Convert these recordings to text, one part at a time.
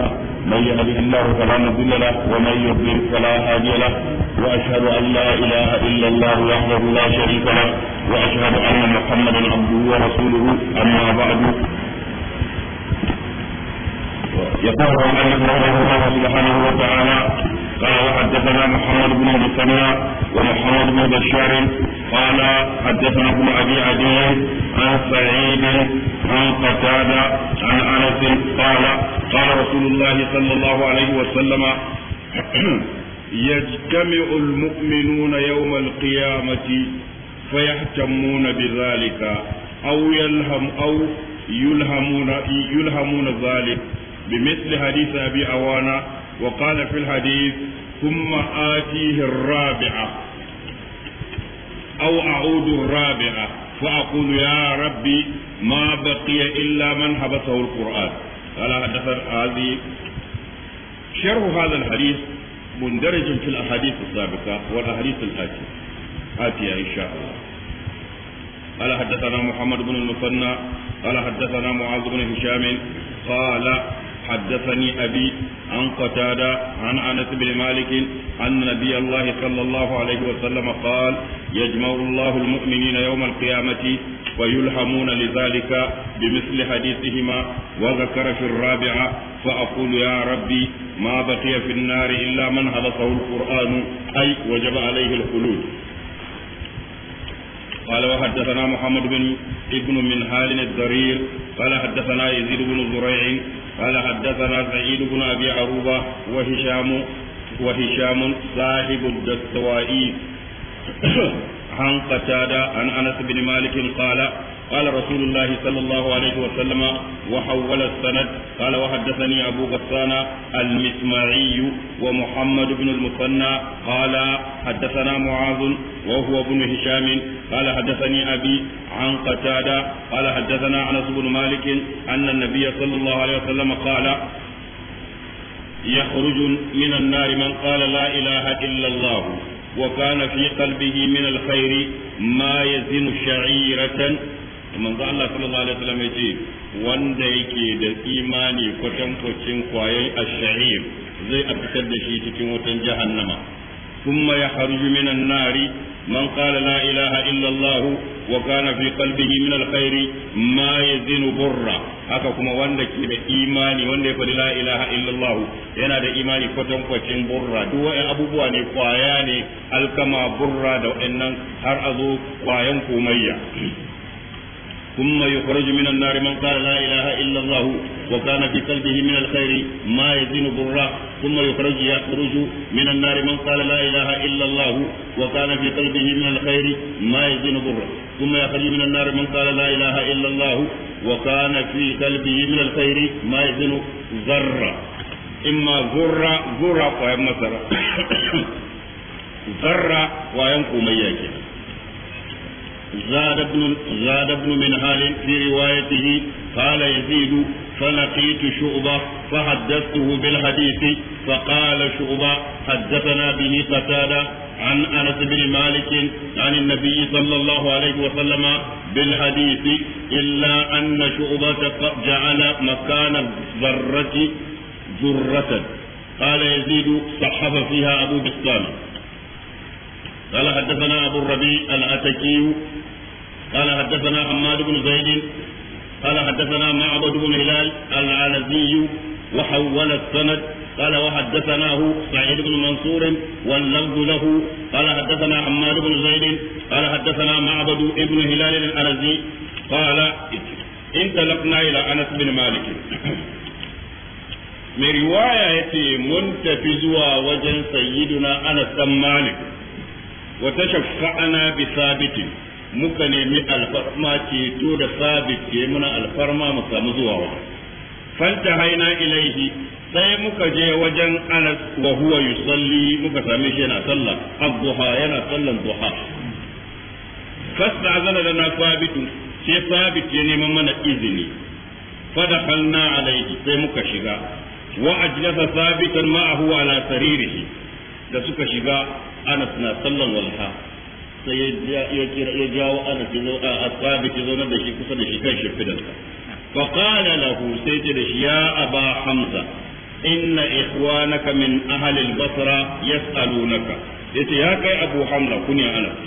هنا من يهده الله فلا مضل له ومن يضلل فلا هادي له واشهد ان لا اله الا الله وحده لا شريك له واشهد ان محمدا عبده ورسوله اما بعد يقول ان الله سبحانه وتعالى قال وحدثنا محمد بن ابي سماء ومحمد بن بشار قال حدثنا ابن ابي عدي عن سعيد عن قتاده عن انس قال قال رسول الله صلى الله عليه وسلم يجتمع المؤمنون يوم القيامه فيهتمون بذلك او يلهم او يلهمون يلهمون ذلك بمثل حديث ابي عوانه وقال في الحديث ثم آتيه الرابعة أو أعود الرابعة فأقول يا ربي ما بقي إلا من حبسه القرآن قال حدث هذه شرح هذا الحديث مندرج في الأحاديث السابقة والأحاديث الآتية آتية إن شاء الله قال حدثنا محمد بن المثنى قال حدثنا معاذ بن هشام قال حدثني أبي عن قتادة عن أنس بن مالك أن نبي الله صلى الله عليه وسلم قال يجمع الله المؤمنين يوم القيامة ويلحمون لذلك بمثل حديثهما وذكر في الرابعة فأقول يا ربي ما بقي في النار إلا من حدثه القرآن أي وجب عليه الخلود قال وحدثنا محمد بن ابن من منهال الضرير قال حدثنا يزيد بن زريع قال حدثنا سعيد بن أبي عروبة وهشام وهشام صاحب الدستوائي عن قتادة عن أنس بن مالك قال قال رسول الله صلى الله عليه وسلم وحول السند قال وحدثني أبو غسان المسمعي ومحمد بن المثنى قال حدثنا معاذ وهو بن هشام قال حدثني أبي عن قتادة قال حدثنا أنس بن مالك أن النبي صلى الله عليه وسلم قال يخرج من النار من قال لا إله إلا الله وكان في قلبه من الخير ما يزن شعيرة manzo Allah sallallahu alaihi wasallam ya wanda yake da imani kwatankwacin kwayan ash-sha'ir zai a fitar da shi cikin wutan jahannama kuma ya harju minan nari man qala la ilaha illa Allah wa kana fi qalbihi min al-khair ma yazinu burra haka kuma wanda ke da imani wanda ya faɗi la ilaha illa Allah yana da imani kwatankwacin burra duk wani abubuwa ne kwaya ne alkama burra da wa'annan har zo kwayan komayya ثم يخرج من النار من قال لا إله إلا الله وكان في قلبه من الخير ما يزن برا ثم يخرج يخرج من النار من قال لا إله إلا الله وكان في قلبه من الخير ما يزن برا ثم يخرج من النار من قال لا إله إلا الله وكان في قلبه من الخير ما يزن ذرة إما ذرة ذرة وإما ذرة ذرة وينقو مياكنا زاد ابن زاد ابن منهال في روايته قال يزيد فلقيت شعبة فحدثته بالحديث فقال شعبة حدثنا به قتادة عن أنس بن مالك عن النبي صلى الله عليه وسلم بالحديث إلا أن شعبة جعل مكان الذرة ذرة قال يزيد صحف فيها أبو بستان قال حدثنا أبو الربيع الأتكي قال حدثنا حماد بن زيد قال حدثنا معبد بن هلال العلزي وحول السند قال وحدثناه سعيد بن منصور واللفظ له قال حدثنا حماد بن زيد قال حدثنا معبد بن هلال الأرزي قال انطلقنا إلى أنس بن مالك mai riwaya ya ce mun tafi zuwa wajen sayyiduna anas dan malik wa tashaffa ana bi sabitin muka nemi alfarma to da sabit ke muna alfarma mu samu zuwa wa fanta haina ilaihi sai muka je wajen anas wa huwa yusalli muka same shi yana sallah abduha yana sallan duha fasta'zana lana sabitu sai sabit ya neman mana izini fadakhalna alaihi sai muka shiga wa ajlasa sabitan ma'ahu ala saririhi da suka shiga anas na sallan walha sai ya kira ya jawo anas ya zo a asabit ya zo nan da shi kusa da shi kan shimfidarsa fa qala lahu sai ta da shi ya aba hamza inna ikhwanaka min ahli al-basra yas'alunaka yace ya kai abu hamza kunya anas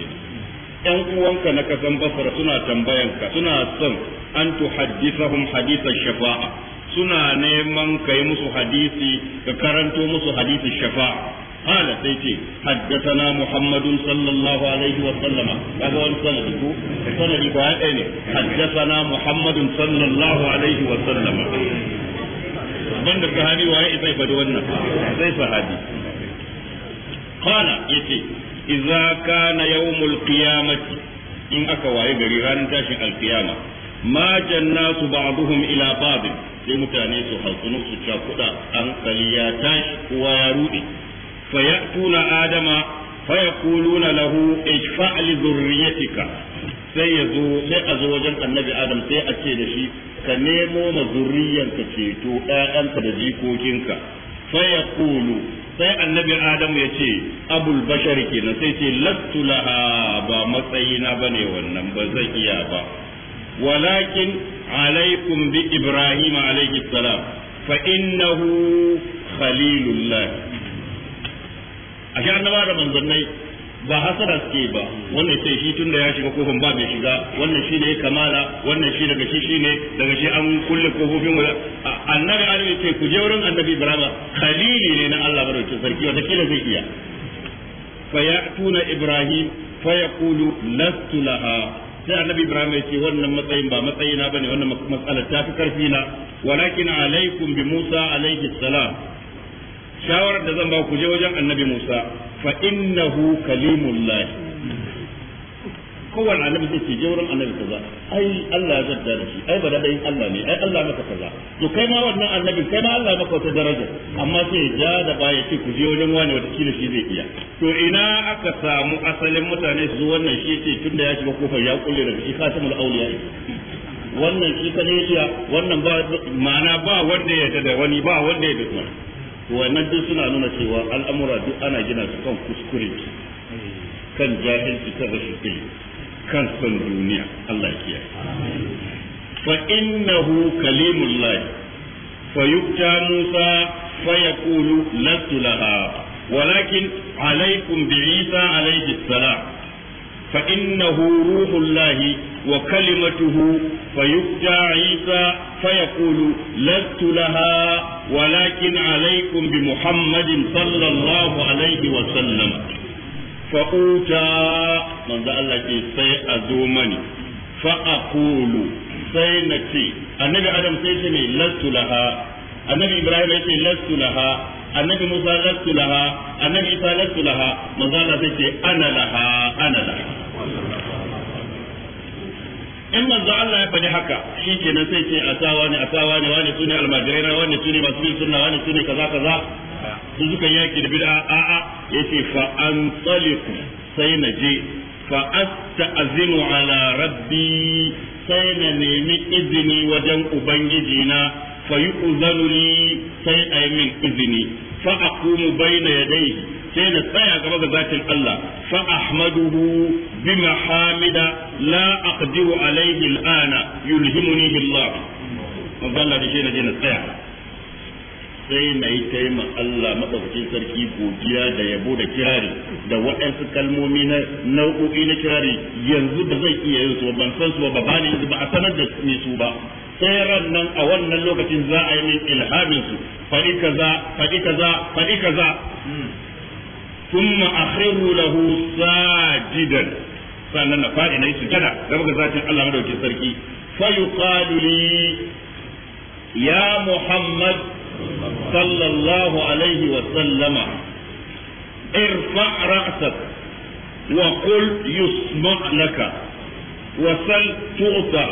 yan uwanka na kasan basra suna tambayanka suna son an tuhaddithahum hadithan shafa'a suna neman kai musu hadisi ka karanto musu hadisin shafa'a قال سيتي حدثنا محمد صلى الله عليه وسلم هذا السند سند بعدين حدثنا محمد صلى الله عليه وسلم banda sahabi waye zai faɗi wannan zai sahabi qala yace idza kana yawmul qiyamati in aka waye gari ranar tashin alkiyama ma ba ba'dhum ila ba'd sai mutane su hankunu su cakuda hankali ya tashi kowa ya rude فيأتون آدم فيقولون له ادفع لذريتك sai ya zo sai a zo wajen annabi adam sai a ce da shi ka nemo ma zurriyanka ceto ɗayanka da jikokinka sai ya kulu sai annabi adam ya ce abul bashari kenan sai ce lastu laha ba matsayina ne wannan ba zai iya ba walakin alaikum bi ibrahim alaihi salam fa innahu khalilullah a shi annaba da manzannai ba hasara suke ba wannan sai shi tun da ya shiga kofin ba mai shiga wannan shi ne kamala wannan shi daga shi shi ne daga shi an kulle kofofin wala annabi alimi ce ku je wurin annabi ibrahim khalili ne na Allah madaukakin sarki wata kila zai iya fa ya'tuna ibrahim fa yaqulu lastu laha sai annabi ibrahim ya ce wannan matsayin ba matsayina bane wannan matsalar ta fi karfi na walakin alaikum bi musa alaihi salam shawarar da zan ba ku je wajen annabi Musa fa innahu kalimullah kowanne annabi sai ce je wurin annabi kaza ai Allah ya zadda da shi ai bada dai Allah ne ai Allah maka kaza to kai ma wannan annabi kai ma Allah maka wata daraja amma sai ja da baya ce ku je wajen wani wata kila shi zai iya to ina aka samu asalin mutane su wannan shi ce tunda ya shiga kofar ya kulle da shi khatamul awliya wannan shi kadai iya wannan ba ma'ana ba wanda ya da wani ba wanda ya da wani wannan duk suna nuna cewa al'amura duk ana gina su kan kuskure kan jahilci kan rashin ilimi kan son duniya Allah kiyaye fa innahu kalimullah fa yukta Musa fa yaqulu lastu laha walakin alaykum bi Isa alayhi salam fa innahu ruhullah وكلمته فيؤتى عيسى فيقول لست لها ولكن عليكم بمحمد صلى الله عليه وسلم فأوتى من ذا الله سيأذومني فأقول سينتي النبي آدم سيتني لست لها النبي إبراهيم يتي لست لها النبي موسى لست لها النبي إيسى لست لها من ذا الله أنا لها أنا لها in manzo Allah ya faɗi haka shi kenan sai ce a tawa wani a tawa wani wani sune almajirai na wani sune masu bin sunna wani sune kaza kaza su suka yaki da bid'a a a yace fa antaliku sai na je fa asta'zinu ala rabbi sai na nemi izini wajen ubangiji na fa yu'zanu li sai ayi min izini fa aqumu bayna yadayhi sai na tsaya gaba ga zatin Allah fa ahmaduhu bi mahamida la aqdiru alayhi al'ana yulhimuni billah manzo Allah dace na je sai na yi taima Allah madaukakin sarki godiya da yabo da kirari da waɗansu kalmomi na nau'o'i na kirari yanzu da zai iya yin su ban san su ba ba ne ba a sanar da ni su ba sai ran nan a wannan lokacin za a yi min ilhamin su faɗi kaza faɗi kaza faɗi kaza ثم أخره له ساجدا sannan na faɗi na yi sujada gaba ga zatin Allah madaukin sarki fa li ya Muhammad sallallahu alaihi wa sallama irfa ra'sak wa qul yusma' laka wa sal tu'ta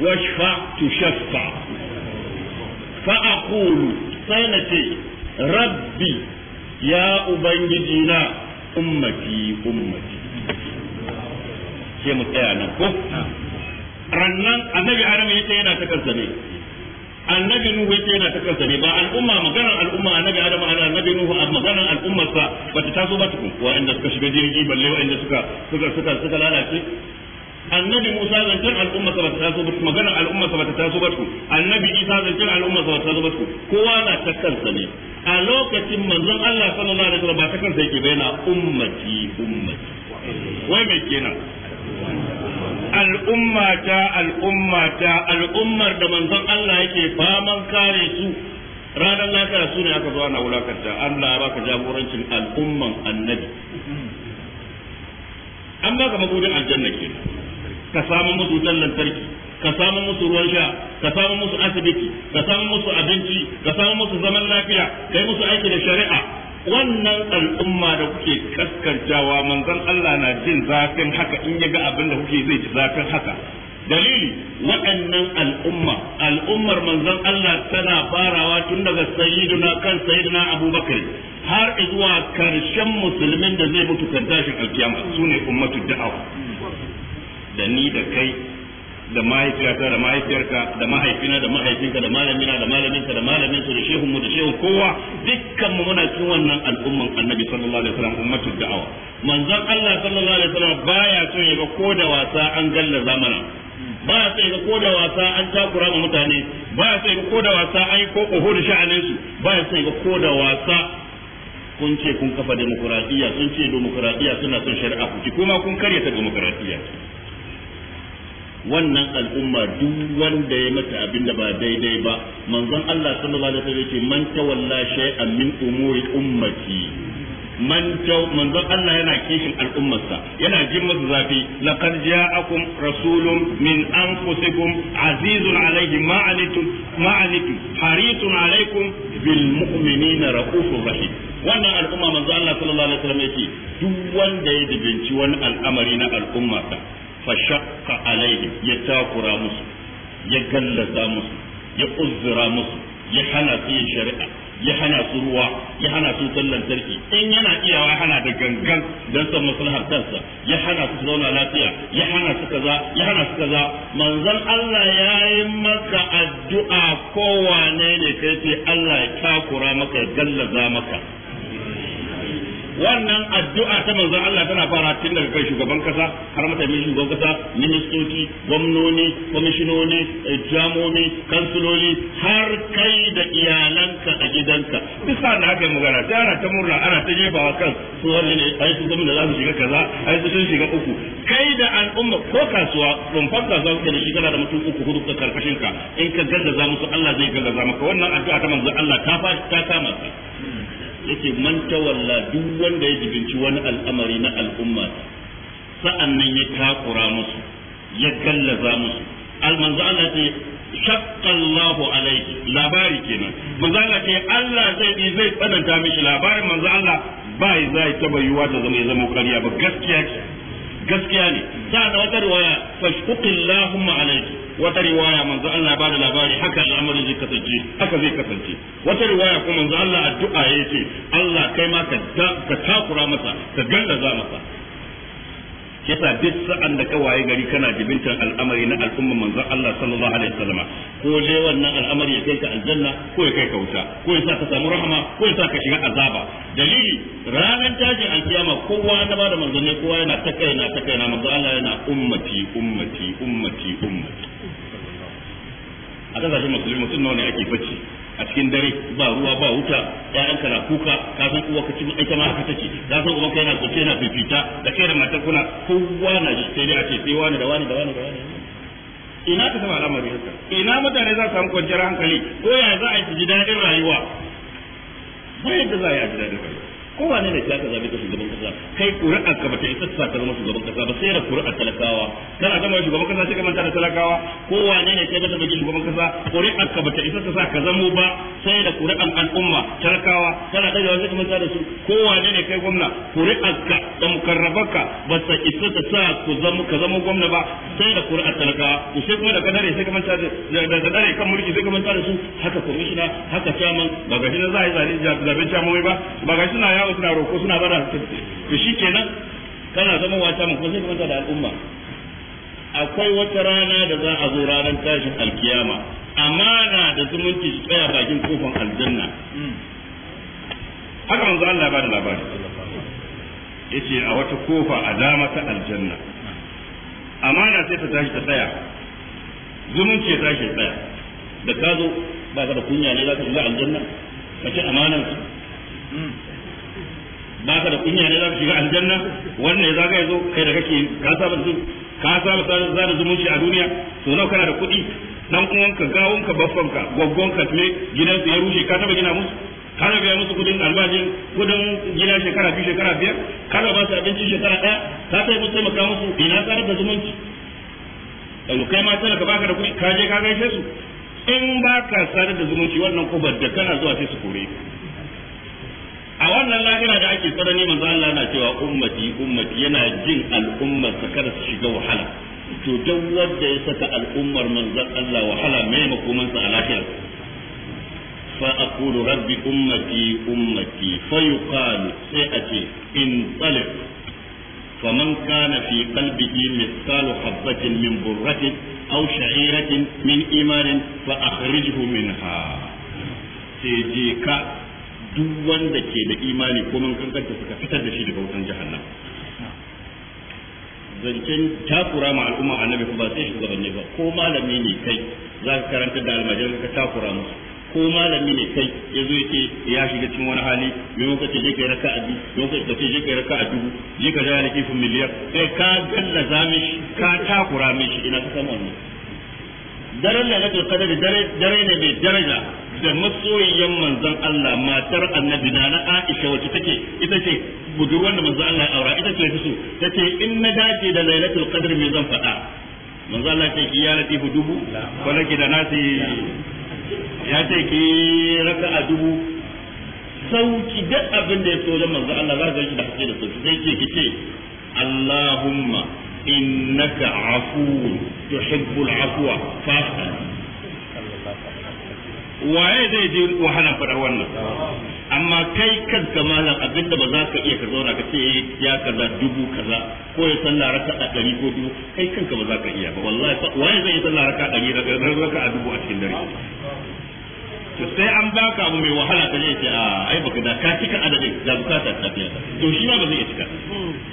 واشفع تشفع فأقول سنتي ربي يا أبنجدنا ummati أمتي sai mu tsaya nan ko rannan annabi adam yace yana ta kansa ne annabi nuhu yace yana ta kansa ne ba al'umma maganar al'umma annabi adam annabi nuhu a maganar bata taso ba tukun inda suka shiga jirgi balle inda suka suka suka suka lalace annabi Musa zancen al'umma sa bata taso ba maganar al'umma sa bata taso ba annabi Isa zancen al'umma taso ba kowa na ta kansa ne a lokacin manzon Allah sallallahu alaihi wasallam ba ta kansa yake bayyana ummati ummati wai me kenan al'ummata al'ummata al'ummar da manzon Allah yake faman kare su ranar lafiya su ne aka zo ana wulakanta Allah ya baka jagorancin al'umman annabi an baka mabudin aljanna ke ka samu musu wutar lantarki ka samu musu ruwan sha ka samu musu asibiti ka samu musu abinci ka samu musu zaman lafiya kai musu aiki da shari'a wannan al'umma da kuke kaskantawa manzon Allah na jin zafin haka in ya ga abin da kuke zai ji zafin haka dalili waɗannan al'umma al'ummar manzon Allah tana farawa tun daga sayyiduna kan sayyiduna abubakar har zuwa karshen musulmin da zai mutu kan tashin alkiyama sune ummatu da'awa da ni da kai da mahaifiyata da mahaifiyarka da mahaifina da mahaifinka da malamina da malaminka da malaminka da shehun mu da shehun kowa dukkan mu muna cikin wannan al'umman annabi sallallahu alaihi wasallam ummatul da'awa manzon Allah sallallahu alaihi wasallam baya so ya ga ko da wasa an galla zamana baya so ya ga ko da wasa an takura ma mutane baya so ya ga ko da wasa an yi ko da sha'anin su baya so ya ga ko da wasa kun ce kun kafa demokradiyya sun ce demokradiyya suna son shari'a ku ci kuma kun karyata demokradiyya wannan al'umma duk wanda ya mata abin da ba daidai ba manzon Allah sallallahu alaihi wasallam yace man tawalla shay'an min umuri ummati man manzon Allah yana kishin al'ummarsa yana jin zafi laqad ja'akum rasulun min anfusikum azizun ma ma bil mu'minina raufur rahim wannan al'umma manzon Allah sallallahu alaihi wasallam yace duk wanda ya dubinci wani al'amari na al'ummarsa fashakka alaihim ya takura musu ya gallaza musu ya uzura musu ya hana su yin shari'a ya hana su ruwa ya hana su lantarki in yana iyawa hana da gangan don san maslahar kansa ya hana su zauna lafiya ya hana su kaza ya hana su kaza manzon Allah ya yi maka addu'a kowane ne kai ce Allah ya takura maka ya gallaza maka wannan addu'a ta manzon Allah tana fara tun daga kai shugaban kasa har mataimakin shugaban kasa ministoci gwamnoni kwamishinoni eh, jamomi kansuloli har kai da iyalanka a gidanka duk sa da haka magana sai ana ta murna ana ta jefawa kan su wani ne ai su gwamna za su shiga kaza ai su sun shiga uku kai da al'umma ko kasuwa rumfar kasuwa kuke da shi kana da mutum uku hudu karkashin ka in ka gallaza musu Allah zai gallaza maka wannan addu'a ta manzon Allah ta ta kama yace man tawalla duk wanda ya jibinci wani al'amari na al'umma sa'annan ya takura musu ya gallaza musu almanzo Allah ce shaqqallahu alaihi labari kenan manzo Allah ce Allah zai yi zai tsananta mishi labarin manzo Allah ba zai taba yiwa ta zama ya zama ƙarya ba gaskiya gaskiya ne sa'an wata riwaya fashquqillahumma alaihi. wata riwaya manzo Allah ya da labari haka al'amarin zai kasance haka zai kasance wata riwaya kuma manzo Allah addu'a ya ce, Allah kai ma ka takura masa ka gallaza masa yasa duk sa'an da ka waye gari kana jibintar al'amari na al'umma manzon Allah sallallahu alaihi wasallam ko dai wannan al'amari ya kai ka aljanna ko ya kai ka wuta ko ya sa ka samu rahama ko ya sa ka shiga azaba dalili ranar tashin alkiyama kowa na bada manzon ne kowa yana ta na ta na, manzon Allah yana ummati ummati ummati ummati a kasashen musulmi mutum nawa ne ake bacci a cikin dare ba ruwa ba wuta ɗayan kana kuka ka san uwa ka ci ita ma haka take ka san uwa ka yana kwace na fifita da kai da matar kuna kowa na shi sai dai a ce sai wani da wani da wani da wani ina ka sama al'amari haka ina mutane za su samu kwanciyar hankali ko ya za a yi su ji daɗin rayuwa ba yadda za a yi a ji daɗin rayuwa kowane ne zaka zabe ka shugaban kasa kai ƙuri'ar ka bata isa ta zama shugaban kasa ba sai da ƙuri'ar talakawa kana zama shugaban kasa sai ka manta da talakawa kowane ne kai zaka zama shugaban kasa ƙuri'ar ka bata isa ta ka zamo ba sai da ƙuri'ar al'umma talakawa kana daga wani ka manta da su kowane ne kai gwamna ƙuri'ar ka da mukarrabanka ba ta isa ta sa ku zama ka zama gwamna ba sai da ƙuri'ar talakawa to sai kuma da kadare sai ka manta da da kadare kan mulki sai ka manta da su haka komishina haka chairman ba ga shi na za a yi zabe chairman ba ba ga shi na ya yawo suna roƙo suna bara to shi kenan kana zama wata mun kuma sai ka da al'umma akwai wata rana da za a zo ranar tashin alkiyama amana da zumunci su tsaya bakin kofan aljanna haka manzo Allah ba da labari yace a wata kofa a dama ta aljanna amana sai ta tashi ta tsaya zumunci ya tashi tsaya da ka zo ba ka da kunya ne za ka shiga aljanna ka ci amanar ba ka da kunya ne za ka shiga aljanna wannan za ka yi zo kai da kake ka saba su ka saba za da zumunci a duniya to nawa kana da kuɗi dan uwanka gawunka baffanka gwaggonka ne su ya rushe ka taba gina musu ka rage musu kudin albashin kudin gida shekara biyu shekara biyar ka ba su abinci shekara ɗaya ka sai musu taimaka musu ina tsarar da zumunci yanzu kai ma ka baka da kuɗi ka je ka gaishe su in ba ka sadar da zumunci wannan kubar da kana zuwa sai su kore a wannan lahira da ake tsanani manzo Allah na cewa ummati ummati yana jin al'ummar ta kada su shiga wahala to duk wanda ya saka al'ummar manzon Allah wahala mai makoman sa a lahira fa aqulu rabbi ummati ummati fa yuqalu sai a ce in talib فمن كان في قلبه مثقال حبة من برة أو شعيرة من إيمان فأخرجه منها سيجيك duk wanda ke da imani ko mun kankanta suka fitar da shi daga wutan jahannam zancen takura ma al'umma annabi ko ba sai shugabanni ba ko malami ne kai za ka karanta da almajiran ka takura musu ko malami ne kai ya zo yake ya shiga cikin wani hali mai muka ce je kai raka'a a biyu da ce je kai raka a dubu je ka jaya da kifin miliyar sai ka gallaza mishi ka takura mishi ina ka samu wannan daren lailatul da dare ne mai daraja da masoyiyan manzon Allah matar annabi na na Aisha wacce take ita ce budurwar da manzon Allah ya aura ita ce ta so in na dace da lailatul qadr me zan faɗa manzon Allah ce ki ya latifu dubu wala da nasi ya ce ki raka'a dubu sauki duk abin da ya so da manzon Allah za ka shi da hake da sauki sai ce ki ce Allahumma innaka afuwun tuhibbul afwa fa'fu waye zai je wahala faɗa wannan amma kai kanka malam da ba za ka iya ka zauna ka ce eh, ya kaza dubu kaza ko ya sallah raka a ɗari ko dubu kai kanka ba za ka iya ba wallahi waye zai yi sallah raka a ɗari raka a dubu a cikin dare to sai an baka abu mai wahala ka je ce a ah, ai baka da ka cika adadin da bukata ta biya to shi ma ba zai iya cika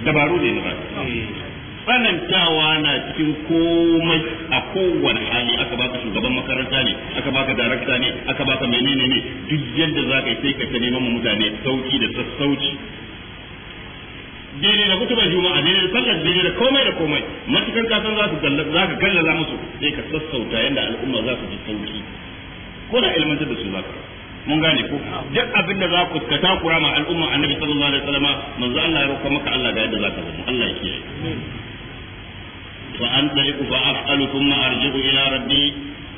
dabaru ne na ba tsanantawa na cikin komai a kowane hali aka baka shugaban makaranta ne aka baka darakta ne aka baka menene ne duk yadda za ka yi sai ka ta neman mutane sauki da sassauci daidai da kutuban juma'a daidai da sallar daidai da komai da komai matukan kasan za ka gallaza musu sai ka sassauta yadda al'umma za su ji sauki ko da ilmantar da su za ka mun gane ko duk abin da za ku ka takura ma al'umma annabi sallallahu alaihi wasallam manzo Allah ya roƙa maka Allah da yadda za ka zama Allah ya kiyaye فأنطلق فأفعل ثم أرجع إلى ربي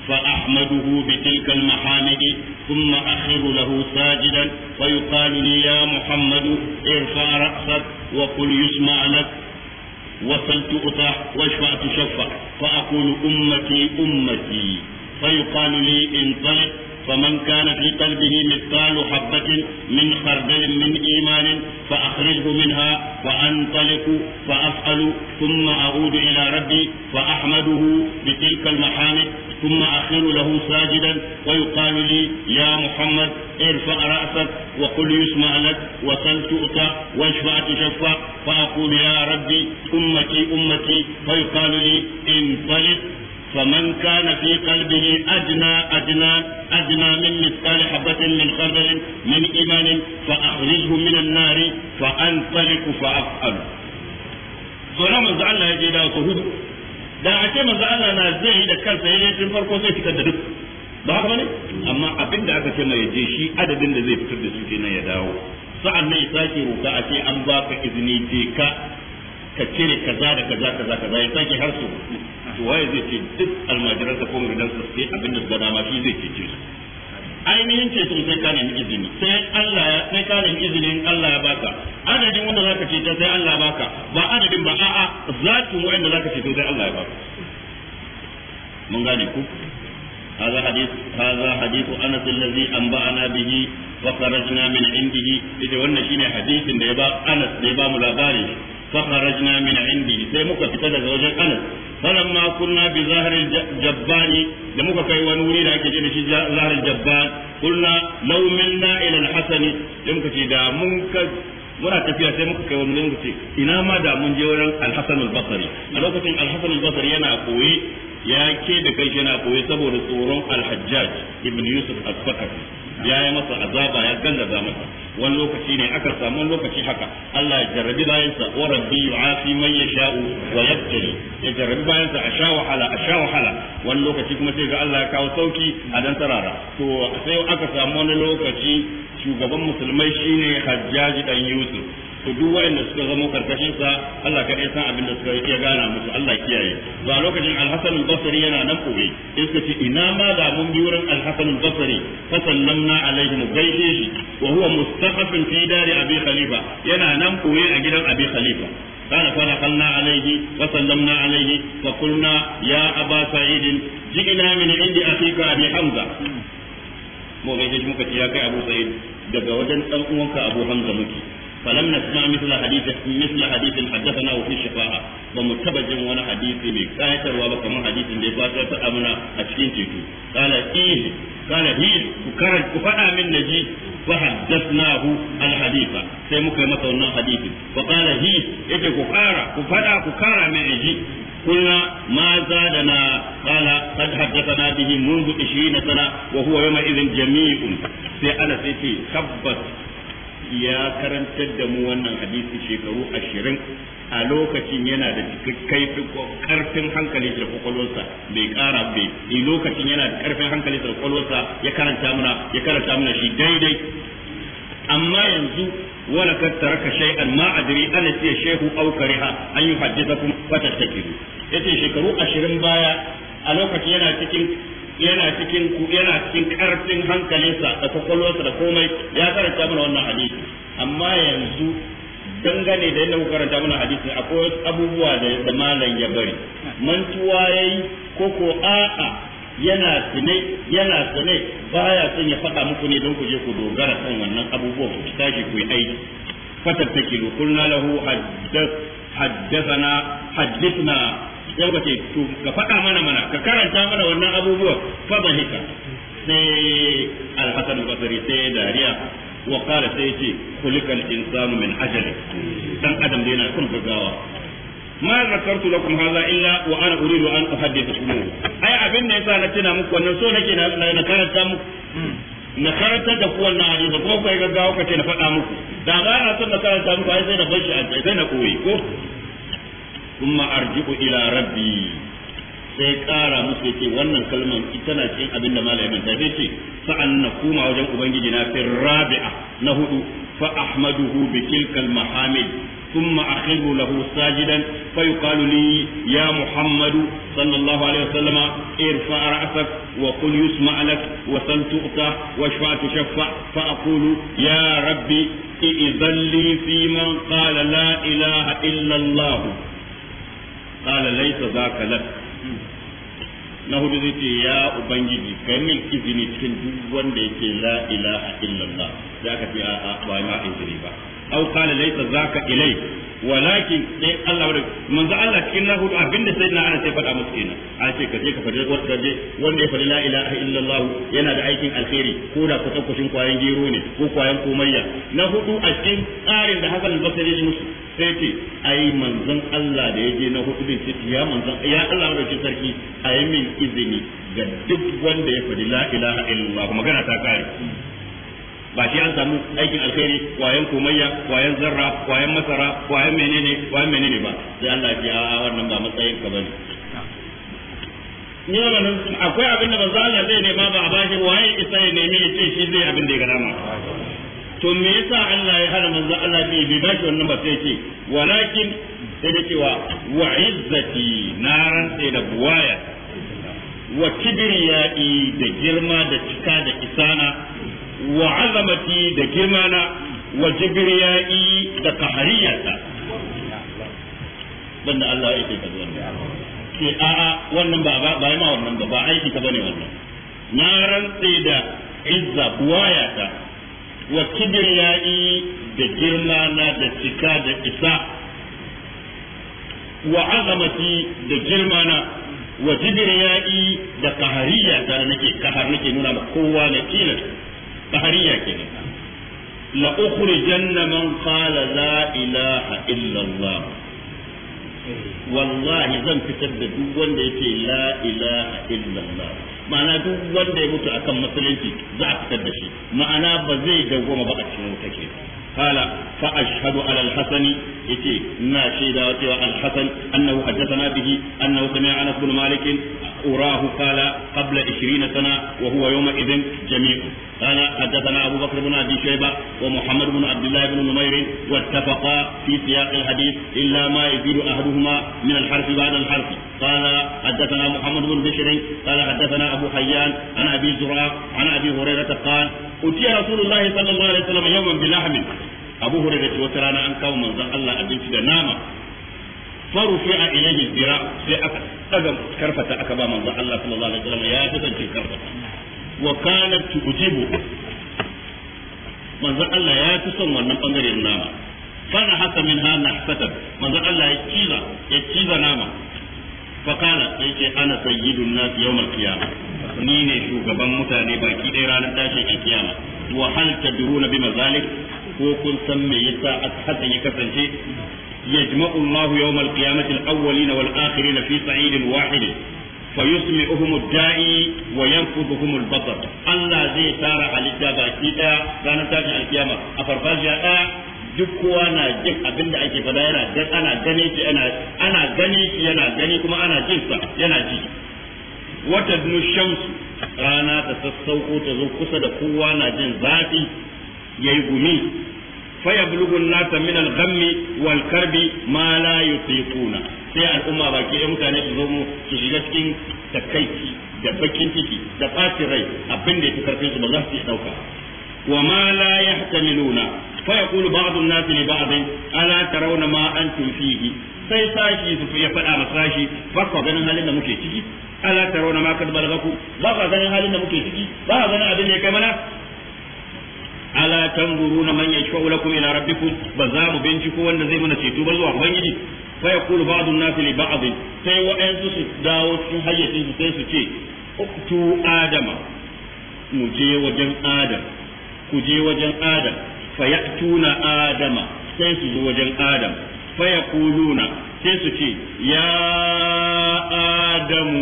فأحمده بتلك المحامد ثم أخر له ساجدا فيقال لي يا محمد ارفع رأسك وقل يسمع لك وصل تؤتى واشفع تشفع فأقول أمتي أمتي فيقال لي انطلق فمن كان في قلبه مثقال حبة من خردل من إيمان فأخرجه منها وأنطلق فأفعل ثم أعود إلى ربي فأحمده بتلك المحامد ثم أخر له ساجدا ويقال لي يا محمد ارفع رأسك وقل يسمع لك وسل تؤتى واشفع تشفع فأقول يا ربي أمتي أمتي فيقال لي انطلق فمن كان في قلبه أدنى أدنى أدنى من مثقال حبة من خردل من إيمان فأخرجه من النار فأنطلق فأفعل sauran manzo Allah ya je da ku hudu da a ce Allah na zai yi da kansa yayin tun farko zai fitar da duk ba haka bane amma abin da aka ce ya je shi adadin da zai fitar da su kenan ya dawo sa'an nan ya roka an baka izini je ka ka cire kaza kaza kaza to waye zai ce duk almajiran da ko muridan su sai abin da suka dama shi zai cece su ainihin ceton sai ka izini sai Allah ya sai ka izinin Allah ya baka adadin wanda zaka ce sai Allah ya baka ba adadin ba a'a zatin wanda zaka ce sai Allah ya baka mun gane ku هذا حديث هذا حديث انس الذي انبانا به وخرجنا من عنده اذا wannan shine hadisin da ya ba Anas فخرجنا من عنده سيمك فتدى زوجا أنس فلما كنا بظهر الجبار لمك كي ونوري لك جمشي ظهر الجبار قلنا لو ملنا إلى الحسن لمك تدى منك muna tafiya sai muka kai wani lokaci ina ma da mun je wurin al a lokacin Al-Hasan yana koyi ya ke da kai yana koyi saboda tsoron Alhajjaj hajjaj ibn Yusuf al ya yi masa azaba ya gallaza masa wani lokaci ne aka samu lokaci haka Allah ya jarrabi bayansa wa rabbi yu'afi man yasha'u wa ya jarrabi bayansa a sha wahala a sha wahala wani lokaci kuma sai ga Allah ya kawo sauki a dan tarara to sai aka samu wani lokaci shugaban musulmai shine Hajjaji dan Yusuf to duk waɗanda suka zama karkashin sa Allah ka san abin da suka yi ya gana musu Allah kiyaye ba lokacin al-Hasan al-Basri yana nan kobe in suka ce ina ma da mun bi wurin al-Hasan al-Basri fa sallamna alaihi mu gaide shi wa huwa mustaqafin fi dari Abi Khalifa yana nan koye a gidan Abi Khalifa قال فدخلنا عليه وسلمنا عليه فقلنا يا أبا سعيد جئنا من عند أخيك أبي حمزة mu gaishe shi muka ce ya kai Abu Sa'id daga wajen dan uwanka Abu Hamza muke falam nasma mithla hadith mithla hadith haddathana wa fi mu taba jin wani hadisi mai kayatarwa ba kamar hadisin da ya fata ta amana a cikin teku kala hi ku karan ku fada min naji fa sai muka yi masa wannan kala hi yace ku kara ku ku kara min naji قلنا ما زادنا قال قد حدثنا به منذ 20 سنة وهو يومئذ جميع في أنا سيتي تبت ya karantar da mu wannan hadisi shekaru ashirin a lokacin yana da cikakken karfin hankali da kwakwalwarsa bai kara bai eh, lokacin yana da karfin hankali da kwakwalwarsa ya karanta mana ya karanta mana shi daidai amma yanzu wala kad taraka shay'an ma adri ana ce shehu aw kariha an yuhaddithakum fatattakiru yace shekaru ashirin baya a lokacin yana cikin yana cikin yana cikin karfin hankalinsa da kwakwalwarsa da komai ya karanta mana wannan hadisi amma yanzu dangane da yadda kuka karanta mana hadisi akwai wasu abubuwa da malam ya bari mantuwa yayi ko ko a'a yana sune yana sune baya son ya faɗa muku ne don ku je ku dogara kan wannan abubuwa ku tashi ku yi aiki fatattakilo kulna lahu haddathana haddathna sai ce to ka faɗa mana mana ka karanta mana wannan abubuwan fa hika sai al-hasan al-basri sai dariya wa qala sai ce khuliqal insanu min ajali dan adam da yana kun gaggawa ma zakartu lakum hadha illa wa ana uridu an uhaddithukum ai abin da yasa na tuna muku wannan so nake na karanta muku na karanta da ku wannan hadisi ko kai gaggawa kace na faɗa muku da za a son na karanta muku ai sai na bar shi a sai na koyi ko ثم ارجو الى ربي sai kara musu yake wannan kalman ita na cikin abin da malai da zai ce sa'an na kuma wajen ubangiji na fi rabi'a na hudu fa ahmaduhu bi tilkal mahamid thumma akhiru lahu sajidan fa yuqalu muhammadu sallallahu alaihi wasallama irfa ra'sak wa qul yusma' lak wa san tu'ta wa shfa tushfa fa aqulu ya rabbi idhalli fi man qala la ilaha illa allah qala laysa zaka lak na hudu zai ce ya ubangiji kai min izini cikin duk wanda yake la ilaha illallah za ka ce a ba ma izini ba au qala laysa zaka ilai walakin sai Allah wadda manzo Allah cikin na hudu abinda sai na ana sai fada musu kenan a ce ka je ka fadi wata je wanda ya fadi la ilaha illallah yana da aikin alheri ko da ku kushin kwayan gero ne ko kwayan komayya na hudu a cikin tsarin da hakan al-Basri ya musu sai ce ai manzon Allah da ya je na hudu din sai ya manzon ya Allah wadda sarki ayi min izini ga duk wanda ya fadi la ilaha illallah magana ta kare ba sai an samu aikin alkhairi kwayan komayya kwayan zarra kwayan masara kwayan menene kwayan menene ba sai Allah ya ce a wannan ba matsayin ka bane ni nan akwai abin da manzo Allah zai nema ba a bashi waye isa ya nemi ya ce shi zai abin da ya ga ma. to me yasa Allah ya hana manzo Allah bi bai bashi wannan ba sai ce walakin sai da cewa wa izzati naran sai da buwaya wa kibriyai da girma da cika da isana wa azamati da girmana wa jibriyai da kahariyata banda Allah ya ce ka ke a'a wannan ba ba ba ma wannan ba ba aiki ka ne wannan na rantse da izza buwayata wa kibriyai da girma da cika da isa wa azamati da girma na wa jibriyai da kahariya da nake kahar nake nuna ma kowa na tilas tahariya kenan la ukhrijanna man qala la ilaha illa Allah wallahi zan fitar da duk wanda yake la ilaha illa Allah ma'ana duk wanda ya mutu akan musulunci za a fitar da shi ma'ana ba zai dawwama ba a cikin wuta ke قال فأشهد على الحسن yace ina shaida cewa al-hasan annahu haddathana bihi annahu sami'a anas bin malik urahu qala qabla 20 sana wa huwa yawma idhin jami'u قال حدثنا أبو بكر بن أبي شيبة ومحمد بن عبد الله بن نمير واتفقا في سياق الحديث إلا ما يزيد أحدهما من الحرف بعد الحرف قال حدثنا محمد بن بشر قال حدثنا أبو حيان عن أبي زرع عن أبي هريرة قال أتي رسول الله صلى الله عليه وسلم يوما بلحم abu hurairah ce wata rana an kawo manzon Allah abinci da nama Faru a ilayhi dira sai aka daga karfata aka ba manzon Allah sallallahu alaihi wasallam ya kasance karfata wa kanat tujibu manzon Allah ya fi son wannan bangaren nama fara haka min ha nahsatan manzon Allah ya ciza ya kiza nama fa kana sai ke ana sayyidun nas yawmal qiyamah ni ne shugaban mutane baki ɗaya ranar tashin kiyama wa hal tadruna bima zalik ko kun san me yasa haka ya kasance yajma'u Allah yawm al-qiyamati al-awwalina wal-akhirina fi sa'idin wahid fa yusmi'uhum ad-da'i wa yanfudhuhum al-batr Allah zai tara alidda baki ɗaya dan tashi al-qiyama a farfajiya da duk kowa na jin abinda ake fada yana da ana gani ki gani yana gani kuma ana jin sa yana ji wata dunu shamsu rana ta sassauko ta zo kusa da kowa na jin zafi yayi gumi fa yablughu an-nasa min al wal ma la yutiquna sai al'umma baki ɗaya mutane su zo mu su shiga cikin takaici da bakin ciki da ɓacin rai abin da ya fi karfin su ba za su iya ɗauka وما sai sashi su faɗa ma sashi ba ku ganin halin da muke ciki ala tarawna ma kad balagaku ba ganin halin da muke ciki ba ganin abin da ya kai mana ala tanzuruna man yashfa'u lakum ila rabbikum ba za mu binciko wanda zai mana ceto ba zuwa ubangiji fa yaqulu ba'd an nas li ba'd sai wa'ansu su dawo cikin hayyacin su sai su ce uktu adama mu je wajen adam ku je wajen adam fa ya'tuna adama sai su zo wajen adam fa yaquluna sai su ce ya adamu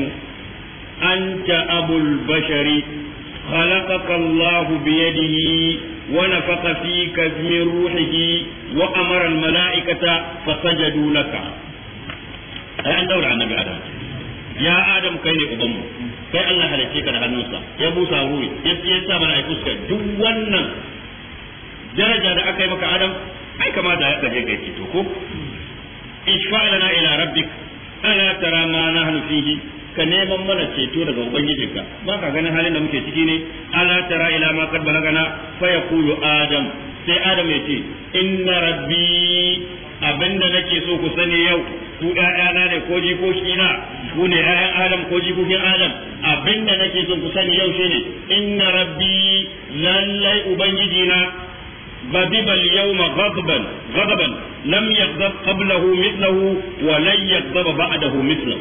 anta abul bashari خلقك الله بيده ونفخ فيك من روحه وأمر الملائكة فسجدوا لك أي أن دور عن نبي آدم يا آدم كيني أبمه kai Allah halicce ka da hannunsa ya busa ruhi ya ya sa mana aikus ka duk wannan daraja da aka yi maka Adam ai ya kaje kai to ko ishfa lana ka neman mana ceto daga ubangijinka ba ka ganin halin da muke ciki ne ala tara ila ma kad balagana fa yaqulu adam sai adam ya ce inna rabbi abinda nake so ku sani yau ku na ne ko shi na ku ne ƴaƴan adam ko jikokin adam abinda nake so ku sani yau shine inna rabbi lallai ubangijina غضب اليوم غضبا غضبا لم يغضب قبله مثله ولن يغضب بعده مثله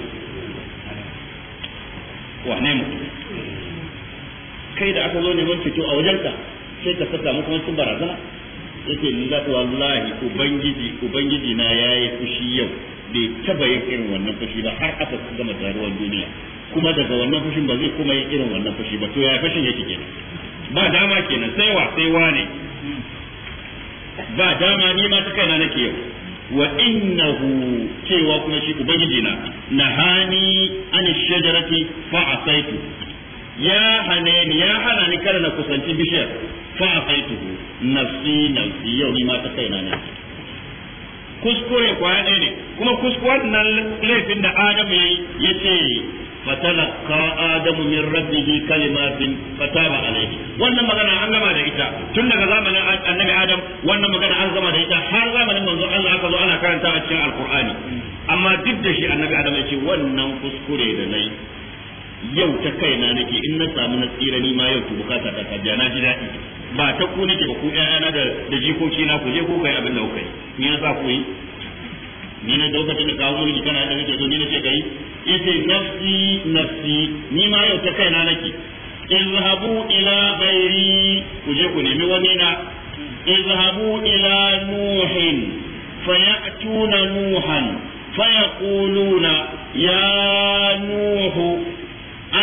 wane mutum kai da aka zo neman fito a wajenka sai ka saka muku wasu barazana yake ni za wallahi ubangiji ubangiji na yayi fushi yau bai taba yin irin wannan fushi ba har aka gama taruwar duniya kuma daga wannan fushin ba zai kuma yin irin wannan fushi ba to ya fushin yake kenan ba dama kenan sai wa sai wa ne ba dama ni ma ta kaina nake yau wa innahu cewa kuma shi ubangiji na nahani an shajarati fa asaitu ya hane ni ya hana ni kada na kusanci bishiyar fa asaitu nafsi nafsi yau ni ma ta kaina ne kuskure kwaya ne kuma kuskuren nan laifin da Adam yayi yace فتلقى آدم من ربه كلمات فتاب عليه wannan magana an gama da ita tun daga zamanin annabi Adam wannan magana an gama da ita har zamanin manzon Allah aka zo ana karanta a cikin alkur'ani amma duk da shi annabi ya ce wannan kuskure da nayi yau ta na nake in na samu na tsira ni ma yau ki bukata ta ta na ji daɗi ba ta ku nake ba ku ƴaƴana da da jikoki na ku je ku kai abin da ku kai ni na sa ku yi ni na da kawo mulki kana da kake so ni nake kai yace nafsi nafsi ni ma yau ta kaina nake izhabu ila ghairi ku je ku nemi wani na izhabu ila nuhin yatuna nuhan fayaquluna ya nuhu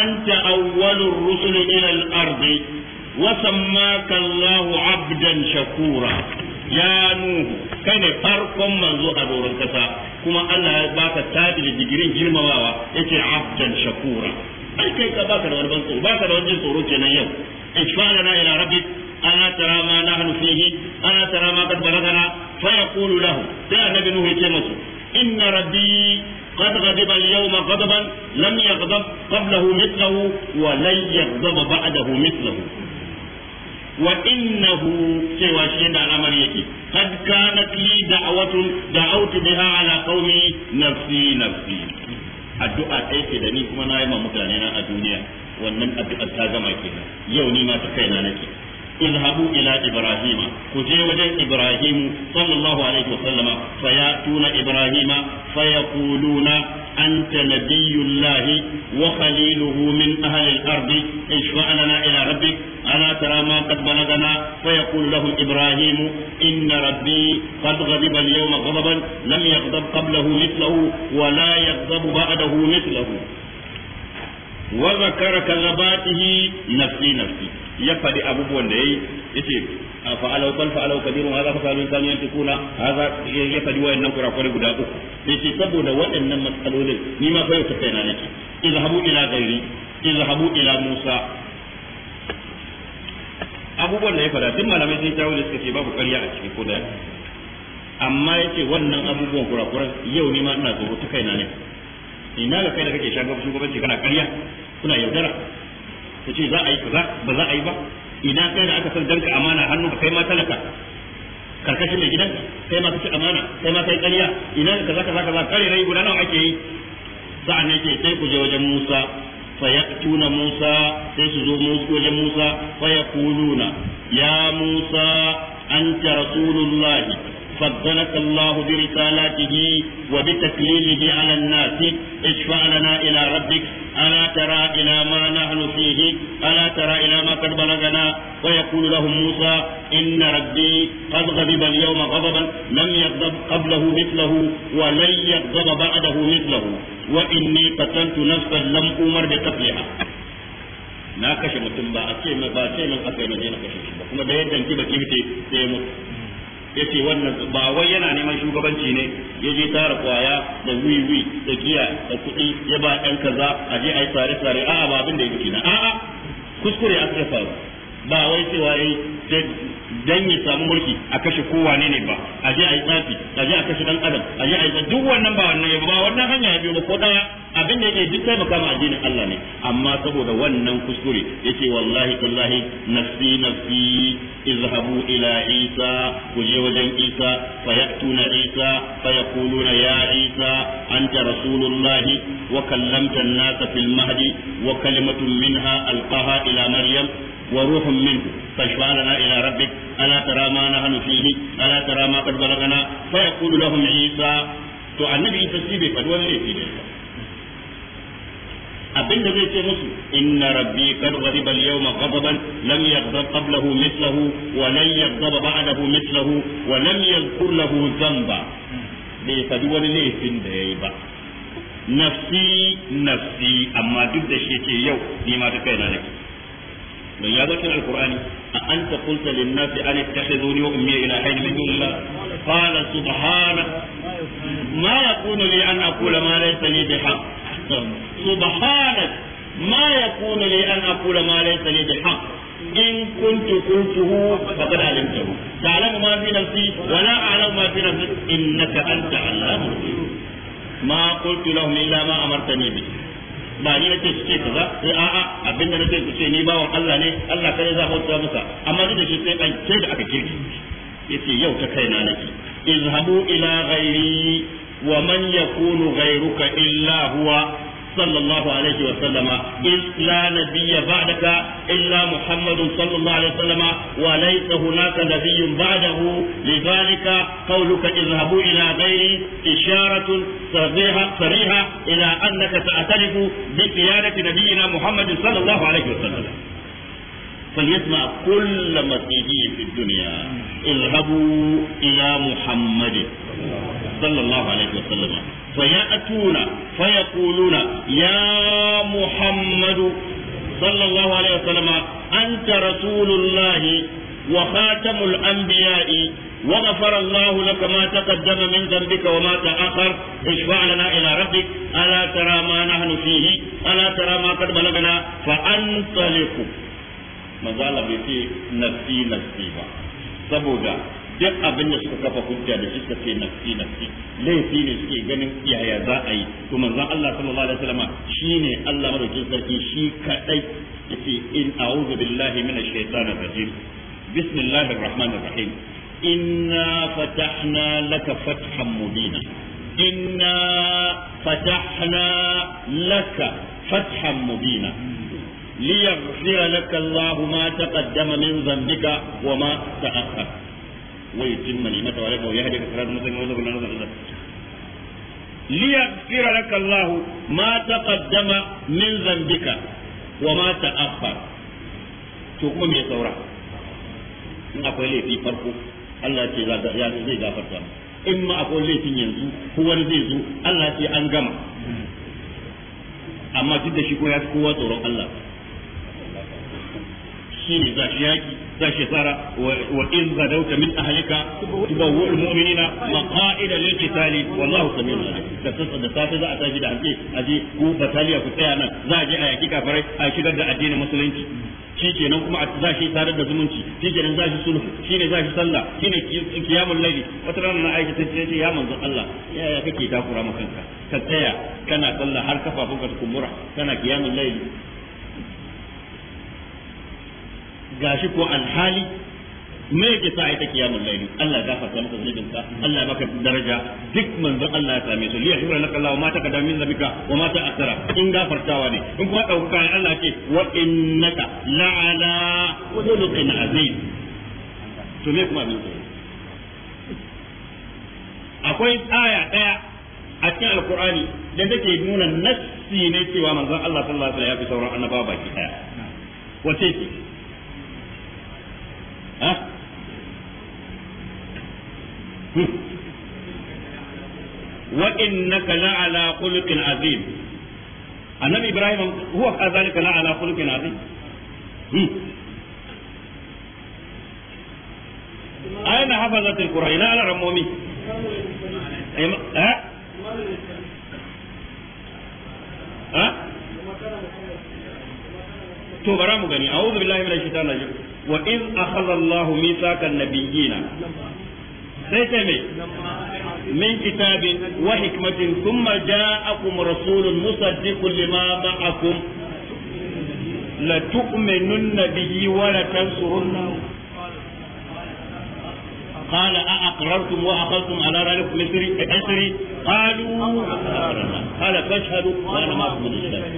anta awwalur rusul ila al-ardi وسماك الله abdan shakura ya nuhu. kai ne farkon manzo a doron kasa kuma Allah ya baka tabi da digirin girmamawa yace abdan shakura ai kai ka baka da wani ban tsoro baka da wani tsoro kenan yau ishfa'ana ila rabbik ألا ترى ما ana فيه ألا ترى ما قد بلغنا فيقول له يا نبي نوح كمسو إن ربي قد غضب اليوم غضبا لم يغضب قبله مثله ولن يغضب بعده مثله وإنه سوى شيء على مريكي قد كانت لي دعوة دعوت بها على قومي نفسي نفسي addu'a ɗaya ce da ni kuma na yi ma mutane na a duniya wannan addu'ar ta gama kenan yau ni ma ta kaina nake اذهبوا إلى إبراهيم كجي وجه إبراهيم صلى الله عليه وسلم فيأتون إبراهيم فيقولون أنت نبي الله وخليله من أهل الأرض اشفع لنا إلى ربك ألا ترى ما قد بلغنا فيقول لهم إبراهيم إن ربي قد غضب اليوم غضبا لم يغضب قبله مثله ولا يغضب بعده مثله wa zakara kazabatihi nafsi nafsi ya fadi abubuwan da yayi yace fa'alau kan alau kadirun hadha fa alau kan yantikuna hadha ya faɗi wayannan kurakure guda uku yace saboda wadannan matsalolin ni ma fa yau kaina nake izhabu ila gairi izhabu ila musa abubuwan da ya faɗa duk malamai sun kawo da suka ce babu ƙarya a ciki ko da amma yace wannan abubuwan kurakuran yau ni ma ina zo ta kaina nake ina ga kai da kake shagar shugabanci kana ƙarya kuna yaudara ta ce za a yi kaza ba za a yi ba ina kai da aka san danka amana hannu ka kai ma talaka karkashin mai gidan kai ma kace amana kai ma kai ƙarya ina ga kaza kaza kaza kare rai guda nawa ake yi sa'an ne ke sai ku je wajen Musa fayatuna Musa sai su zo wajen Musa fayakuluna ya Musa anta rasulullahi فضلك الله برسالاته وبتكليمه على الناس اشفع لنا إلى ربك ألا ترى إلى ما نحن فيه ألا ترى إلى ما قد بلغنا ويقول لهم موسى إن ربي قد غضب اليوم غضبا لم يغضب قبله مثله ولن يغضب بعده مثله وإني قتلت نفسا لم أمر بقتلها na kashe mutum ba a ce ba ce min aka yi na kashe shi ba kuma da yadda ki baki fite sai mutu yace wannan ba wai yana neman shugabanci ne ya je tara kwaya da wiwi da giya da kuɗi ya ba ɗan kaza a je a yi tsare-tsare a'a ba abin da ya na a'a kuskure a suka faru ba wai cewa yayi dan ya samu mulki a kashe kowa ne ne ba a je a yi tsafi a je a kashe dan adam a je a yi duk wannan ba wannan ba wannan hanya ya biyo ba ko daya abin da yake duk taimaka ma addinin Allah ne amma saboda wannan kuskure yake wallahi billahi nafsi nafsi izhabu ila isa ku je wajen isa fa yatuna isa fa yaquluna ya isa anta rasulullah wa kallamta an-nasa fil mahdi wa kalimatun minha alqaha ila maryam وروح منه فاشفع إلى ربك ألا ترى ما نحن فيه ألا ترى ما قد بلغنا فيقول لهم عيسى to annabi isa shi bai faɗi wani laifi da ita abin da zai ce musu inna rabbi qad ghadiba al-yawma ghadaban lam yaghdab qablahu wa lan yaghdab ba'dahu mithlahu wa lam yadhkur lahu dhanba bai faɗi wani laifin da yayi ba nafsi nafsi amma duk da shi ce yau ni ma don ya zaka alqur'ani a anta qulta lin nasi an ittakhizuni wa ummi ilahayn min dunillah qala subhana ma yakunu li an aqula ma laysa li bihaq subhanak ma yakunu li an aqula ma laysa إن كنت قلته فقد علمته تعلم ما في نفسي ولا أعلم ما في نفسك إنك أنت علام ما قلت لهم إلا ما أمرتني به ba ni nake su ce za sai a'a abinda nake ku ce ni bawan Allah ne Allah kai za bauta masa amma duk da shi sai an ce da aka ce yace yau ta kaina nake izhabu ila ghairi wa man yakunu ghairuka illa huwa صلى الله عليه وسلم إذ لا نبي بعدك إلا محمد صلى الله عليه وسلم وليس هناك نبي بعده لذلك قولك اذهبوا إلى غيري إشارة صريحة, صريحة إلى أنك تعترف بقيادة نبينا محمد صلى الله عليه وسلم فليسمع كل مسيحي في الدنيا اذهبوا إلى محمد صلى الله عليه وسلم فيأتون فيقولون يا محمد صلى الله عليه وسلم أنت رسول الله وخاتم الأنبياء وغفر الله لك ما تقدم من ذنبك وما تأخر اشفع لنا إلى ربك ألا ترى ما نحن فيه ألا ترى ما قد بلغنا فأنطلق ما زال بيتي نفسي نفسي saboda duk abin da suka kafa hujja da suka ce nafsi nafsi laifi ne suke ganin yaya za a yi to manzon Allah sallallahu alaihi wasallam shine Allah madaukakin sarki shi kadai yace in a'udhu billahi minash shaitanir rajim bismillahir rahmanir rahim inna fatahna laka fathan mubina inna fatahna laka fathan mubina ليغفر لك الله ما تقدم من ذنبك وما تأخر ويتم نعمته عليك ويهديك صراطا مستقيما ويذهب ليغفر لك الله ما تقدم من ذنبك وما تأخر تقوم يا ثورة إن أقول لي في فرق الله زي غفر in ma akwai laifin yanzu ko wani zai zo Allah sai an gama amma duk da shi ko ya fi kowa tsoron Allah shi ساشي سارة وإن غدوت من أهلك تبوء المؤمنين مقائد للقتال والله سميع عليم da sassa da safe za a tashi da hanke a je ko bataliya ku tsaya nan za a je a yaki kafirai a shigar da addinin musulunci shi kenan kuma za shi sadar da zumunci shi kenan za shi sulhu shi ne za shi sallah shi ne kiyamun laili wata rana na aiki ta ce ya manzo Allah yaya kake takura ma kanka ka tsaya kana sallah har kafafunka su kumbura kana kiyamun laili gashi ko alhali me yake sa ita kiyamul layli Allah gafarta maka zunubinka Allah baka daraja duk manzon Allah ya same su liya yura laka Allah ma ta kada min zabika wa ma ta akara in gafartawa ne in kuma dauka ne Allah ce wa innaka la'ala khuluqin azim to me kuma min akwai aya daya a cikin alqur'ani da take nuna nassi ne cewa manzon Allah sallallahu alaihi wasallam ya fi sauran annabawa baki daya wace ce Hmm. wa innaka la'ala khuluqin azim annabi ibrahim huwa kadhalika la'ala khuluqin azim أين حفظت القرآن؟ لا عمومي. ها؟ ها؟ تو أعوذ بالله من الشيطان وإذ أخذ الله ميثاق النبيين سيتمي من كتاب وحكمة ثم جاءكم رسول مصدق لما معكم لتؤمنن به ولتنصرنه قال أأقررتم وأخذتم على ذلك مصري مصري قالوا قال فاشهدوا وأنا معكم من الشهادة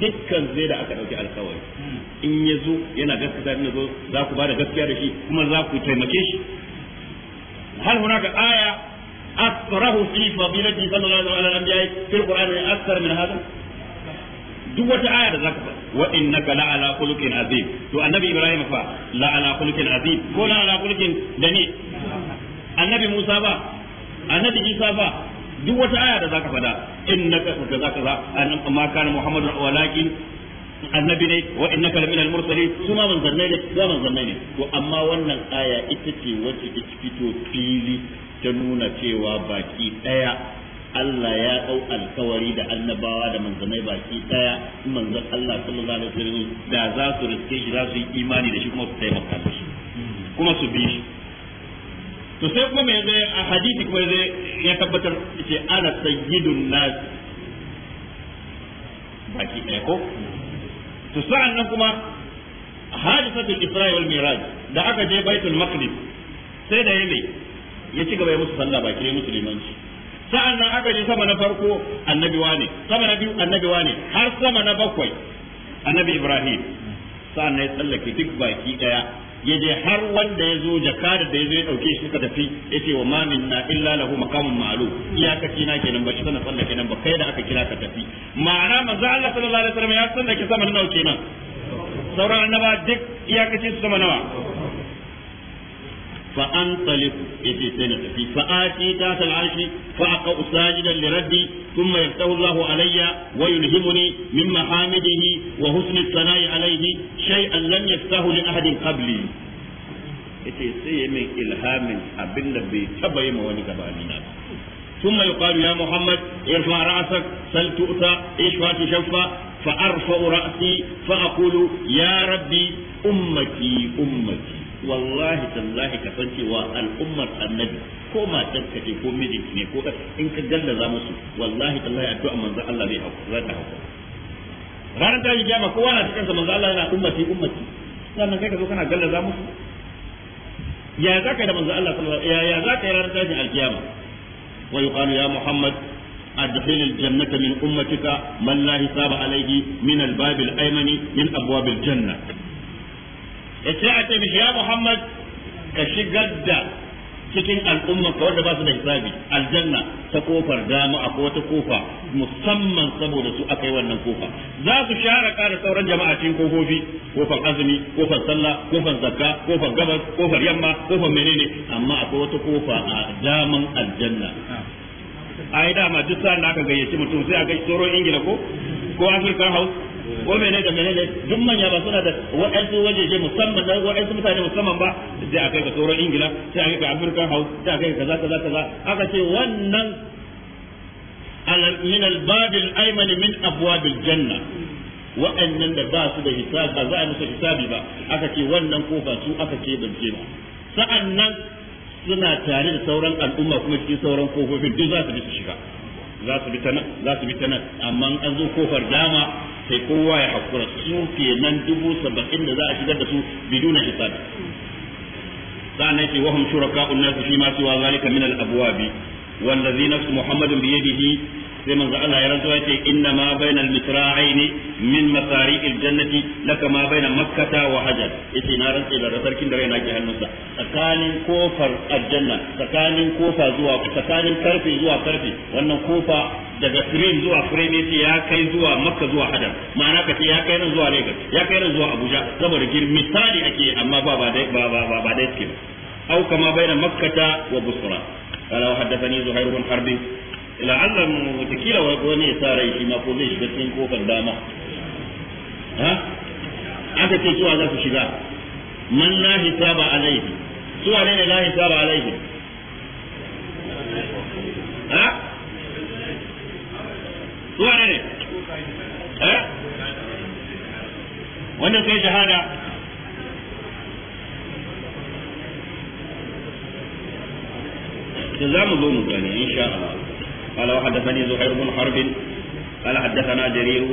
دكا زي aka ɗauki in ya zo yana gaskata in zo za ku ba da gaskiya da shi kuma za ku taimake shi hal hunaka aya fi fadilati sallallahu alaihi wa sallam وسلم fil qur'an ya akthar min هذا duk wata aya da zaka wa innaka la ala khuluqin azim to annabi ibrahim fa la ala khuluqin azim ko la ala khuluqin dani annabi musa ba annabi isa ba duk wata aya da zaka fada innaka kaza kaza amma kana muhammadun walakin annabi ne wa innaka lamin al-mursalin su ma ne za manzannai ne to amma wannan aya ita ce wacce ta fito fili ta nuna cewa baki daya Allah ya ɗau alkawari da annabawa da manzanai baki daya manzan Allah sallallahu alaihi wasallam da za su riske shi za su yi imani da shi kuma su taimaka da shi kuma su bi shi to sai kuma me zai a hadisi kuma zai ya tabbatar ce ana sayyidun nas baki daya ko to sa'an nan kuma hadisatul isra'i wal miraj da aka je baitul maqdis sai da yayi ya ci gaba ya musu sallah baki musulmanci sa'an nan aka je sama na farko annabi wane sama na biyu annabi wane har sama na bakwai annabi ibrahim sa'an nan ya tsallake duk baki daya ya je har wanda ya zo jakada da ya zo ya dauke shi suka tafi ya ce wa mamin na illa lahu maqamun ma'lum iyakaci na kenan ba shi sana sallah kenan ba kai da aka kira ka tafi ma'ana manzo Allah sallallahu alaihi wasallam ya ke sama dauke nan sauran annaba duk iyakaci su sama nawa فأنطلق في سنة فآتي تحت العرش فأقع ساجدا لربي ثم يفتح الله علي ويلهمني من محامده وحسن الثناء عليه شيئا لم يفتحه لأحد قبلي yace sai ya min ilhamin abin da bai taba yi ma wani gabani na ثم يقال يا محمد ارفع رأسك سل تؤتى اشفع تشفى فأرفع رأسي فأقول يا ربي أمتي أمتي wallahi tallahi ka san cewa al'ummar annabi ko matar ka ko mijinki ne ko in ka gallaza musu wallahi tallahi addu'a manzo Allah za ta ranar ta yi jama kowa na cikin sa Allah yana ummati ummati sannan kai ka zo kana gallaza musu ya za ka da manzo Allah ya ya za ka yi ranar tashin alkiyama wa yuqalu ya muhammad أدخل الجنة min أمتك من hisaba حساب عليه من aimani min من أبواب الجنة ya ce a ce bishiya Muhammad ka shigar da cikin al'umma ka wanda ba su da hisabi aljanna ta kofar dama a wata kofa musamman saboda su aka yi wannan kofa za su share kara sauran jama'a cikin kofofi kofar azumi kofar sallah kofar zakka kofar gabas kofar yamma kofar menene amma akwai wata kofa a daman aljanna ai dama duk sa'an da aka gayyaci mutum sai aka tsoro ingila ko ko african house ko mene da mene ne duk manya ba suna da waɗansu wajeje musamman da waɗansu mutane musamman ba Da aka kai ka sauran ingila sai aka kai ka afirka house sai aka kai kaza kaza kaza aka ce wannan min al-babil ayman min abwabil janna wa'annan da ba su da hisabi ba za a musu hisabi ba aka ce wannan kofa su aka ce bance ba sa'annan suna tare da sauran al'umma kuma cikin sauran kofofin duk za su bi su shiga za su bi ta nan za su bi ta nan amma an zo kofar dama sai kowa ya hakura su kenan dubu saba'in da za a shigar da su biduna hisab sa'annan ce wahum shuraka'un nasu fi ma siwa zalika min al-abwabi والذي نفس محمد yadihi sai manzo Allah ya rantsuwa ce inna ma bainal misra'ain min masari'il jannati laka ma baina makkata wa hajar yace na rantsi da sarkin da raina ke hannunsa tsakanin kofar aljanna tsakanin kofa zuwa tsakanin karfe zuwa karfe wannan kofa daga firin zuwa firin yace ya kai zuwa makka zuwa hajar ma'ana ka ce ya kai nan zuwa lagos ya kai nan zuwa abuja saboda girmi misali ake amma ba ba dai ba ba ba dai suke ba au kama baina makkata wa busra قال وحدثني زهير بن حرب la'allan watakila wani ya sa rai shi ma ko zai shiga cikin kofar dama ha aka ce suwa za su shiga man la hisaba alaihi suwa ne ne la hisaba alaihi ha suwa ne ne eh wanda sai shahada da za mu zo mu gani insha Allah قال وحدثني زهير بن حرب قال حدثنا جرير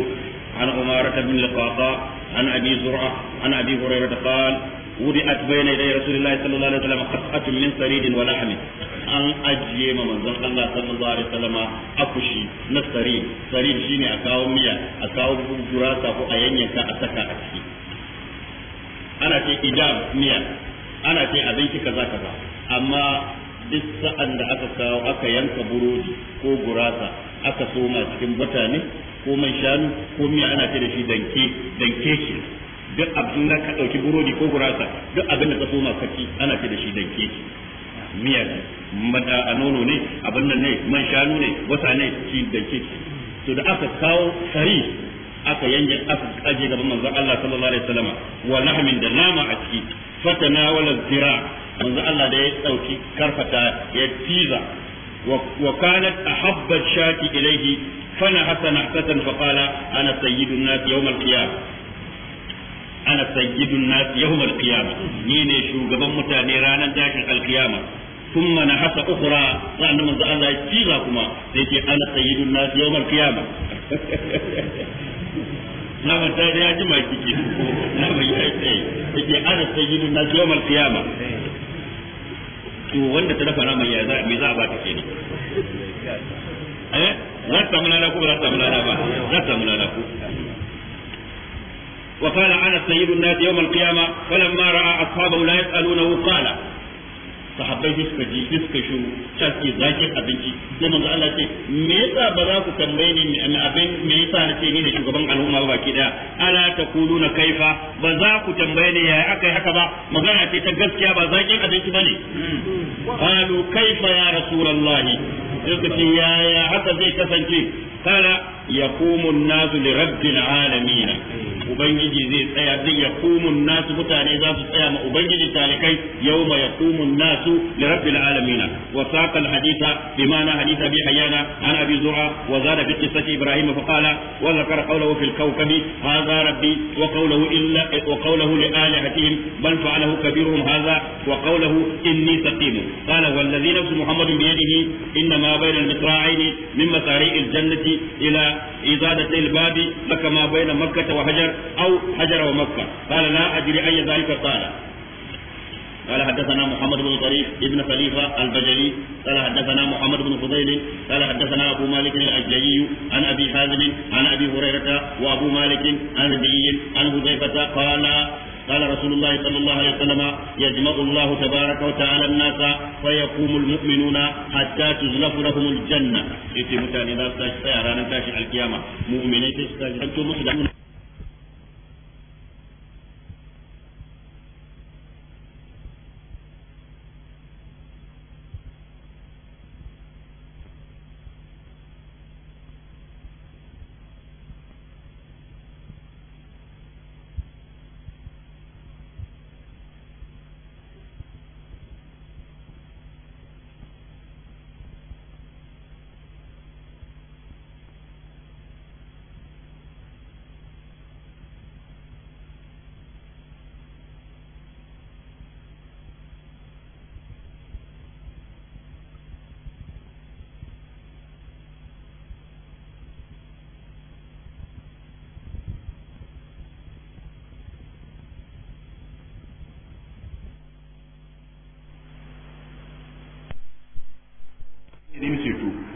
عن عمارة بن لقاقاء عن أبي زرعة عن أبي هريرة قال وضعت بين يدي رسول الله صلى الله عليه وسلم قطعة من سريد ولحم an ajiye ma manzon Allah sallallahu alaihi wasallam akushi na sarid sarid shine a kawo miya a kawo gurasa ko a yanyanka a saka a ciki ana ce ijab miya ana abinci kaza kaza amma duk sa'an da aka kawo aka yanka burodi ko gurasa aka soma cikin mutane ko mai shanu ko miya ana ce da shi danke danke shi duk abin da ka dauki burodi ko gurasa duk abin da ka soma kaki ana ce da shi danke shi miya ne mada a nono ne abin nan ne man shanu ne wata ne shi danke shi to da aka kawo sari aka yanke aka aje gaban manzon Allah sallallahu alaihi wasallam wa lahmin da nama a ciki fatana wala zira manzo Allah da ya dauki karfata ya tiza wa kanat ahabba shati ilayhi fana hasana hasan fa qala ana sayyidun nas yawm al-qiyamah ana sayyidun nas yawm al-qiyamah ni ne shugaban mutane ranar tashin al-qiyamah ثم نحس أخرى لأن من ذا الله يتيغا كما سيتي أنا سيد الناس يوم القيامة نعم تاري أجمع تكي نعم يأتي سيتي أنا سيد الناس يوم القيامة to wanda ta dafa nan ya za me za a bata kenan eh za ta samu lada ko ba za ta samu lada ba za ta samu lada ko وقال سيد الناس يوم فلما لا قال sahabbai su suka ji suka shiru ta ce zakin abinci sai manzo Allah ce me yasa ba za ku tambaye ni abin me yasa na ni ne shugaban al'umma ba ki da ala taquluna kaifa ba za ku tambaye ni yaya akai haka ba magana ce ta gaskiya ba zakin abinci bane qalu kaifa ya rasulullah suka ce yaya haka zai kasance kana yaqumu an-nasu li rabbil alamin ubangiji zai tsaya zai yaqumun nasu mutane za su tsaya ma ubangiji talikai yau ma ya yaqumun nasu li rabbil alamin wa saqa al haditha bi mana haditha bi hayana an abi zura wa zada bi qissati ibrahim fa qala wa zakara qawluhu fil kawkabi hadha rabbi wa qawluhu illa wa qawluhu li alihatihim bal fa'alahu kabiruhum hadha wa qawluhu inni saqim qala wal nafsu bi yadihi والذي نفس محمد بيده انما بين المصراعين jannati ila izadati al ازاده الباب kama bayna makkah wa hajar حجرا أو حجر ومكة قال لا أدري أي ذلك قال قال حدثنا محمد بن طريف ابن خليفة البجلي قال حدثنا محمد بن فضيل قال حدثنا أبو مالك الأجلي عن أبي حازم عن أبي هريرة وأبو مالك عن ربيع عن حذيفة قال قال رسول الله صلى الله عليه وسلم يجمع الله تبارك وتعالى الناس فيقوم المؤمنون حتى تزلف لهم الجنة إتي متى لذا تاشي رانا تاشي القيامة مؤمنين تاشي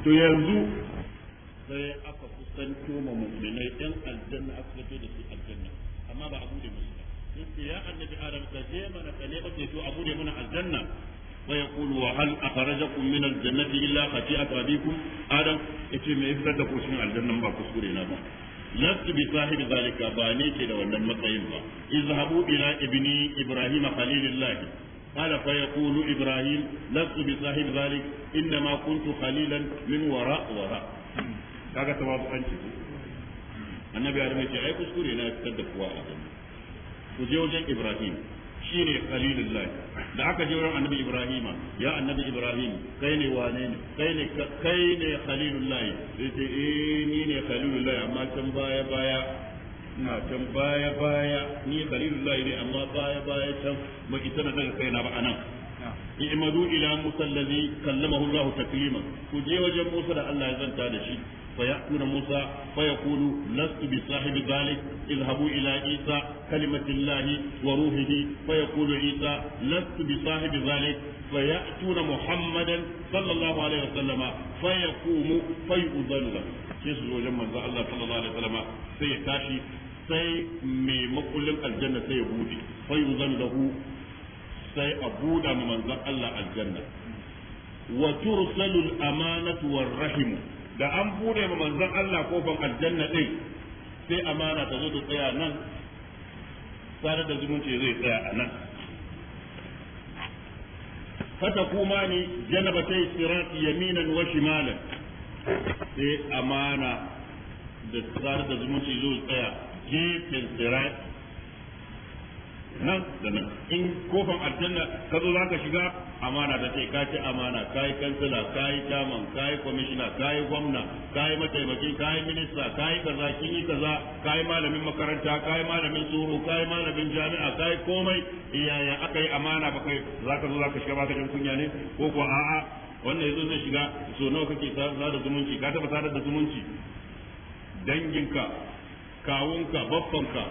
to yanzu sai aka kusanto ma musulmai ɗan aljanna aka fito da su aljanna amma ba a bude musu ba yace ya annabi adam ka je mana ka ne bace to a bude mana aljanna wa yaqulu wa hal akhrajakum min aljannati illa khati'at abikum adam yace me yasa da ku cikin aljanna ba ku sure na ba lasu bi sahib zalika ba ne ke da wannan matsayin ba izhabu ila ibni ibrahim khalilillahi قال فيقول إبراهيم لست بصاحب ذلك إنما كنت خليلا من وراء وراء kaga tawazu an ce annabi adam ya ce ai kuskure na fitar da a gani ku je wajen ibrahim shine khalilullah da aka je wajen annabi ibrahima ya annabi ibrahim kai ne wane ne kai ne ni ne amma baya baya ina can baya baya ni khalilullahi ne amma baya baya can ba ita na daga kaina ba anan i'madu ila musa allazi kallamahu Allah taklima ku je wajen Musa da Allah ya zanta da shi fa yaqulu Musa fa yaqulu lastu bi sahibi dhalik idhabu ila Isa kalimatillahi wa ruhihi fa yaqulu Isa lastu bi sahibi dhalik فيأتون محمدا صلى الله عليه وسلم فيقوم فيؤذن له يسجد وجمع الله صلى الله عليه وسلم سيتاشي sai mai makullin aljanna sai ya bude sai yuzan lahu sai a buda ma manzon Allah aljanna wa tursalu al-amanatu war-rahim da an bude ma manzon Allah kofar aljanna din sai amana ta zo ta tsaya nan tsara da zumunci zai tsaya a nan ta kuma yi sirati yaminan wa shimalan sai amana da tsara da zumunci zo tsaya gefen sirati nan da nan in kofan aljanna ka zo zaka shiga amana da kai ka ci amana kai kansila kai yi kai commissioner kai gwamna kai mataimakin kai minista kai kaza kin yi kaza kai malamin makaranta kai malamin tsoro kai malamin jami'a kai komai iyaye aka yi amana ba kai zaka zo zaka shiga ba ka jin kunya ne ko ko a'a wannan yazo zai shiga so nawa kake da zumunci ka taba sada da zumunci danginka kawunka babbanka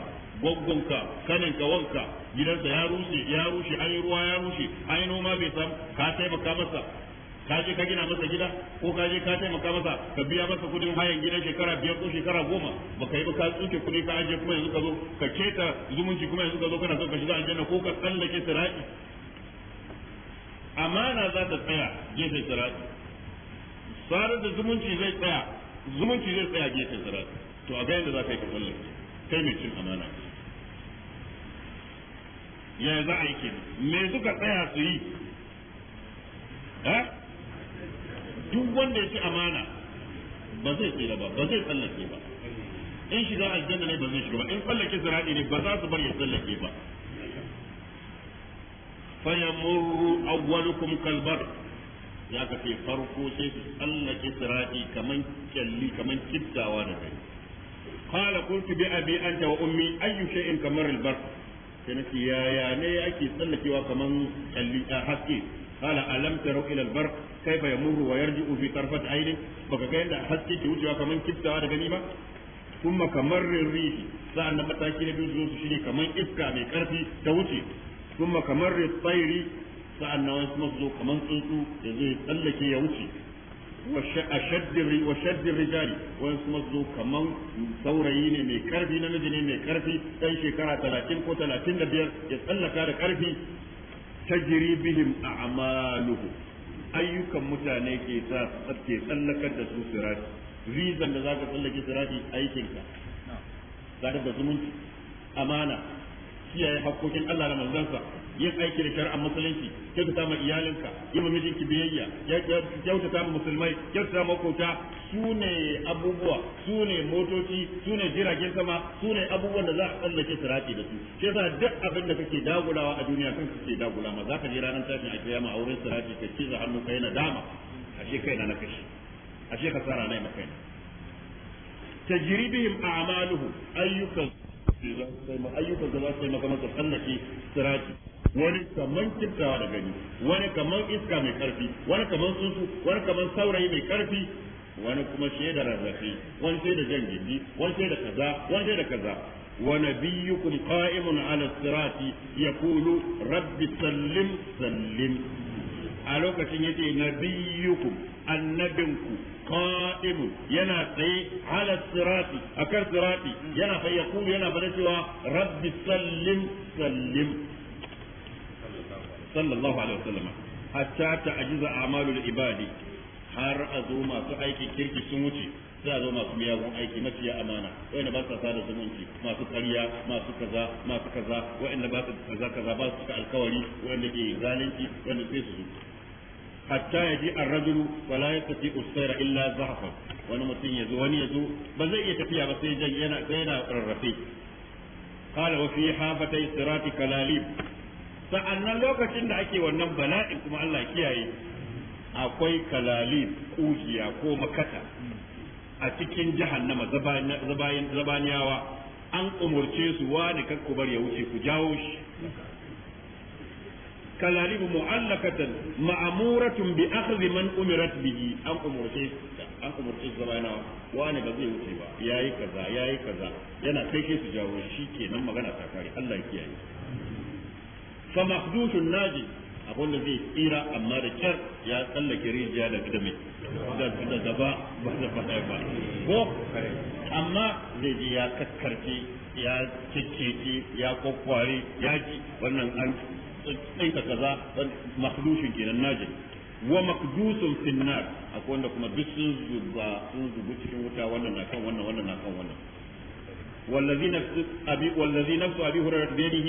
gwaggonka kaninka wanka gidansa ya rushe ya rushe an yi ruwa ya rushe an yi noma bai samu ka taimaka masa ka je ka gina masa gida ko ka je ka taimaka masa ka biya masa kudin hayan gidan shekara biyar ko shekara goma ba ka yi ba ka tsuke kudi ka aje kuma yanzu ka zo ka keta zumunci kuma yanzu ka zo kana son ka shiga aljanna ko ka tsallake sirai amana za ta tsaya gefen sirai sarar da zumunci zai tsaya zumunci zai tsaya gefen sirai to a ga yadda za ka yi ka kulle kai mai cin amana ya za a yi ke me suka tsaya su yi eh? duk wanda ya ci amana ba zai tsira ba ba zai tsallake ba in shiga aljanna ne ba zai shiga ba in tsallake sirati ne ba za su bar ya tsallake ba fayamurru awwalukum kalbar ya ka farko sai su tsallake sirati kaman kyalli kaman kiddawa da kai qala qultu a abi anta wa ummi ayyu shay'in kamar al-barq sai nace yaya ne ake tsallakewa kaman haske قال ألم تروا إلى البرق كيف يمر ويرجع في طرفة عين فكاين da haske ke wucewa kamar kiftawa da gani ba kuma kamar rihi sa'an nan mataki na biyu zuwa su shine kaman iska mai karfi ta wuce kuma kamar tsairi sa'an nan zo tsuntsu ya zai tsallake ya wuce wa shaddin rijali wani kuma kaman saurayi ne mai karfi namiji ne mai karfi dan shekara talatin ko talatin da biyar ya tsallaka da karfi tajri bihim a'maluhu ayyukan mutane ke sa ke tsallakar da su sirati rizan da zaka tsallake sirati aikinka zaka da zumunci amana kiyaye hakkokin Allah da manzansa yin aiki da shari'ar musulunci kyautata ma iyalinka yi ma mijinki biyayya kyautata ma musulmai kyautata kota. su ne abubuwa su ne motoci su ne jiragen sama su ne abubuwan da za a tsallake sirati da su shi yasa duk abin da kake dagulawa a duniya kan ke dagula ma za ka je ranar tashin a kiyama a wurin sirati ka za hannu kai na dama ashe kai na na a ashe ka tsara na makai na tajribihim a'maluhu ayyukan sai ma ayyukan da za su yi maka masa tsallake sirati wani kaman kiftawa da gani wani kaman iska mai karfi wani kaman tsuntsu wani kaman saurayi mai karfi wani kuma shaida rarrafe wani shaida jan gindi wani shaida kaza wani shaida kaza nabiyyukum qa'imun 'ala sirati yaqulu rabbi sallim sallim a lokacin yace nabiyyukum annabinku qa'imun yana tsaye ala sirati akan sirati yana fa yaqulu yana fada cewa rabbi sallim sallim sallallahu alaihi wasallam hatta ta'jiza a'malul ibadi har a zo masu aiki kirki sun wuce sai a zo masu miyagun aiki mafiya amana wa'anda ba sa sada zumunci masu karya masu kaza masu kaza wa'anda ba su kaza kaza ba su cika alkawari wa'anda ke zalunci wa'anda sai su zo hatta ya ji an rajulu wala ya tafi usaira illa zahafa wani mutum ya zo wani ya zo ba zai iya tafiya ba sai yana yana rarrafe qala wa fi hafatai sirati kalalib sa'annan lokacin da ake wannan bala'in kuma Allah kiyaye akwai kalalin kujiya ko makata a cikin jahannama zabaniyawa an umurce su wani kakku ya wuce ku jawo shi kalalib mu'allakatan ma'muratun bi akhdhi man umirat bihi an umurce an umurce zabaniyawa wani ba zai wuce ba yayi kaza yayi kaza yana kai su jawo shi kenan magana ta kare Allah kiyaye fa mahduthun naji abun da zai tsira amma da kyar ya tsallake rijiya da da mai da gaba ba da fada ba ko amma zai ji ya kakkarce ya cikkeci ya kwakware ya ji wannan an tsinka kaza mahdushin kenan najin wa maqdusun finnar akwai wanda kuma duk sun zuba sun zubu cikin wuta wannan na kan wannan wannan na kan wannan والذي نفس أبي والذي نفس هريرة بيده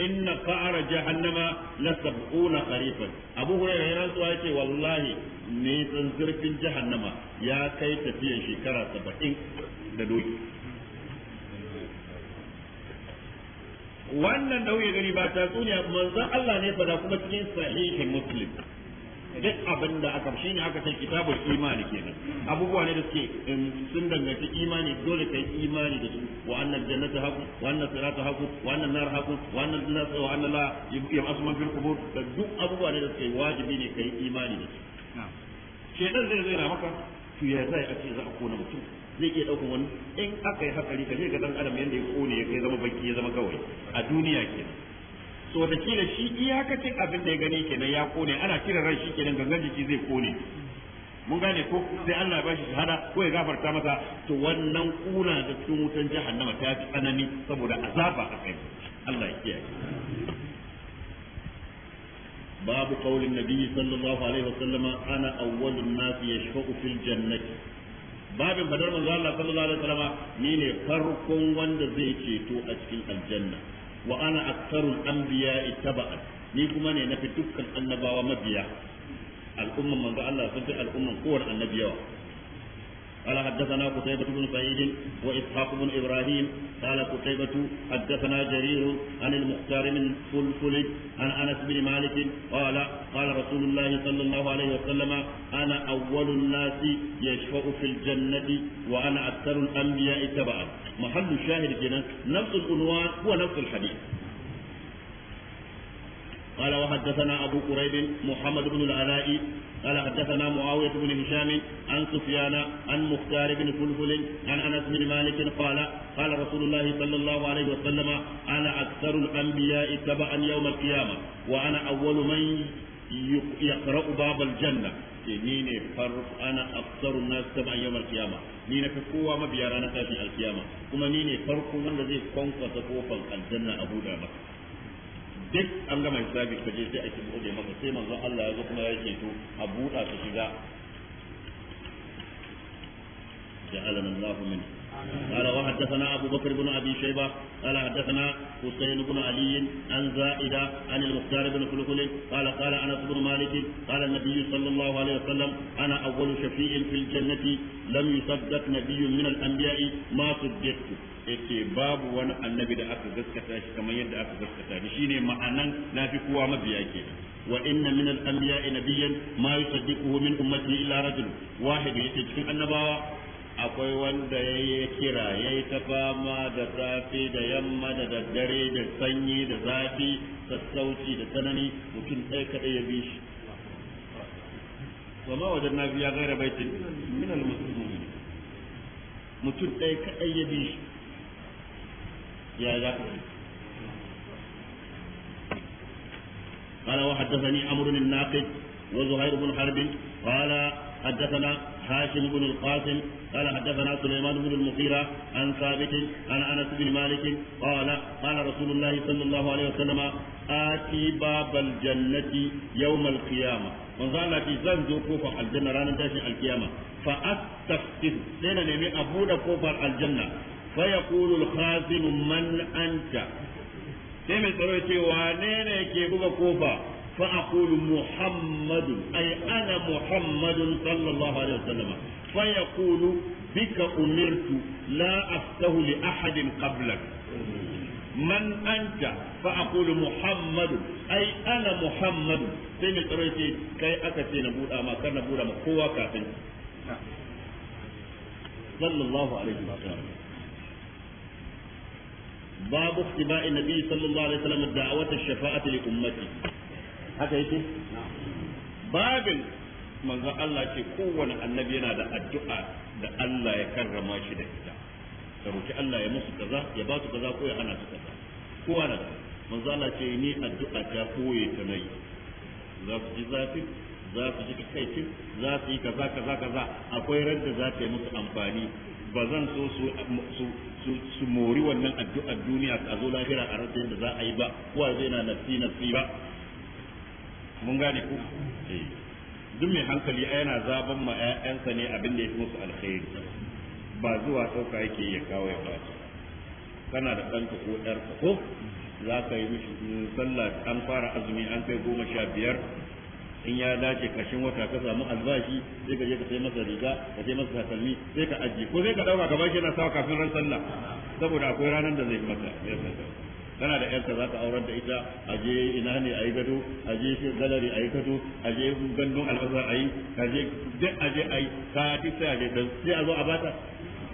إن قعر جهنم لسبعون خريفا أبو هريرة ينسوا يقول والله نيسان زرف جهنم يا كي shekara شكرا سبعين doki. wannan nauyi gari ba ta tsuniya manzon Allah ne fa da kuma cikin sahihin muslim duk abin da aka shine aka ce kitabul imani kenan abubuwa ne da suke um, sun danganci imani dole kai imani da su wa annal jannata haqu wa annal sirata haqu wa annal nar haqu wa annal jannata wa annal la yab'asu man fil qubur da duk abubuwa ne da suke wajibi ne kai imani da su shedan zai zai na maka to ya zai a ce za a kona mutum zai iya ɗaukar wani in aka yi hakari ka je ga dan adam yanda ya kone ya kai zama baki ya zama kawai a duniya kenan to wataƙila shi iyakacin abin da ya gani kenan ya kone ana kiran ran shi kenan gangan jiki zai kone mun gane ko sai Allah ya bashi shahada ko ya gafarta masa to wannan kuna da cikin wutan jahannama ta fi tsanani saboda azaba a kai Allah ya kiyaye babu qaulin nabi sallallahu alaihi wasallama ana awwalun nas yashfa'u fil jannati babin fadar manzo Allah sallallahu alaihi wasallama ni ne farkon wanda zai ceto a cikin aljanna wa ana biya anbiya ittaba'an ni kuma ne na fi dukkan annabawa mabiya al'umman manzo Allah sun fi al'umman kowane annabi yawa قال حدثنا قتيبة بن سعيد وإسحاق بن إبراهيم قال قتيبة حدثنا جرير عن المختار من فلفل عن أنس بن مالك قال قال رسول الله صلى الله عليه وسلم أنا أول الناس يشفع في الجنة وأنا أكثر الأنبياء تبعا محل الشاهد كنا نفس العنوان هو نفس الحديث قال وحدثنا أبو قريب محمد بن العلاء قال حدثنا معاوية بن هشام عن سفيان عن مختار بن فلفل عن أنس بن مالك قال قال رسول الله صلى الله عليه وسلم أنا أكثر الأنبياء تبعا يوم القيامة وأنا أول من يقرأ باب الجنة ni ne ana aksarun nas taban yawmal kiyama ni na fi kowa mabiya ranar tashin alkiyama kuma ni ne farko wanda zai kwankwasa kofar aljanna a buɗa maka duk an gama hisabi kaje sai ake bude maka sai manzon Allah ya zo kuma ya ce to a buɗa ka shiga جعلنا الله منه قال وحدثنا ابو بكر بن ابي شيبه قال حدثنا حسين بن علي عن زائده عن المختار بن كلكل قال قال babu wani annabi da aka yadda aka gaskata shi shine ma'anan na fi kowa mabiya ke wa min al-anbiya nabiyyan ma yusaddiquhu min cikin annabawa akwai wanda ya yi kira ya yi ta fama da safe da yamma da daddare da sanyi da zafi sassauci da tsanani mutum ɗaya kaɗa ya bi shi ma wajen na biya gaira baitin min al-muslimin mutum ɗaya kaɗa ya bi shi ya ya قال وحدثني عمرو الناقد وزهير بن حرب قال حدثنا هاشم بن القاسم قال حدثنا سليمان بن المغيرة عن ثابت عن أنس بن مالك قال قال رسول الله صلى الله عليه وسلم آتي باب الجنة يوم القيامة manzala ce zan zo kofar aljanna ranar tashin alkiyama fa astaftir sai na nemi a buɗe kofar aljanna Faya yaqulu al-khazinu man mai ce wane ne ke buga kofa فأقول محمد أي أنا محمد صلى الله عليه وسلم فيقول بك أمرت لا أفته لأحد قبلك من أنت فأقول محمد أي أنا محمد سيني تريتي كي أكتي نبوء ما كان نبوء ما هو كافر صلى الله عليه وسلم باب اختباء النبي صلى الله عليه وسلم دعوة الشفاعة لأمته haka yake babin manzo Allah ce kowane annabi yana da addu'a da Allah ya karrama shi da ita ka roki Allah ya musu kaza ya ba su kaza ko ya ana su kaza kowa na manzo Allah ce ni addu'a ta koye ta nayi za su ji zafi za su ji kaitin za su yi kaza kaza kaza akwai ranta za ta yi musu amfani ba zan so su su su mori wannan addu'ar duniya a zo lahira a rasa yadda za a yi ba kowa zai na nasi nafsi ba mun gane ku eh. duk mai hankali yana zaben ma 'ya'yansa ne abin da ya fi musu alkhairi ba zuwa sauka yake ya kawo ya ba kana da ɗanka ko ɗarka ko za ka yi mishi sallah an fara azumi an kai goma sha biyar in ya dace kashin wata ka samu albashi sai ka je ka sai masa riga ka sai masa takalmi sai ka ajiye ko sai ka ɗauka gaba shi yana sawa kafin ran sallah saboda akwai ranar da zai mata ya sallah kana da za zaka aurar da ita aje ina ne ayi gado aje galari ayi gado aje gandun albasa ayi aje duk aje ayi ka ti sai aje dan sai a zo a bata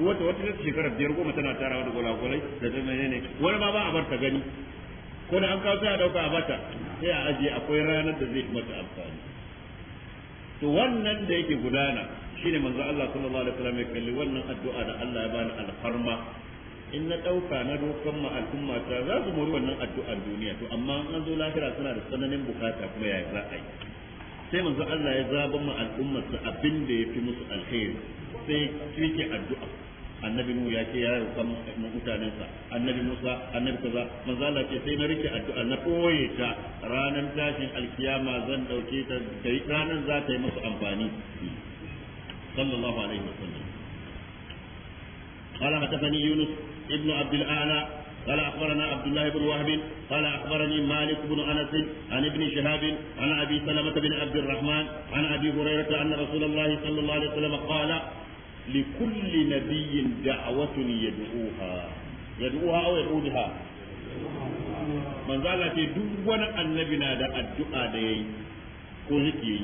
wata wata ta shekarar biyar goma tana tarawa da gwalagwalai da ta ne wani ma ba a barta gani ko da an kawo sai a dauka a bata sai a aje akwai ranar da zai mata amfani to wannan da yake gudana shine manzo Allah sallallahu alaihi wasallam ya kalli wannan addu'a da Allah ya bani alfarma in na ɗauka na dokan ma al'umma ta za su mori wannan addu'a duniya to amma an zo lahira suna da tsananin bukata kuma yaya za a yi sai manzo Allah ya zaba ma al'umma su abin da yafi musu alheri sai rike addu'a annabi nuhu ya ce ya roƙa mutanen sa annabi musa annabi kaza manzo Allah ce sai na rike addu'a na koye ta ranar tashin alkiyama zan dauke ta kai ranar za ta yi musu amfani sallallahu alaihi wasallam قال حدثني يونس ابن عبد الأعلى قال اخبرنا عبد الله بن وهب قال اخبرني مالك بن انس عن ابن شهاب عن ابي سلمه بن عبد الرحمن عن ابي هريره ان رسول الله صلى الله عليه وسلم قال لكل نبي دعوه يدعوها يدعوها او يدعوها من قال في دون النبي دعا الدعاء دي كوزكي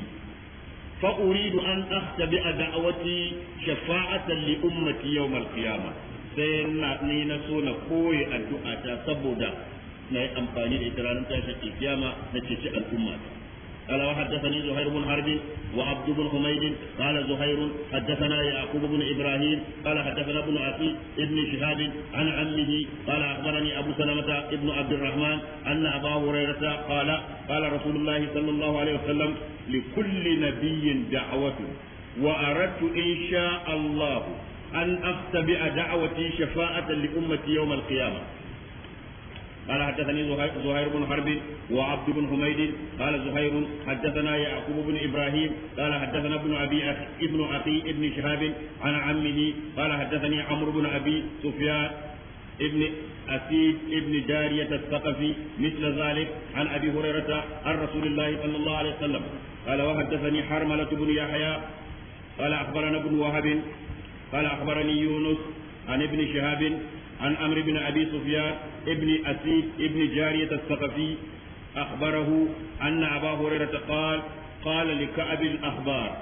فاريد ان اختبئ دعوتي شفاعه لامتي يوم القيامه sai na ni na so na koyi addu'a ta saboda na yi amfani da ita ranar tashin kiyama na ceci al'umma قال وحدثني زهير بن حرب وعبد بن حميد قال زهير حدثنا يعقوب بن ابراهيم قال حدثنا ابن عقيل ابن شهاب عن عمه قال اخبرني ابو سلمه ابن عبد الرحمن ان ابا هريره قال قال رسول الله صلى الله عليه وسلم لكل نبي دعوه واردت ان شاء الله أن أتبع دعوتي شفاعة لأمتي يوم القيامة قال حدثني زهير بن حرب وعبد بن حميد قال زهير حدثنا يعقوب بن ابراهيم قال حدثنا ابن ابي أخي ابن اخي ابن شهاب عن عمه قال حدثني عمرو بن ابي سفيان ابن أسيد ابن جارية الثقفي مثل ذلك عن أبي هريرة عن رسول الله صلى الله عليه وسلم قال وحدثني حرملة بن يحيى قال أخبرنا ابن وهب قال أخبرني يونس عن ابن شهاب عن أمر بن أبي سفيان ابن أسيد ابن جارية الثقفي أخبره أن أبا هريرة قال قال لكعب الأخبار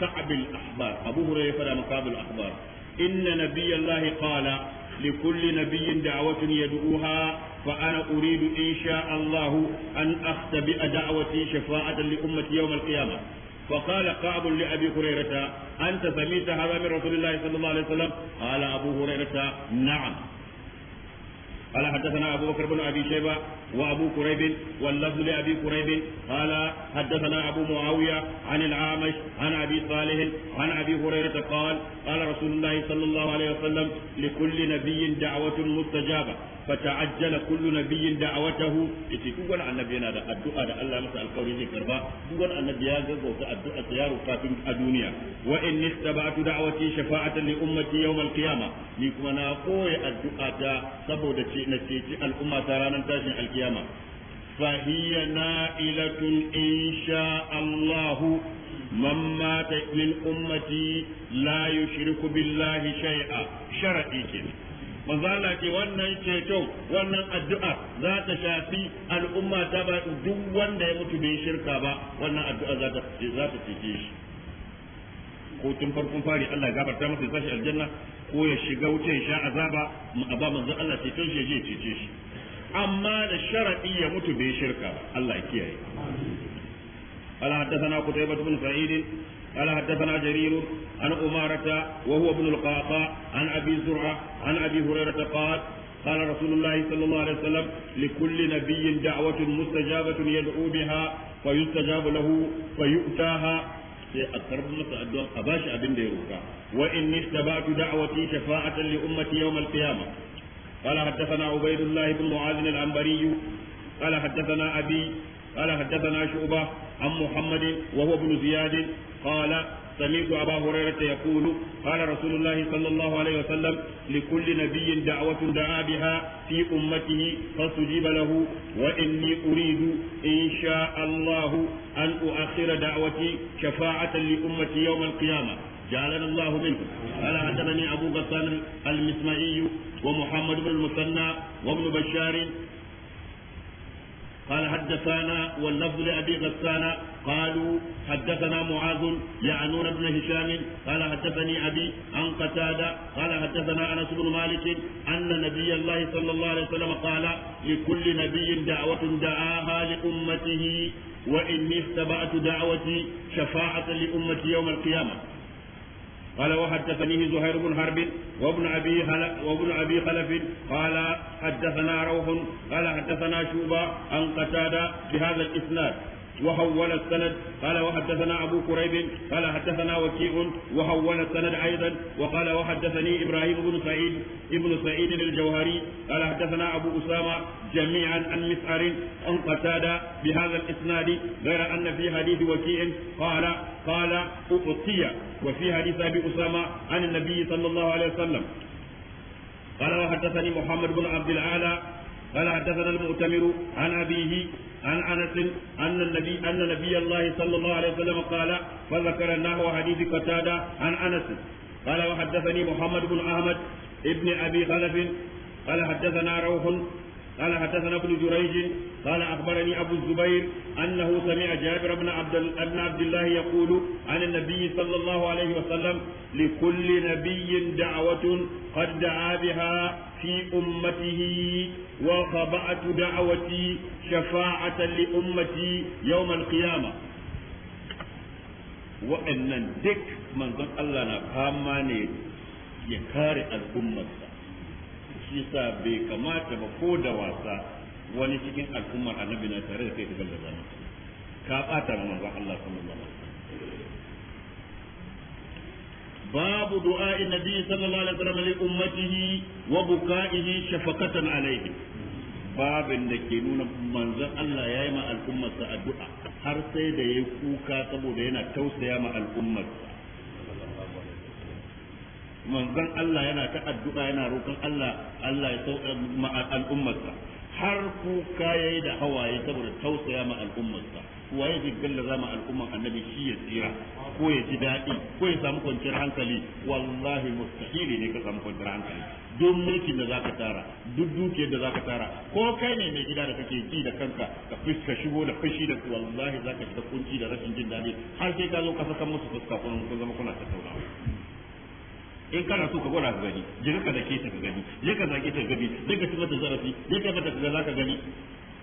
كعب الأخبار أبو هريرة فلا مكعب الأخبار إن نبي الله قال لكل نبي دعوة يدعوها فأنا أريد إن شاء الله أن أختبئ دعوتي شفاعة لأمتي يوم القيامة فقال كعب لأبي هريرة أنت سميت هذا من رسول الله صلى الله عليه وسلم قال أبو هريرة نعم قال حدثنا أبو بكر بن أبي شيبة وأبو كريب واللفظ لأبي كريب قال حدثنا أبو معاوية عن العامش عن أبي صالح عن أبي هريرة قال قال رسول الله صلى الله عليه وسلم لكل نبي دعوة مستجابة فتعجل كل نبي دعوته يتي duk wani annabi yana da addu'a da Allah masa alƙawari zai karba duk wani annabi ya gaggauta addu'a sa yaro kafin a duniya wa in nistaba'tu da'wati shafa'atan li ummati yawm al-qiyamah ni kuma na koyi addu'a ta saboda ce na ceci al'umma ta ranar tashin alkiyama fa hiya na'ilatun insha Allah من مات من أمتي لا يشرك بالله شيئا manzo Allah ce wannan ceto wannan addu'a za ta shafi al'umma ta ba duk wanda ya mutu bai shirka ba wannan addu'a za ta za ta cike shi ko tun farkon fari Allah ya gafarta masa sashi aljanna ko ya shiga wuce ya sha azaba ba manzo Allah ceton shi ya je cece shi amma da sharadi ya mutu bai shirka ba Allah ya kiyaye قال حدثنا قتيبة bin sa'id قال حدثنا جرير عن أمارة وهو ابن القعقاع عن أبي زرعة عن أبي هريرة قال قال رسول الله صلى الله عليه وسلم لكل نبي دعوة مستجابة يدعو بها فيستجاب له فيؤتاها sai a karbi masa addu'a a bashi abin da ya roka wa inni tabatu da'wati shafa'atan li ummati yawm al-qiyamah qala haddathana ubaydullah ibn mu'adh al-anbari an muhammad wa huwa ibn قال سمعت أبا هريرة يقول قال رسول الله صلى الله عليه وسلم لكل نبي دعوة دعا بها في أمته فاستجيب له وإني أريد إن شاء الله أن أؤخر دعوتي شفاعة لأمتي يوم القيامة جعلنا الله منه قال حدثني أبو غسان المسمعي ومحمد بن المثنى وابن بشار قال حدثنا واللفظ لأبي غسان قالوا حدثنا معاذ يعنون بن هشام قال حدثني أبي عن قتادة قال حدثنا أنس بن مالك أن نبي الله صلى الله عليه وسلم قال لكل نبي دعوة دعاها لأمته وإني اتبعت دعوتي شفاعة لأمتي يوم القيامة قال وحدثنيه زهير بن حرب وابن ابي وابن ابي خلف قال حدثنا روح قال حدثنا شوبة عن قتادة بهذا الاسناد وحول السند قال وحدثنا أبو كريب قال حدثنا وكيع وحول السند أيضا وقال وحدثني إبراهيم بن سعيد ابن سعيد الجوهري قال حدثنا أبو أسامة جميعا عن مسعر عن قتادة بهذا الإسناد غير أن في حديث وكيع قال قال أعطي وفي حديث أبي أسامة عن النبي صلى الله عليه وسلم قال وحدثني محمد بن عبد العالى قال حدثنا المؤتمر عن أبيه عن انس ان النبي ان نبي الله صلى الله عليه وسلم قال فذكر نحو حديث قتاده عن انس قال وحدثني محمد بن احمد ابن ابي خلف قال حدثنا روح قال حدثنا ابن جريج قال اخبرني ابو الزبير انه سمع جابر بن عبد بن عبد الله يقول عن النبي صلى الله عليه وسلم لكل نبي دعوه قد دعا بها في أمته وخبأت دعوتي شفاعة لأمتي يوم القيامة وإن دك من ذن الله نقام ماني يكاري الأمة شيسا بكما تبقود واسا ونشكين الأمة النبي نتريد في ذلك كاباتا من الله صلى الله عليه وسلم باب دعاء النبي صلى الله عليه وسلم لأمته وبكائه شفقة عليه باب النكينون من الله يايما الأمة الدعاء har sai da ya kuka saboda yana tausaya ma al'ummar manzon Allah yana ta addu'a yana roƙon Allah ya ma har kuka yayi da hawaye saboda tausaya ma al'ummarsa waye zai gallaza ma al'ummar annabi shi ya tsira ko ya ji daɗi ko ya samu kwanciyar hankali wallahi mustahili ne ka samu kwanciyar hankali duk mulki da zaka tara duk dukiyar da zaka tara ko kai ne mai gida da kake ji da kanka ka fiska shigo da fashi da wallahi zaka shiga kunci da rashin jin daɗi har sai ka zo ka saka musu fuska kun zama kuna tattaunawa in kana so ka gwada ka gani je ka zake ta ka gani je ka zage ta gani je ka da zarafi je ka mata ka gani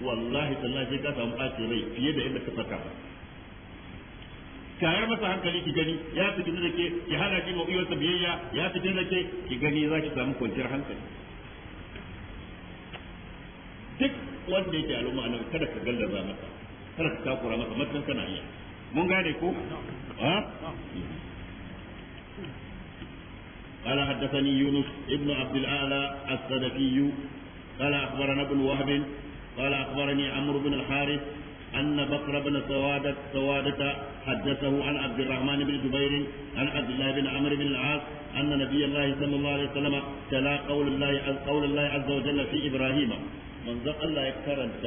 wallahi tallahi sai ka samu ɓacin rai fiye da yadda ka saka tayar masa hankali ki gani ya fi da ke ki hana ki ma uwarsa biyayya ya fi da ke ki gani za ki samu kwanciyar hankali duk wanda yake al'umma nan kada ka za masa kada ka takura masa matan kana iya mun gane ko ha قال حدثني يونس ابن عبد الاعلى السلفي قال اخبرنا ابن وهب قال اخبرني عمرو بن الحارث أن بكر بن سوادة سوادة حدثه عن عبد الرحمن بن جبير عن عبد الله بن عمرو بن العاص أن نبي الله صلى الله عليه وسلم تلا قول الله قول الله عز وجل في إبراهيم من ذا الله يكرنت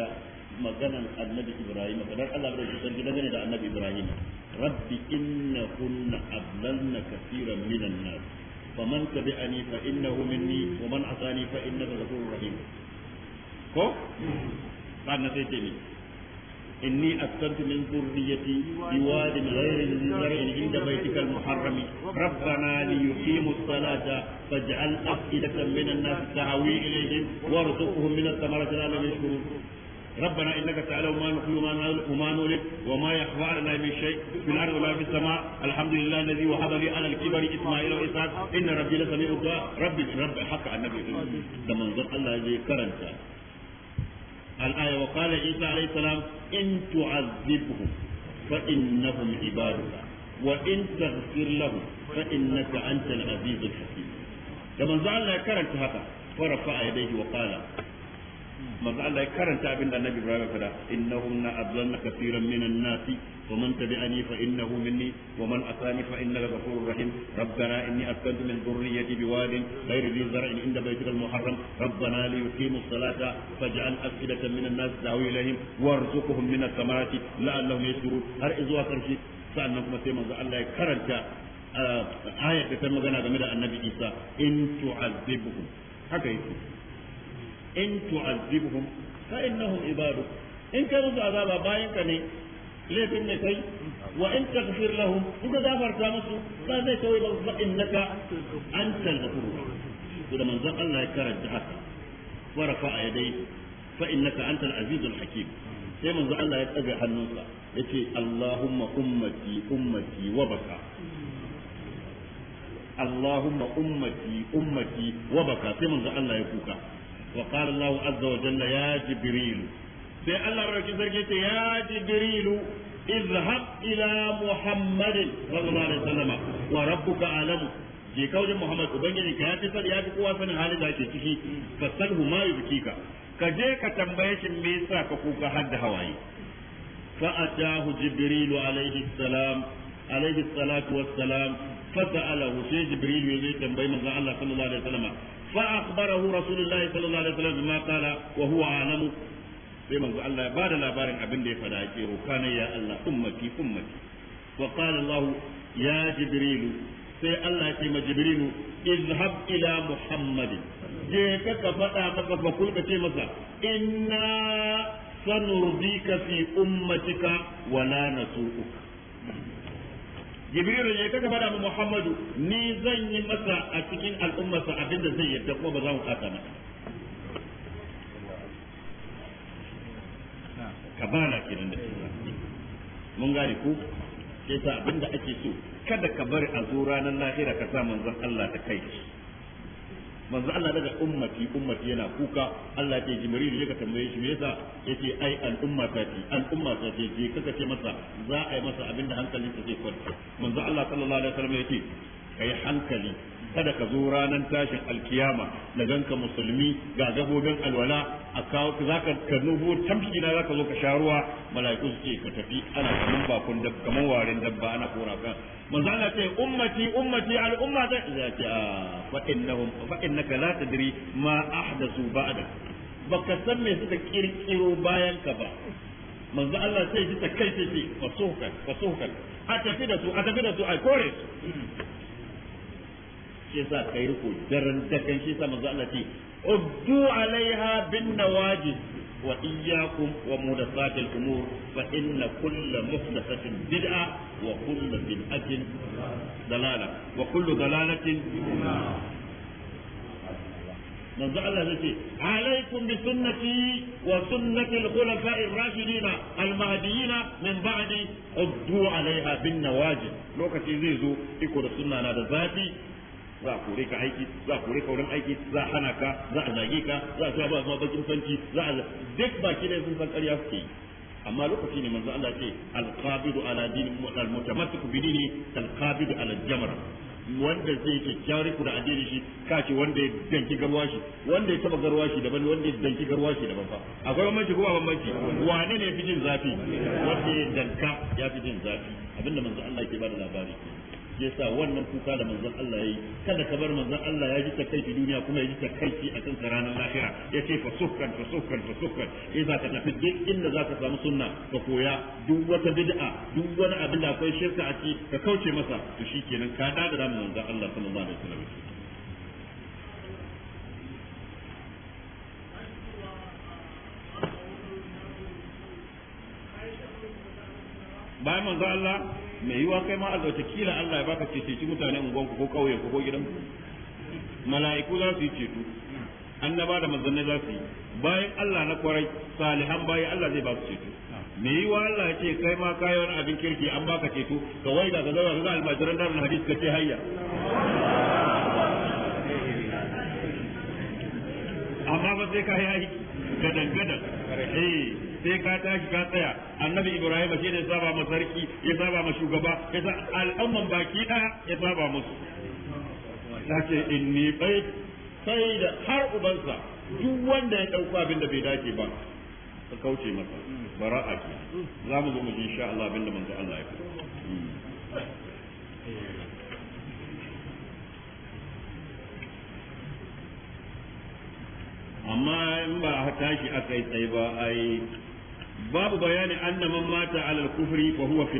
مجانا النبي إبراهيم فدار الله بن جبير جدا النبي إبراهيم رب إنهن أضللن كثيرا من الناس فمن تبعني فإنه مني ومن عصاني فإنك غفور رحيم ko ba na sai ce إني أسكنت من ذريتي بواد غير ذي زرع عند بيتك المحرم ربنا ليقيموا الصلاة فاجعل أفئدة من الناس تهوي إليهم وارزقهم من الثمرات لعلهم يشكرون ربنا انك تعلم ما نحيي وما نولد وما يخفى علينا من شيء في الارض ولا في السماء الحمد لله الذي وهب لي على الكبر اسماعيل واسحاق ان ربي لسميع الدعاء ربي ربي حق على النبي ده منظر الله يجي كرنتا الآية وقال عيسى عليه السلام إن تعذبهم فإنهم عبادك وإن تغفر لهم فإنك أنت العزيز الحكيم كما زعلنا كرنت هذا فرفع يديه وقال manzo Allah ya karanta abin da Annabi Ibrahim ya fada innahum na adlanna kaseeran minan nasi wa man tabi'ani fa innahu minni wa man asani fa innaka ghafurur rahim rabbana inni askantu min dhurriyyati biwadin ghayri dhi zar'in inda baytika al-muharram rabbana li yuqimu salata faj'al afidatan minan nas da'u ilayhim warzuqhum min thamarati la'allahum yashkurun har izuwa karshe sannan kuma sai manzo Allah ya karanta ah, ayat da ta magana game da Annabi Isa in tu'azzibuhum haka yake in tu'azzibuhum fa innahum ibaduk in ka musu azaba bayan ka ne laifin ne kai wa in taghfir lahum in ka gafarta musu ba zai kawai ba fa innaka antal ghafur da manzon Allah ya karanta haka wa rafa'a fa innaka antal azizul hakim sai manzo Allah ya tsaga hannunsa yace Allahumma ummati ummati wa baka Allah ya kuka wa qala azza wa jalla ya jibril sai Allah rauki sarki ce ya jibril اذهب إلى محمد صلى الله عليه وسلم وربك أعلم je ka wajen Muhammad ubangiji ka ya sani ya kowa sanin halin da ake ciki ka salhu ma yubkika ka je ka tambaye shi me yasa ka kuka har da hawaye fa atahu jibril salam alaihi salatu wassalam fa sa'alahu sai jibril ya zai tambayi Allah sallallahu alaihi wasallam فأخبره رسول الله صلى الله عليه وسلم بما قال وهو عالم sai manzo Allah bada labarin abin da ya fada yake rokana ya Allah ummati ummati ya sai Allah ya ce ma jibril izhab ila muhammad je ka ka fada maka fa kul ka ce masa inna sanurdika fi ummatika wa la nasuuka jibril ya ta gaba da muhammadu ni zan yi masa a cikin al'ummarsa abinda zai yadda kuma ba za mu kasa masa kabala kenan da mun gane ku sai abinda ake so kada ka bari a zo ranar lahira ka samu zan Allah ta kai manzo Allah daga ummati ummati yana kuka Allah ce Jibril ya ka tambaye shi me yasa yace ai al ummata ti al ummata ce je kaka ce masa za a yi masa abinda hankalin sa zai kwanta manzo Allah sallallahu alaihi wasallam yace kai hankali kada ka zo ranar tashin alkiyama da ganka musulmi ga gabobin alwala a kawo zaka ka nuhu tamshi na zaka zo ka sha ruwa mala'iku su ce ka tafi ana kaman bakun dabba kaman warin dabba ana kora manzo Allah ce ummati ummati al umma da ya ce ah, fa innahum fa innaka la tadri ma ahdathu ba'da baka san me suka kirkiro bayan ka ba manzo Allah sai ji ta kai ce fasuhkan fasuhkan a tafi da su a tafi da su a kore shi yasa kai ruku daren dakan shi yasa manzo Allah ce uddu alaiha bin nawajis وإياكم ومحدثات الأمور فإن كل محدثة بدعة وكل بدعة ضلالة وكل ضلالة manzo Allah zai ce alaikum bi sunnati wa sunnati al-khulafa'i ar-rashidin al-mahdiyyin min ba'di uddu 'alayha bin lokaci zai zo iko da sunna na da zafi za a kore ka aiki za a kore ka wurin aiki za a hana ka za a zage ka za a sa ba ma bakin fanci za a duk baki ne sun san ƙarya suke yi amma lokaci ne manzo Allah ce alqabidu ala din almutamassik bi dini alqabidu ala jamra wanda zai kyakkyawar ku da addini shi kace wanda ya danki garwa shi wanda ya taba garwa shi daban wanda ya danki garwa shi daban fa akwai bambanci ko ba bambanci wane ne fi jin zafi wanda ya danka ya fi jin zafi abinda manzo Allah ke bada labari shi yasa wannan kuka da manzon Allah yayi kada ka bar manzon Allah ya ji takaici duniya kuma ya ji takaici a kansa ranar lahira yace fa sukkan fa sukkan fa sukkan za ka tafi duk inda za ka samu sunna ka koya duk wata bid'a duk wani abin da akwai shirka a ciki ka kauce masa to shikenan ka dada da manzon Allah sallallahu alaihi wasallam bayan manzo Allah mai yiwa kai ma azauce kila Allah ya baka ceci mutane unguwanku ko kauyen ko gidan mala'iku za su yi ceto annaba da manzanni za su yi bayan Allah na kwarai salihan bayan Allah zai ba su ceto me yiwa Allah Allah ce kai ma kayi wani abin kirki an baka ceto ka wai ga gaza ga almajiran darul hadis ka ce hayya amma ba sai ka yi ka gadan eh sai ka tashi ka tsaya annabi ibrahim shi ne saba ma sarki ya saba ma shugaba ya sa al'umman baki da ya saba musu ce inni bai sai da har ubansa duk wanda ya dauko abin da bai dace ba ka kauce masa bara'a ke za mu zo mu ji insha Allah abin da manzo Allah ya fi amma in ba a tashi aka yi tsaye ba ai babu bayanin anna mata ala al-kufri fa huwa fi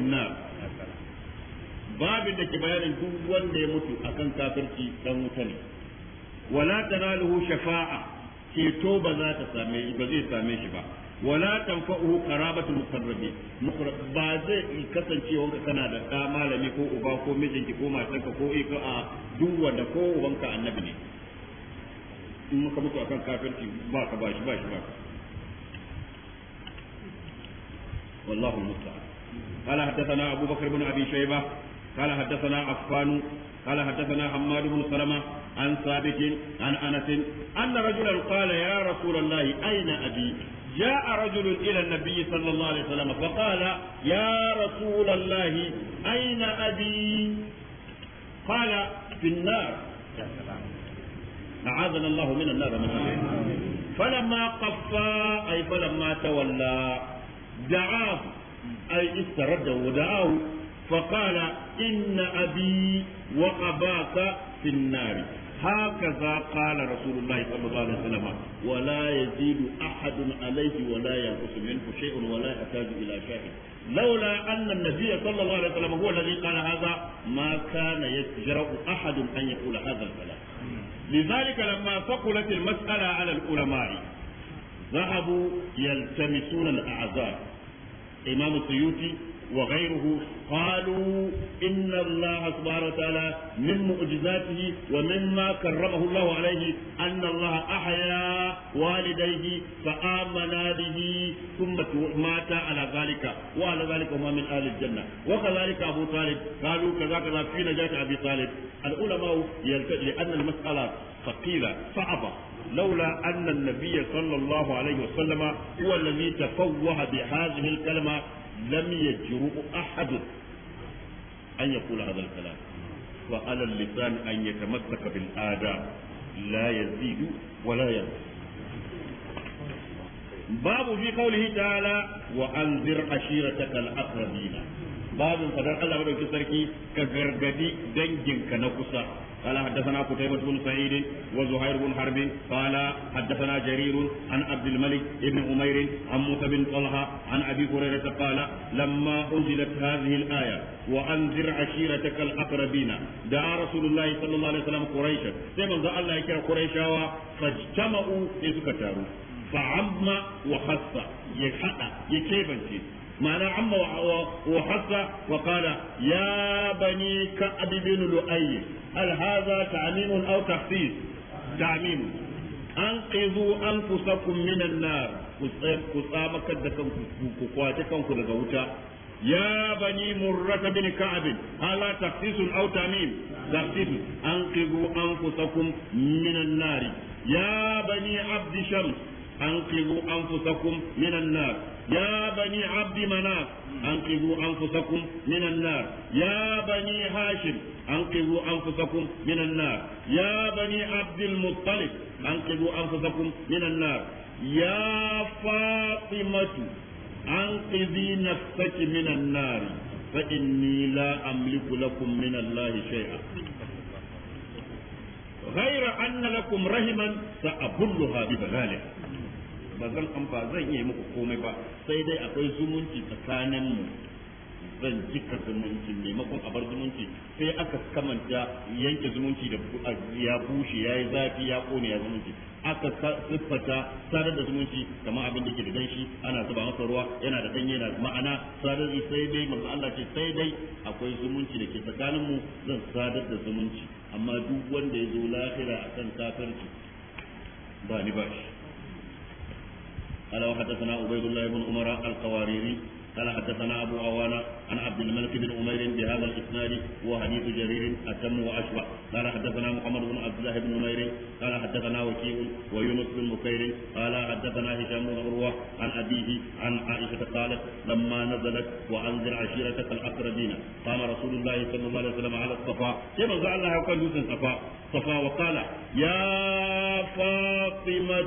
ke bayanin duk wanda ya mutu akan kafirci dan wuta ne wala tanaluhu shafa'a ceto ba za ta same ba zai same shi ba wala tanfa'uhu qarabatu muqarrabi ba zai kasance wanka kana da da malami ko uba ko mijinki ko matarka ko ika a duk wanda ko ubanka annabi ne in muka mutu akan kafirci ba ka ba shi ba shi ba والله المستعان قال حدثنا أبو بكر بن أبي شيبة قال حدثنا عفان قال حدثنا حماد بن سلمة عن ثابت عن أنس أن رجلا قال يا رسول الله أين أبي جاء رجل إلى النبي صلى الله عليه وسلم فقال يا رسول الله أين أبي قال في النار أعاذنا الله من النار من فلما قفى أي فلما تولى دعاه أي استرده ودعاه فقال إن أبي وأباك في النار هكذا قال رسول الله صلى الله عليه وسلم ولا يزيد أحد عليه ولا ينقص منه شيء ولا يحتاج إلى شاهد لولا أن النبي صلى الله عليه وسلم هو الذي قال هذا ما كان يجرؤ أحد أن يقول هذا الكلام لذلك لما ثقلت المسألة على العلماء ذهبوا يلتمسون الأعذار إمام السيوطي وغيره قالوا إن الله سبحانه وتعالى من معجزاته ومما كرمه الله عليه أن الله أحيا والديه فآمنا به ثم مات على ذلك وعلى ذلك هما من أهل الجنة وكذلك أبو طالب قالوا كذا كذا في نجاة أبي طالب العلماء لأن المسألة ثقيلة صعبة لولا أن النبي صلى الله عليه وسلم هو الذي تفوه بهذه الكلمة لم يجرؤ أحد أن يقول هذا الكلام وعلى اللسان أن يتمسك بالآداب لا يزيد ولا ينقص باب في قوله تعالى وأنذر عشيرتك الأقربين babin sadar Allah madauki sarki ka gargadi danginka na kusa قال حدثنا قتيبة بن سعيد وزهير بن حرب قال حدثنا جرير عن عبد الملك بن عمير عن موسى بن طلحة عن أبي هريرة قال لما أنزلت هذه الآية وأنذر عشيرتك الأقربين دعا رسول الله صلى الله عليه وسلم قريشا سيما ذا الله يكره قريشا فاجتمعوا إذ كتاروا فعم وخص يحقق يكيبنتي ma'ana amma wa hassa wa qala ya bani ka'ab bin lu'ay hal hadha aw takhsis ta'mim anqidhu anfusakum minan nar ku tsamakar da kanku ku kwace kanku daga wuta يا بني مرة بن كعب هل an أو تعميم تخصيص أنقذوا أنفسكم من النار يا بني عبد شمس أنقذوا أنفسكم من nar. يا بني عبد مناف أنقذوا أنفسكم من النار يا بني هاشم أنقذوا أنفسكم من النار يا بني عبد المطلب أنقذوا أنفسكم من النار يا فاطمة أنقذي نفسك من النار فإني لا أملك لكم من الله شيئا غير أن لكم رهما سأبلها ببغالها ba zan an ba zan iya muku komai ba sai dai akwai zumunci tsakanin mu zan jika zumunci maimakon a bar zumunci sai aka kamanta yanke zumunci da ya bushe ya yi zafi ya kone ya zumunci aka siffata sadar da zumunci kamar abin da ke da danshi ana zuba masa ruwa yana da danye na ma'ana sadar da sai dai manzo Allah ce sai dai akwai zumunci da ke tsakanin mu zan sadar da zumunci amma duk wanda ya zo lahira akan kafirci ba ni ba shi قال وحدثنا عبيد الله بن عمر القواريري قال حدثنا ابو عوانة عن عبد الملك بن عمير بهذا الاسناد وحديث جرير اتم واشبع قال حدثنا محمد بن عبد الله بن عمير قال حدثنا وكيع ويونس بن بكير قال حدثنا هشام بن عروه عن ابيه عن عائشه قالت لما نزلت وانذر عشيرتك الاقربين قام رسول الله صلى الله عليه وسلم على الصفا كما زعلها وكان يوسف صفا صفا وقال يا فاطمه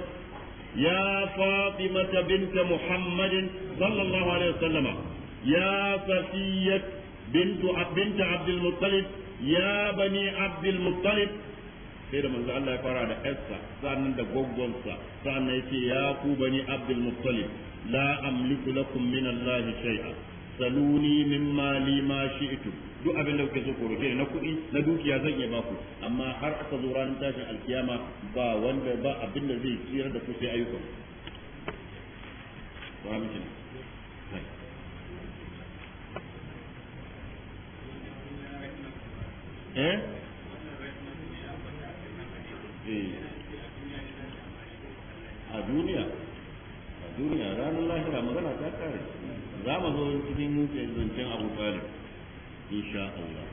يا فاطمة بنت محمد صلى الله عليه وسلم يا صفية بنت بنت عبد المطلب يا بني عبد المطلب sai da manzo Allah ya fara da ƴarsa goggonsa sannan yake ya bani Abdul Muttalib la amliku lakum saluni min mali ma shi'tu duk abin da kuke so ku roke na kuɗi na dukiya zan iya baku amma har aka zo ranar tashin alkiyama ba wanda ba abin da zai tsira da ku sai ayyukan eh? eh a duniya a duniya ranar lahira magana ta kare za mu zo cikin zancen abu talib insha Allah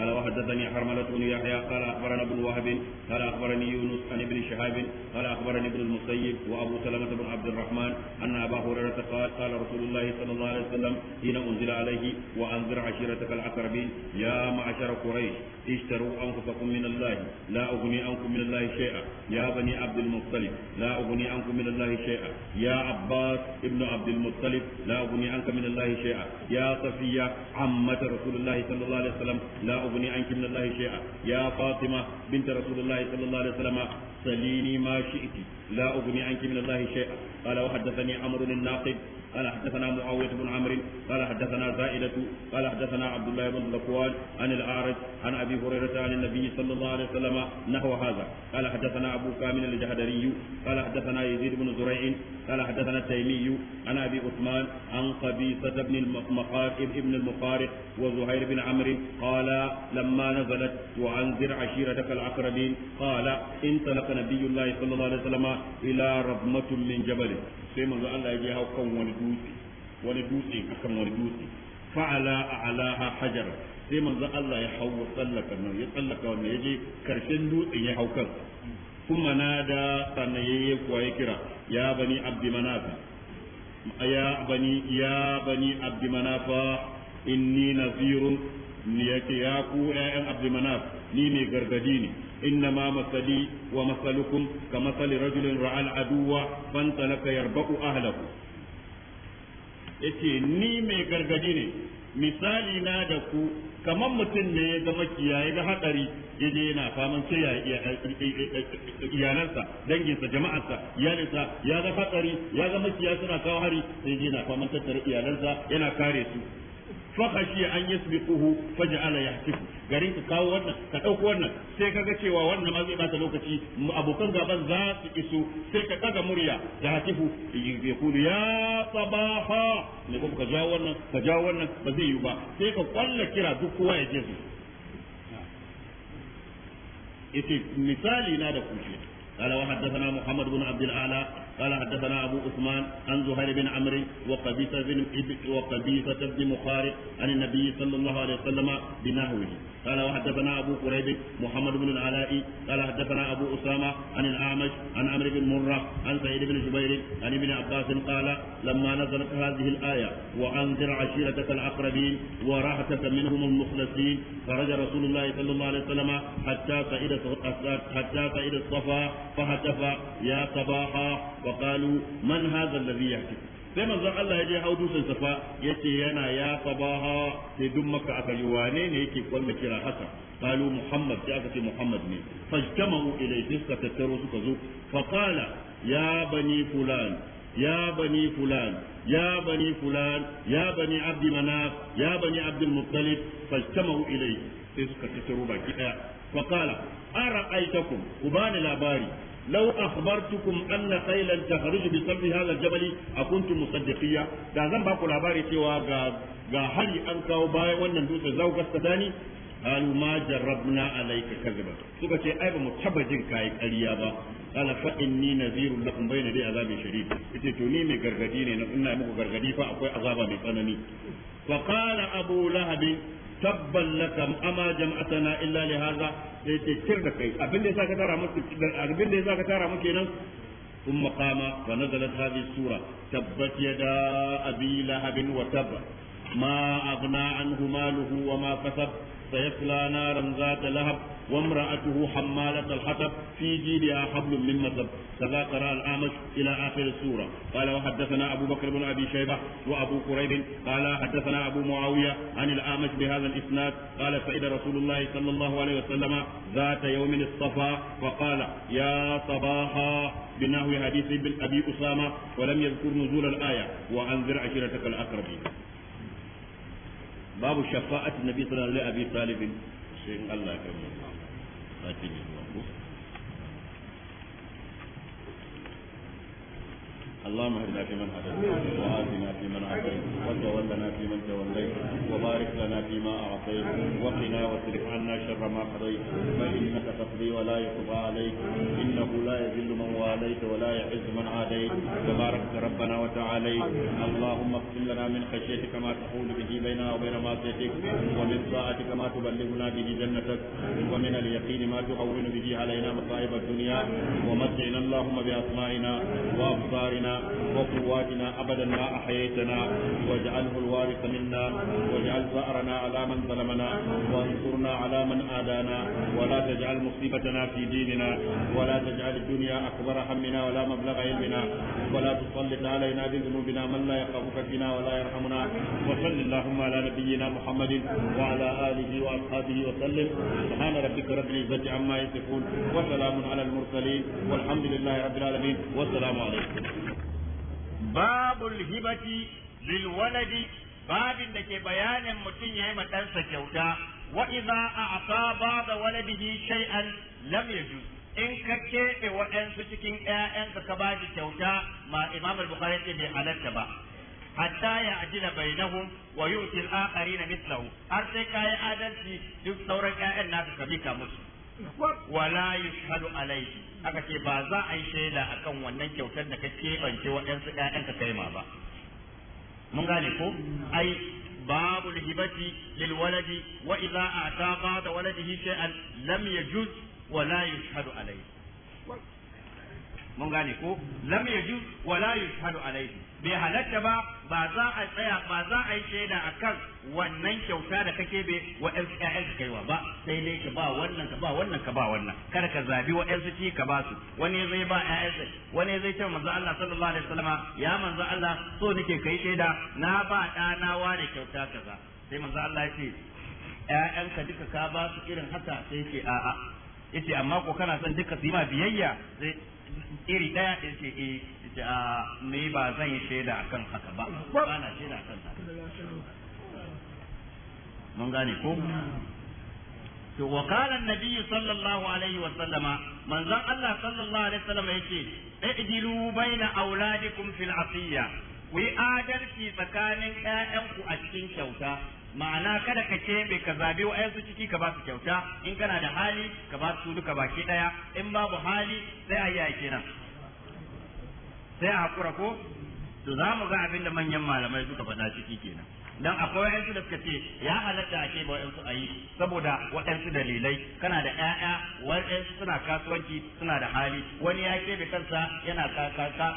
قال وحدثني حرملة بن يحيى قال أخبرنا ابن وهب قال أخبرني يونس عن ابن شهاب قال أخبرني ابن المسيب وأبو سلمة بن عبد الرحمن أن أبا هريرة قال قال رسول الله صلى الله عليه وسلم حين أنزل عليه وأنذر عشيرتك الأقربين يا معشر قريش اشتروا أنفسكم من الله لا أغني عنكم من الله شيئا يا بني عبد المطلب لا أغني عنكم من الله شيئا يا عباس ابن عبد المطلب لا أغني عنك من الله شيئا يا صفية عمة رسول الله صلى الله عليه وسلم لا أغني عنك من الله شيئا يا فاطمة بنت رسول الله صلى الله عليه وسلم سليني ما شئت لا أغني عنك من الله شيئا قال وحدثني عمرو الناقد قال حدثنا معاوية بن عمرو قال حدثنا زائدة قال حدثنا عبد الله بن لقوان عن الأعرج عن أبي هريرة عن النبي صلى الله عليه وسلم نحو هذا قال حدثنا أبو كامل الجهدري قال حدثنا يزيد بن زريع قال حدثنا التيمي عن أبي عثمان عن قبيصة بن المقارب ابن المقارب وزهير بن عمرو قال لما نزلت وأنذر عشيرتك العقربين قال انطلق نبي الله صلى الله عليه وسلم إلى رضمة من جبل sai manzo Allah ya hau kan wani dutse wani dutse akan wani dutse fa'ala a'laha hajar sai manzo Allah ya hau tsallaka nan ya tsallaka wannan ya je karshen dutsen ya hau kan kuma nada sannan yayi kuwa ya kira ya bani abdi manafa ya bani ya bani abdi manafa inni nazirun ni yake ya ku ƴaƴan abdi manaf ni mai gargadi ne إنما مثلي ومثلكم كمثل رجل رعى العدو فانطلق يربأ أهله yace ni mai gargadi ne misali na da ku kamar mutum ne ya ga makiya ya ga hatsari ya je yana faman ce ya iyalansa danginsa jama'arsa iyalinsa ya ga hatsari ya ga makiya suna kawo hari sai je yana faman tattara iyalansa yana kare su فخشي أن ala ya يحتف garin ka kawo wannan ka ɗauko wannan sai ka ga cewa wannan ma zai bata lokaci abokan gaban za su iso sai ka ɗaga murya da hatifu ya kudu ya sabaha ne kuma ka jawo wannan ka jawo wannan ba zai yi ba sai ka kwalla kira duk kowa ya je su misali na da kuce قال وحدثنا محمد بن عبد الاعلى قال حدثنا أبو عثمان عن زهير بن عمرو وقبيصة بن وقبيصة بن مخارق عن النبي صلى الله عليه وسلم بنحوه قال وحدثنا أبو قريب محمد بن العلاء قال حدثنا أبو أسامة عن الأعمش عن عمرو بن مرة عن سعيد بن جبير عن ابن عباس قال لما نزلت هذه الآية وأنذر عشيرتك الأقربين وراحتك منهم المخلصين خرج رسول الله صلى الله عليه وسلم حتى صعد حتى صعد الصفا فهتف يا صباحا وقالوا من هذا الذي يهتف sai manzon Allah ya je hau dutsen safa yace yana ya sabaha sai duk maka aka yi wane ne yake kwalla kira haka qalu muhammad sai aka ce muhammad ne fajtama'u ilayhi suka tattaro suka zo fa qala ya bani fulan ya bani fulan ya bani fulan ya bani abdi manaf ya bani abd al-muttalib fajtama'u ilayhi sai suka tattaro baki daya fa qala ara'aytakum ku bani labari لو أخبرتكم أن قيلا تخرج بسبب هذا الجبل أكنتم مصدقية دا زن باكو لاباري سوى غا هري أنكا وباي وانا ندوس زوج السداني قالوا ما جربنا عليك كذبا سوكا شيء أيضا متحبجين كاي أليابا قال فإني نذير لكم بين ذي عذاب شديد إتي توني مي غرغديني نقلنا مكو غرغدي فأقوي عذابا بقنني فقال أبو لهب تبا لك أما جمعتنا إلا لهذا sai ce kir da kai abin da yasa ka tara musu abin da yasa ka tara mu kenan ثم قام ونزلت هذه السورة تبت يدا أبي لهب وتب ما أغنى عنه ماله وما كسب سيصلى نارا ذات لهب وامرأته حمالة الحطب في جيدها حبل من مذب كذا قرأ الأعمش إلى آخر السورة قال وحدثنا أبو بكر بن أبي شيبة وأبو كريب قال حدثنا أبو معاوية عن الأعمش بهذا الإسناد قال سيد رسول الله صلى الله عليه وسلم ذات يوم الصفا فقال يا صباحا بنحو حديث ابن أبي أسامة ولم يذكر نزول الآية وأنذر عشيرتك الأقربين babu shafa'atu nabi sallallahu alaihi abi talib sai in Allah ya zuwa اللهم اهدنا هديت وآتنا عافيت وتولنا توليت وبارك لنا فيما أعطيت وقنا واصرف عنا شر ما قضيت فإنك تقضي ولا يقضى عليك إنه لا يذل من واليت ولا يعز من عاديت تباركت ربنا وتعاليت اللهم اغفر لنا من خشيتك ما تحول به بيننا وبين معصيتك ومن طاعتك ما تبلغنا به جنتك ومن اليقين ما تهون به علينا مصائب الدنيا ومتعنا اللهم بأسمائنا وأبصارنا وقواتنا أبدا ما أحييتنا واجعله الوارث منا واجعل ثأرنا على من ظلمنا وانصرنا على من آذانا ولا تجعل مصيبتنا في ديننا ولا تجعل الدنيا أكبر همنا ولا مبلغ علمنا ولا تسلط علينا بذنوبنا من لا يخافك فينا ولا يرحمنا وصل اللهم على نبينا محمد وعلى آله وأصحابه وسلم سبحان ربك رب العزة عما يصفون وسلام على المرسلين والحمد لله رب العالمين والسلام عليكم باب الهبة للولد babin da ke bayanin mutum ya yi ma kyauta wa ba a'ta wani waladihi shay'an lam yajuz in ka keɓe waɗansu cikin 'ya'yansa, ka bashi kyauta ma Imam al-Bukhari ce bai halatta ba hatta ya adina bainahum wa yu'ti al na mithlahu har sai kai adalci duk sauran ƴaƴan naka ka bika musu wala yushhadu alayhi aka ce ba za a yi shaida akan wannan kyautar da ka keɓance waɗansu ƴaƴanka kai ma ba mun gane ko ai babu hibati lil waladi wa idza ata ba da waladihi shay'an lam yajuz wa la yashhadu alayhi mun gane ko lam yajuz wala yushhadu alayhi bai halatta ba ba za a tsaya ba za a yi shaida akan wannan kyauta da kake be wa ƴaƴan ka kaiwa ba sai dai ka ba wannan ka ba wannan ka ba wannan kada ka zabi wa ƴaƴan ci ka ba su wani zai ba ƴaƴan wani zai ce manzo Allah sallallahu alaihi wasallama ya manzo Allah so nake kai shaida na ba na ware kyauta kaza sai manzo Allah ya ce ka duka ka ba su irin haka sai ke a'a yace amma ko kana son duka su yi ma biyayya sai iri daya ya ce eh ah, ni ba zan yi shaida akan haka ba ba na shaida akan haka mun gane ko to wa qala an-nabi sallallahu alaihi wa sallama manzon Allah sallallahu alaihi wa sallama yace i'dilu baina auladikum fil asiya wi adarki adalci tsakanin ƴaƴanku a cikin kyauta ma'ana kada ka ce bai ka zabi wa ciki ka ba su kyauta in kana da hali ka ba su duka baki ɗaya in babu hali sai a yi kenan sai a hakura ko to za mu ga abin da manyan malamai suka faɗa ciki kenan dan akwai wayansu da suka ce ya halatta a ke wa'ansu a yi saboda waɗansu dalilai kana da ƴaƴa wa'ansu suna kasuwanci suna da hali wani ya keɓe kansa yana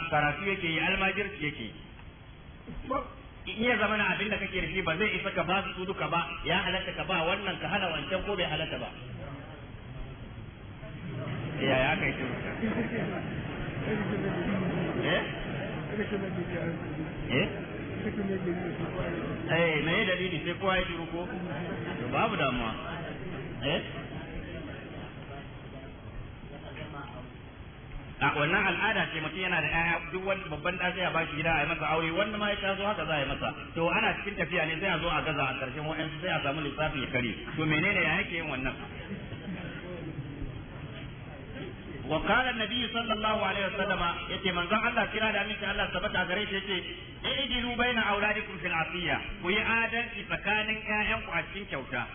karatu yake yi almajirci yake yi iya zama na abin da kake da shi ba zai isa ka ba su duka ba ya halatta ka ba wannan ka hana wancan ko bai halatta ba ya ya kai shi eh eh eh dalili sai kowa ya shiru ko babu damuwa eh a wannan al'ada ce mutum yana da ƴaƴa duk wani babban da sai ya bashi gida ai masa aure wani ma ya ta zuwa haka za a yi masa to ana cikin tafiya ne sai a zo a gaza a karshen wa'en sai a samu lissafi ya kare to menene ya yake yin wannan wa qala an-nabi sallallahu alaihi sallama yace manzon Allah kira da miki Allah tabbata gare shi yace ijilu baina auladikum fil afiya ku yi adalci tsakanin ku a cikin kyauta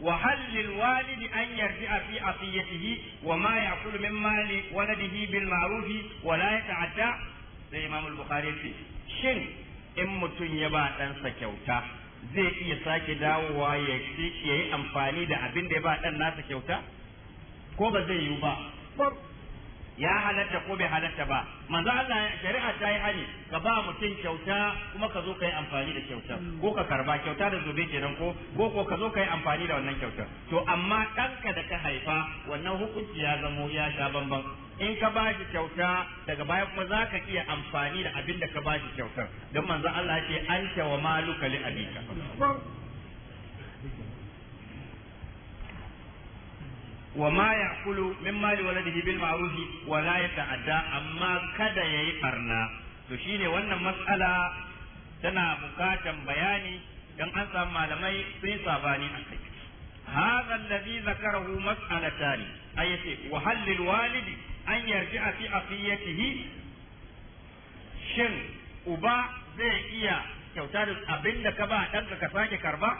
وهل للوالد أن يرجع في عصيته وما يأكل من مال ولده بالمعروف ولا يتعدى زي إمام البخاري في شن إن متن يبا تنسى كوتا zai iya sake dawowa ya yi amfani da abin da ya ba ɗan nasa kyauta ko ba zai yiwu ba ya halatta ko bai halatta ba manzo Allah shari'a ta yi hani ka ba mutum kyauta kuma ka zo ka amfani da kyauta hmm. ko ka karba kyauta da zobe kenan ko ko ko ka zo ka yi amfani da wannan kyauta to amma ɗanka da ka haifa wannan hukunci ya zamo ya sha bambam in ka ba shi kyauta daga baya kuma za ka iya amfani da abin da ka ba shi kyautar don manzo Allah ce an wa maluka li abika wa ma ya'kulu min mali waladihi bil ma'ruf wa la yata'adda amma kada yayi barna to shine wannan mas'ala tana bukatan bayani dan an samu malamai sun yi sabani a kai هذا الذي ذكره مسألتان أي وهل للوالد أن يرجع في عطيته shin uba zai iya kyauta da abinda ka ba ɗanka ka sake karba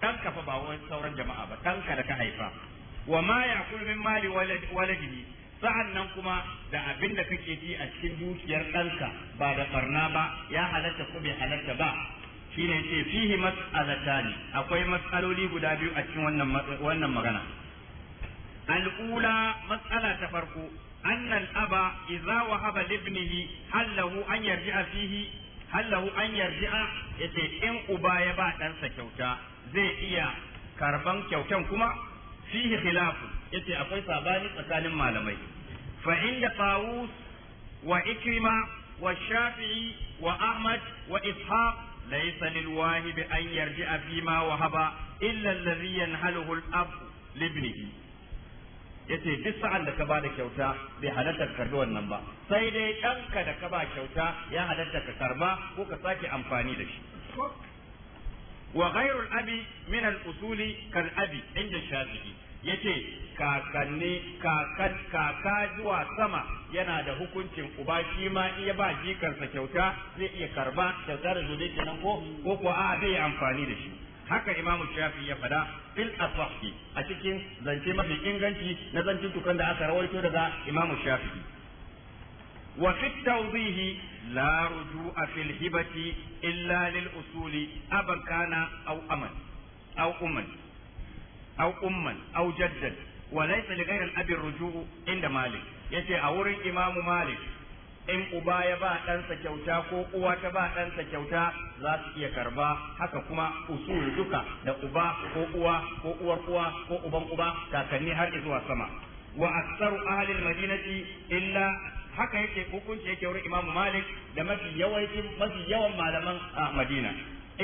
Dan fa ba wani sauran jama'a ba ɗanka da ka haifa wa ma yaqulu min mali waladihi sa'an nan kuma da abin da kake ji a cikin dukiyar ɗanka ba da farna ba ya halatta ko bai halatta ba shine ce fihi mas'alatani akwai matsaloli guda biyu a cikin wannan wannan magana al'ula matsala ta farko annal aba idza wahaba libnihi hallahu an yarji'a fihi hallahu an yarji'a yace in uba ya ba ɗansa kyauta zai iya karban kyautan kuma fihi khilaf yace akwai sabani tsakanin malamai fa tawus wa ikrima wa shafi'i wa ahmad wa ishaq laysa sanin wahibi an a fi ma wahaba illa alladhi yanhaluhu al-ab libnihi yace duk sa'an da ka ba da kyauta bai halatta ka karbi wannan ba sai dai ɗanka da ka ba kyauta ya halatta ka karba ko ka sake amfani da shi wa ghairul abi min al usuli kal abi inda shafi'i yace kakanni kakan kaka zuwa sama yana da hukuncin uba shi ma iya ba jikarsa kyauta zai iya karba kyauta da zuwa nan ko ko ko a zai amfani da shi haka imamu shafi ya fada fil asahi a cikin zance mafi inganci na zancin tukan da aka rawaito daga imamu shafi wa fi tawdihi لا رجوع في الهبة إلا للأصول أبا كان أو أمن أو أمن أو أما أو جدا وليس لغير الأب الرجوع عند مالك in uba ya ba ɗansa kyauta ko uwa ta ba ɗansa kyauta za su iya karba haka kuma usul duka da uba ko uwa ko uwar ko uban uba kakanni har zuwa sama wa aksaru ahlil illa haka yake hukunci yake wurin imamu malik da mafi yawancin mafi yawan malaman a madina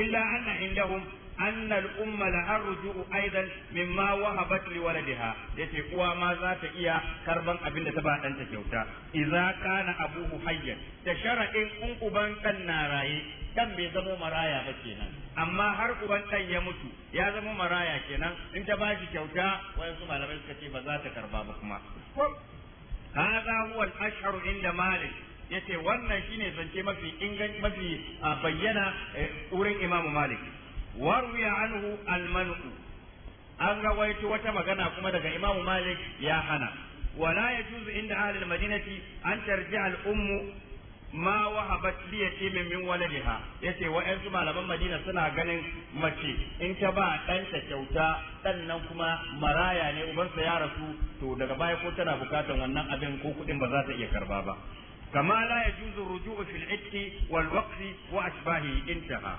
illa anna indahum anna al-umma la arju'u aidan mimma wahabat li waladiha yace uwa ma za ta iya karban abin da ta ba ɗanta kyauta idza kana abuhu hayyan ta shara'in in uban kan na raye kan bai zama maraya ba kenan amma har uban ɗan ya mutu ya zama maraya kenan in ta ba shi kyauta wayan su malamai suka ce ba za ta karba ba kuma hadha huwa al-ashhar inda malik yace wannan shine zance mafi inganci mafi bayyana wurin imamu malik warwiya anhu al-manu an rawaito wata magana kuma daga imamu malik ya hana inda يجوز عند أهل المدينة an ترجع al'ummu. ma wahabat li yatimin min waladiha yace wa'ansu malaman Madina suna ganin mace in ta ba ɗanta kyauta sannan kuma maraya ne ubansa ya rasu to daga baya ko tana bukatan wannan abin ko kuɗin ba za ta iya karba ba kama la yajuzu ruju'u fil itti wal waqfi wa ashbahi intaha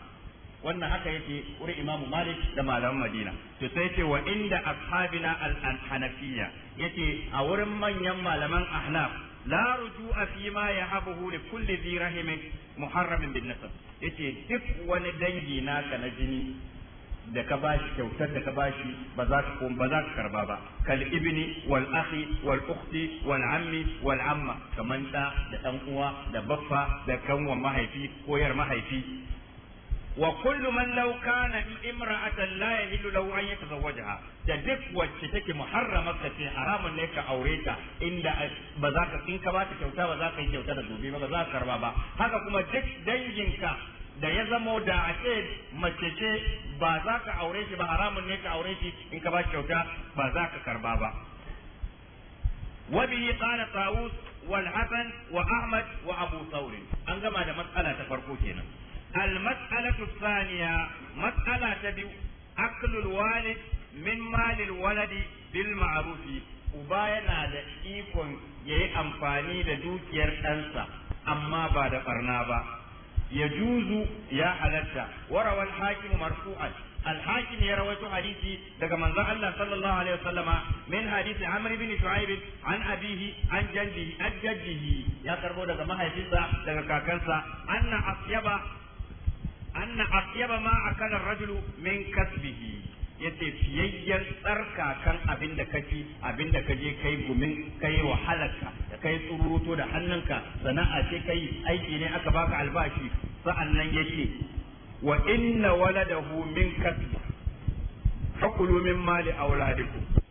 wannan haka yake wurin imamu malik da malaman madina to sai ce wa inda ashabina al hanafiyya yace a wurin manyan malaman ahnaf la ruju'a fi ma haɓa hure kulle dhi rahimin muharramin bin nasab yace duk wani dangi naka na jini da ka bashi kyautar da ka bashi ba za ka ba za ka karba ba kal ibni wal akhi wal ukhti wal ammi wal amma kaman da da dan uwa da baffa da kanwan mahaifi ko yar mahaifi Wa وكل من لو كان امرأة la yahillu له an yatazawwajaha da duk wacce take muharrama ka ce haramun ne ka aure ta inda ba za ka in ka ba ta kyauta ba za ka yi kyauta da gobe ba ba za ka karba ba haka kuma duk danginka da ya zamo da a ce mace ce ba za ka aure shi ba haramun ne ka aure shi in ka ba kyauta ba za ka karba ba wa Ahmad wa Abu thawr an gama da matsala ta farko kenan. المسألة الثانية مسألة تبيو أكل الوالد من مال الولد بالمعروف uba yana da ikon ya yi amfani da dukiyar ɗansa amma ba da ɓarna ba ya juzu ya halatta warawal hakim marfu'an الحاكم يروي حديثي دغ من الله صلى الله عليه وسلم من حديث عمرو بن شعيب عن أبيه عن جده عن جده يا كربو دغ مهيبسا دغ كاكنسا أن أطيب anna atyaba ma akala rajulu min kasbihi yace fiyayyar tsarka kan abin da kaci abin da kaje kai gumin kai wahalarka da kai tsururuto da hannunka sana'a ce kai aiki ne aka baka albashi sa'annan yace wa inna waladahu min kasbi fakulu min mali auladikum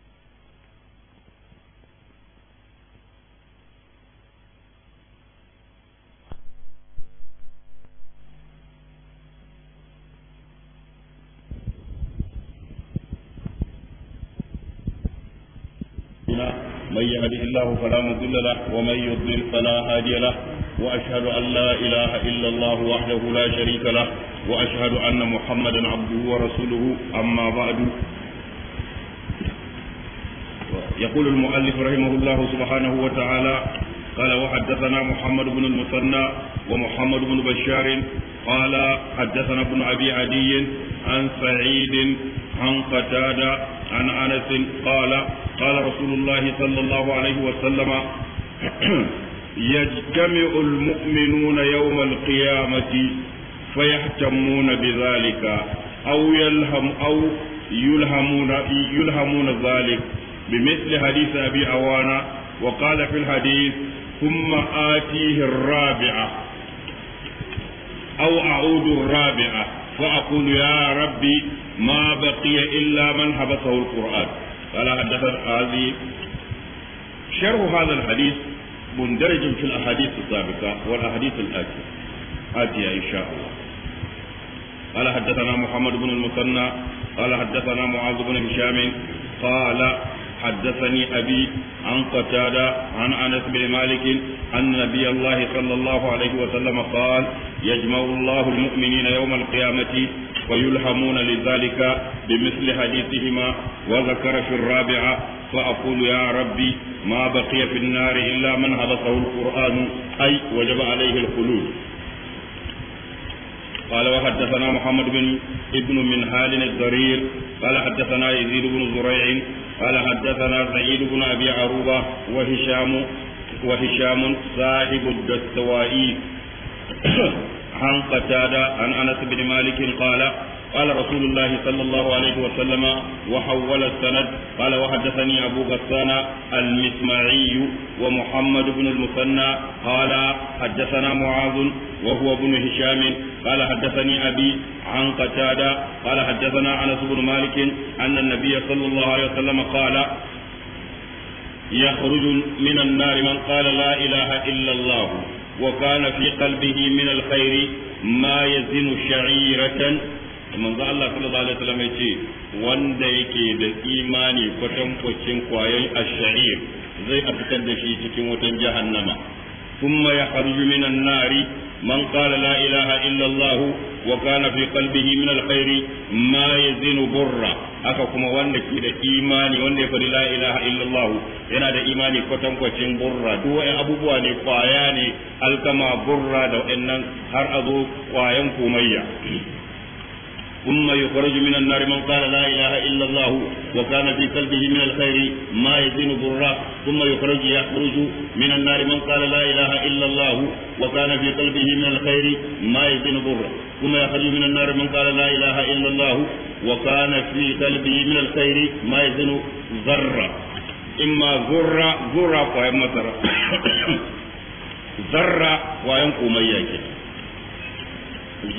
من يهده الله فلا مضل له ومن يضلل فلا هادي له واشهد ان لا اله الا الله وحده لا شريك له واشهد ان محمدا عبده ورسوله اما بعد يقول المؤلف رحمه الله سبحانه وتعالى قال وحدثنا محمد بن المثنى ومحمد بن بشار قال حدثنا ابن ابي عدي عن سعيد عن قتادة عن أنس قال قال رسول الله صلى الله عليه وسلم يجتمع المؤمنون يوم القيامة فيهتمون بذلك أو يلهم أو يلهمون يلهمون ذلك بمثل حديث أبي أوانا وقال في الحديث ثم آتيه الرابعة أو أعود الرابعة فأقول يا ربي ما بقي إلا من حبسه القرآن قال حدثت هذه شرح هذا الحديث مندرج في الأحاديث السابقة والأحاديث الآتية آتية إن شاء الله قال حدثنا محمد بن المثنى قال حدثنا معاذ بن هشام قال حدثني أبي عن قتادة عن أنس بن مالك أن نبي الله صلى الله عليه وسلم قال يجمع الله المؤمنين يوم القيامة ويلهمون لذلك بمثل حديثهما وذكر في الرابعة فأقول يا ربي ما بقي في النار إلا من هبطه القرآن أي وجب عليه الخلود قال وحدثنا محمد بن ابن من حال الضرير قال حدثنا يزيد بن زريع قال حدثنا سعيد بن ابي عروبه وهشام وهشام صاحب الدستوائي عن قتادة عن أنس بن مالك قال قال رسول الله صلى الله عليه وسلم وحول السند قال وحدثني أبو غسان المسمعي ومحمد بن المثنى قال حدثنا معاذ وهو ابن هشام قال حدثني أبي عن قتادة قال حدثنا أنس بن مالك أن النبي صلى الله عليه وسلم قال يخرج من النار من قال لا إله إلا الله وكان في قلبه من الخير ما يزن شعيرة manzo Allah sallallahu alaihi wasallam yace wanda yake da imani kwatan kwacin kwayan ash-sha'ir zai a fitar da shi cikin wutan jahannama thumma yakhruju minan nari من قال لا إله إلا الله وكان في قلبه من الخير ما يزن haka kuma wanda ke da imani wanda ya faɗi la ilaha illallah yana da imani kwatan burra duk abubuwa ne kwaya ne alkama burra da waɗannan har a zo kwayan kumayya ثم يخرج من النار من قال لا إله إلا الله وكان في قلبه من الخير ما يزين ضرا ثم يخرج يخرج من النار من قال لا إله إلا الله وكان في قلبه من الخير ما يزين ضرا ثم يخرج من النار من قال لا إله إلا الله وكان في قلبه من الخير ما يزين ذرة إما ذرة ذرة وإما ذرة ذرة وإن قوميا كده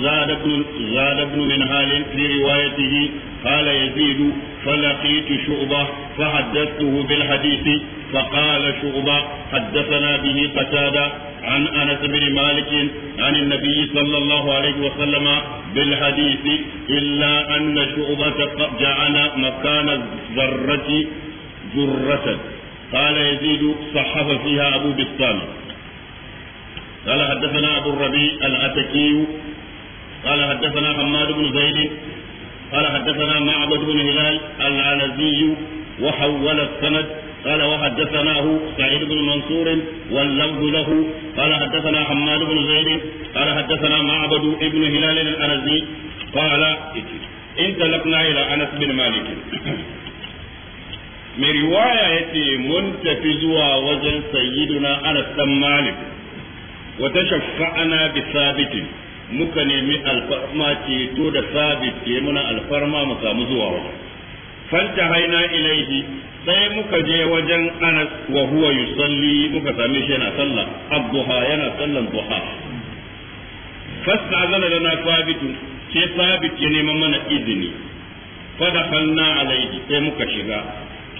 زاد بن زاد بن منهال في روايته قال يزيد فلقيت شعبة فحدثته بالحديث فقال شعبة حدثنا به قتادة عن أنس بن مالك عن النبي صلى الله عليه وسلم بالحديث إلا أن شعبة جعل مكان الذرة ذرة قال يزيد صحف فيها أبو بسام قال حدثنا أبو الربيع الأتكي قال حدثنا حماد بن زيد قال حدثنا معبد بن هلال العنزي وحول السند قال وحدثناه سعيد بن منصور واللفظ له قال حدثنا حماد بن زيد قال حدثنا معبد بن هلال العنزي قال انطلقنا الى انس بن مالك mai riwaya ya ce mun tafi zuwa wajen sayyiduna anas dan malik wata shafa'ana bi sabitin muka nemi alfarma ce to da sabit ke muna alfarma mu samu zuwa wajen fanta haina ilaihi sai muka je wajen anas wa huwa yusalli muka sami shi yana sallah abduha yana sallan duha fasta'zana lana sabitun ke sabit ya neman mana izini fadakalna alaihi sai muka shiga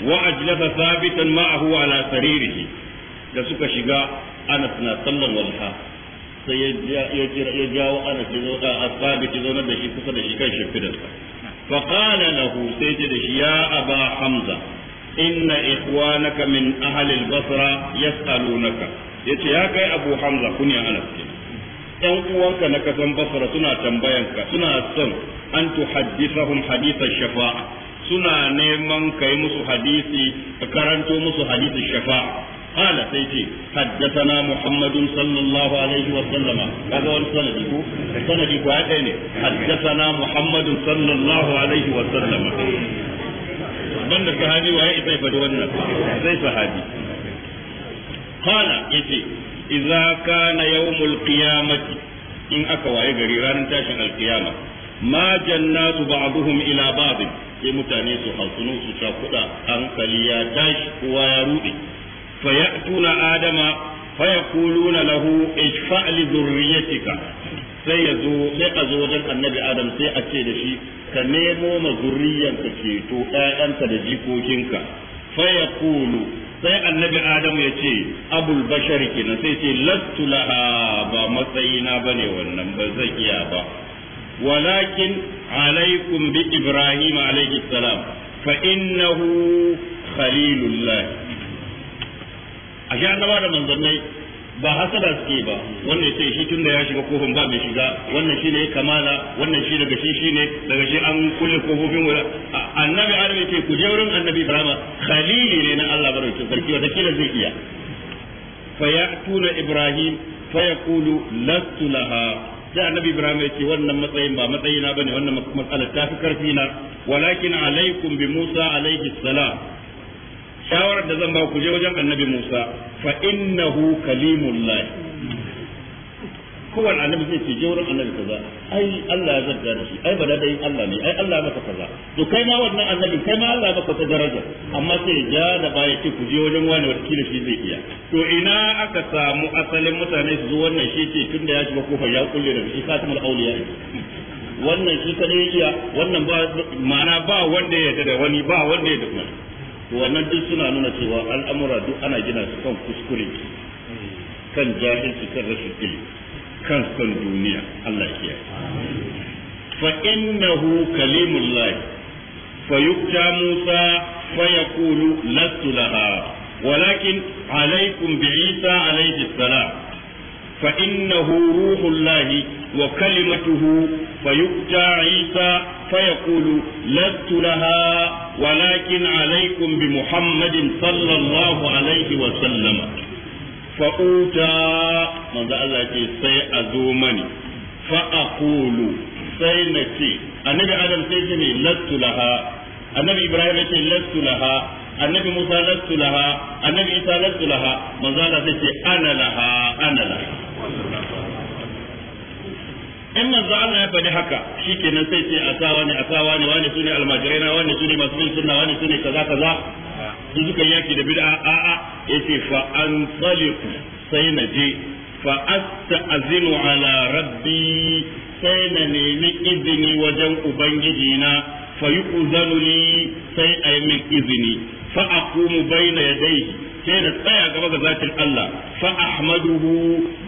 wa ajlasa sabitan ma'ahu ala saririhi da suka shiga anas na sallan walha sai ya ya jawo ana shi zo a asabi ki zo da shi kusa da shi kan shimfidarsa fa qala lahu sai ce da shi ya aba hamza inna ikhwanaka min ahli al-basra yas'alunaka yace ya kai abu hamza kunya anas dan uwanka na kasan basra suna tambayan ka suna son an tuhaddithahum hadithan shafa'a suna neman kai musu hadisi ka karanto musu hadithin shafa'a قال سيتي حدثنا محمد صلى الله عليه وسلم هذا هو السند السند حدثنا محمد صلى الله عليه وسلم banda sahabi waye sai fadi wannan sai sahabi qala yace idza kana yawmul qiyamati in aka waye gari ranar tashin alkiyama ma jannatu ba'dhum ila ba'd sai mutane su hasunu su ta kuda hankali ya tashi kowa ya rude Faya فيأتون آدم فيقولون له اشفع لذريتك sai ya zo sai a zo wajen annabi adam sai a ce da shi ka nemo ma zurriyanka ceto ƴaƴanka da jikokinka Faya Kulu sai annabi adam ya ce abul bashar kenan sai ce lastu laha ba matsayina bane wannan ba zan iya ba walakin alaikum bi ibrahim alaihi salam fa innahu khalilullah a shi annaba da manzannai ba hasada suke ba wannan sai shi tunda ya shiga kofin ba mai shiga wannan shine kamala wannan shi daga shi shine daga shi an kulle kofofin wura annabi adam yake ku je wurin annabi ibrahim khalili ne na Allah barkin sarki wata kila zai iya fa ya'tuna ibrahim fa yaqulu lastu laha Sai annabi ibrahim ya wannan matsayin ba matsayina bane wannan matsalar ta fi karfi na walakin alaikum bi musa alaihi salam shawarar da zan ba ku je wajen annabi Musa fa innahu kalimullah kowane annabi zai ce je wurin annabi kaza ai Allah ya zarga da shi ai bada dai Allah ne ai Allah ya maka kaza to kai ma wannan annabi kai ma Allah maka ta daraja amma sai ya da baya ce ku je wajen wani wakili shi zai iya to ina aka samu asalin mutane su zo wannan shi ce tunda ya shiga kofar ya kulle da shi katamul auliya wannan shi kadai iya wannan ba ma'ana ba wanda ya da wani ba wanda ya da wani to wannan duk suna nuna cewa al'amura duk ana gina su kan kuskure kan jahilci kan rashin ilimi kan son duniya Allah ya kiyaye fa innahu lahi. fa yukta Musa fa yaqulu lastu laha ولكن عليكم بعيسى عليه السلام فإنه روح lahi. وكلمته فيؤتى عيسى فيقول لست لها ولكن عليكم بمحمد صلى الله عليه وسلم فأوتى ماذا الله سيأذومني فأقول سينتي النبي آدم سيجني لست لها النبي إبراهيم لست لها annabi Musa lastu laha annabi Isa lastu laha manzo Allah sai ce ana laha ana laha in manzo Allah ya faɗi haka shikenan sai ce asawa ne asawa ne wani sune almajirai na wani sune masu bin sunna wani sune kaza kaza su suka yaki da bid'a a a yace fa an saliku sai na je fa asta'zinu ala rabbi sai na nemi izini wajen ubangiji na fa yu'zanu li sai ayi min izini fa aqumu bayna yadayhi sai na tsaya gaba ga zatin Allah fa ahmaduhu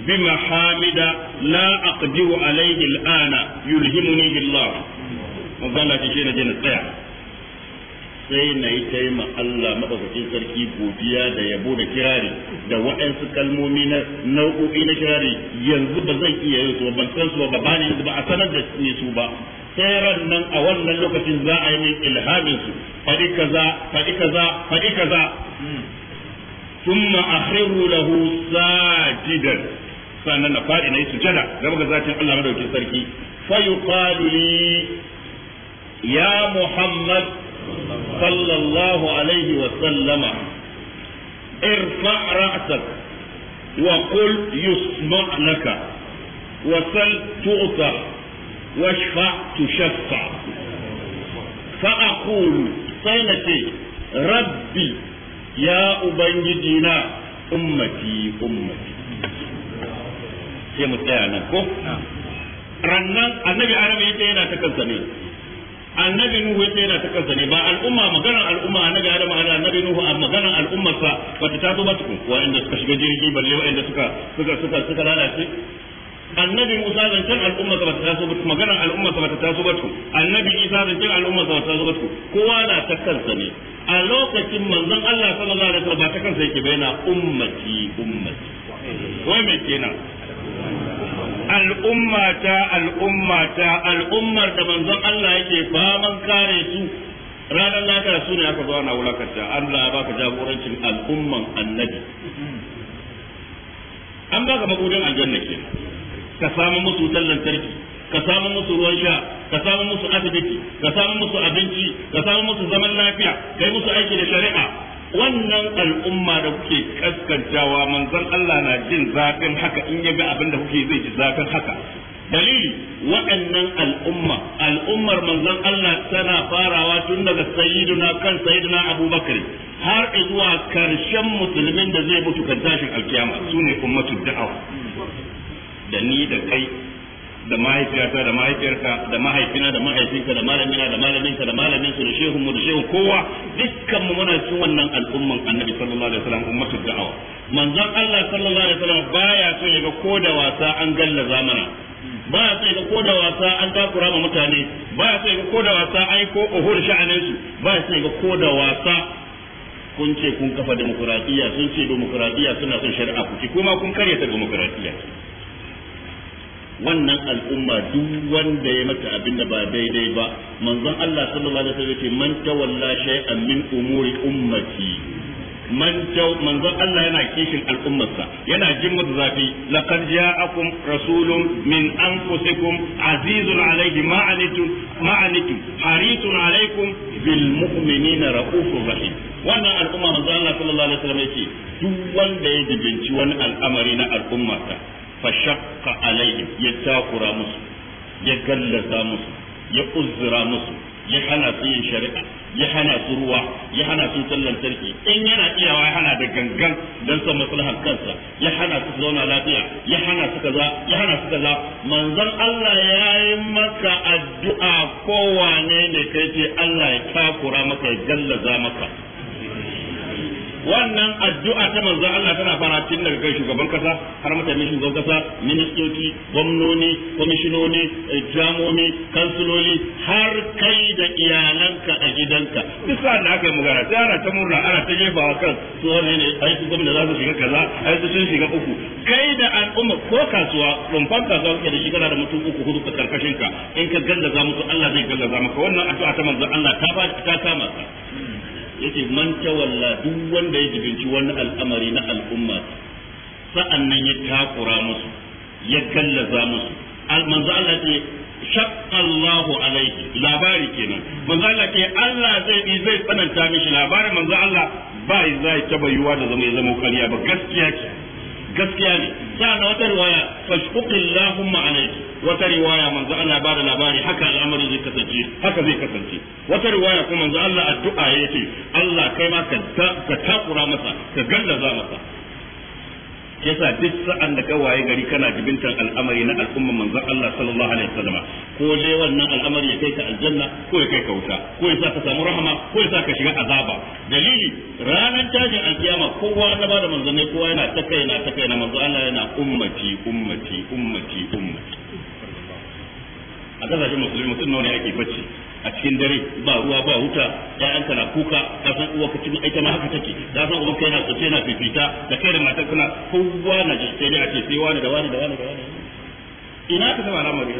bi mahamida la aqdiru alayhi al'ana yulhimuni billah magana ce na je na tsaya sai na yi Allah maɗaukakin sarki godiya da yabo da kirari da waɗansu kalmomi na nau'o'i na kirari yanzu ba zan iya yin su ba ban san su ba ba ba a sanar da ni su ba sai nan a wannan lokacin za a yi min ilhamin su faɗi kaza faɗi kaza faɗi kaza thumma akhiru lahu sajidan sannan na fadi na yi sujada gaba ga zatin Allah madaukin sarki fa yuqalu ya muhammad sallallahu alaihi wa sallama irfa ra'sak wa qul yusma' laka wa sal tu'ta rabbi ya ubangiji na ummati ummati sai mu tsaya nan ko rannan annabi adam yace yana ta kansa ne annabi nuhu yace yana ta kansa ne ba al'umma maganar al'umma annabi adam ala annabi nuhu a maganar al'ummarsa sa bata ta zo ba tukun wa'anda suka shiga jirgi balle wa'anda suka suka suka suka lalace annabi Musa zancen al'umma ba ta taso ba maganar al'umma ba ta taso ba annabi Isa zancen al'umma ba ta taso ba kowa na ta kansa ne a lokacin manzon Allah sallallahu alaihi wasallam ba ta kansa yake bayana ummati ummati wai me kenan al'umma ta al'umma ta al'ummar da manzon Allah yake faman kare su ranar lahira su ne aka zo ana wulakanta Allah ya baka jagorancin al'umman annabi an baka mabudin aljanna kenan ka samu musu wutar lantarki ka samu musu ruwan sha ka samu musu asibiti ka samu musu abinci ka samu musu zaman lafiya kai musu aiki da shari'a wannan al'umma da kuke kaskantawa manzon Allah na jin zafin haka in ya ga abin da kuke zai ji zafin haka dalili waɗannan al'umma al'ummar manzon Allah tana farawa tun daga sayyiduna kan sayyiduna abubakar har zuwa karshen musulmin da zai mutu kan tashin alkiyama sune ummatul da'awa da ni da kai da mahaifiyata da mahaifiyarka da mahaifina da mahaifinka da malamina da malaminka da malaminsu, da shehun mu da shehun kowa dukkan mu muna cikin wannan al'umman annabi sallallahu alaihi wasallam ummatul da'awa manzon Allah sallallahu alaihi wasallam baya so ya ga ko da wasa an galla zamana baya so ya ga ko da wasa an takura ma mutane baya so ya ga ko da wasa ai ko uhur sha'anin su baya so ya ga ko da wasa kun ce kun kafa demokradiyya sun ce demokradiyya suna son shari'a ku ci kuma kun karyata demokradiyya wannan al'umma duk wanda ya mata abin da ba daidai ba manzon Allah sallallahu alaihi wasallam ce man tawalla shay'an min umuri ummati man taw manzon Allah yana kishin al'ummarsa yana jin mata zafi laqad ja'akum rasulun min anfusikum azizun alayhi ma anitum ma anitum harisun alaykum bil mu'minina raufur rahim wannan al'umma manzon Allah sallallahu alaihi wasallam yace duk wanda ya dubinci wani al'amari na al'ummarsa fa shaqqa alaihim ya takura musu ya gallaza musu ya uzura musu ya hana su yin shari'a ya hana su ruwa ya hana su wutar lantarki in yana iyawa ya hana da gangan don son maslahar kansa ya hana su zauna lafiya ya hana su kaza ya hana su kaza manzon Allah ya yi maka addu'a kowane ne kai ce Allah ya takura maka ya gallaza maka wannan addu'a ta manzo Allah tana fara tun daga kai shugaban kasa har mutane shugaban kasa ministoci gwamnoni komishinoni, eh, jamomi kansuloli har kai da iyalanka a gidanka duk sa da aka yi magana sai ana ta murna ana ta wa kan su wani ne ai su gwamna za su shiga kaza ai su sun shiga uku kai da al'umma ko kasuwa za kasuwa ke da shi kana da mutum uku hudu a karkashin ka in ka gallaza musu Allah zai gallaza maka wannan addu'a ta manzo Allah ta ba ta kama ka yace man tawalla duk wanda ya jibinci wani al'amari na al'umma sa'annan ya takura musu ya gallaza musu manzo Allah ce shaqallahu alaihi labari kenan manzo Allah ce Allah zai zai tsananta mishi labarin manzo Allah ba zai taba yiwa da zama ya zama kariya ba gaskiya ce gaskiya ne sa'an wata riwaya fashquqillahumma ma'anai, wata riwaya manzo Allah ba da labari haka al'amari zai kasance haka zai kasance wata riwaya kuma manzo Allah addu'a ce, Allah kai ma ka takura masa ka gallaza masa yasa duk sa'an da ka waye gari kana jibintan al'amari na al'umma manzon Allah sallallahu alaihi wasallam ko dai wannan al'amari ya kai ka aljanna ko ya kai ka wuta ko ya sa ka samu rahama ko ya sa ka shiga azaba dalili ranar tajin alkiyama kowa na bada manzanai kowa yana ta kai na ta kai na manzon Allah yana ummati ummati ummati ummati a kasashen musulmi mutum nawa ne ake bacci a cikin dare ba ruwa ba wuta ƴaƴanka na kuka ka san uwa ka cikin aita ma haka take ka san uwa kai na tsace na fifita da kai da matar kuna kowa na ji sai dai a ce sai wani da wani da wani da wani ina ka sama lamari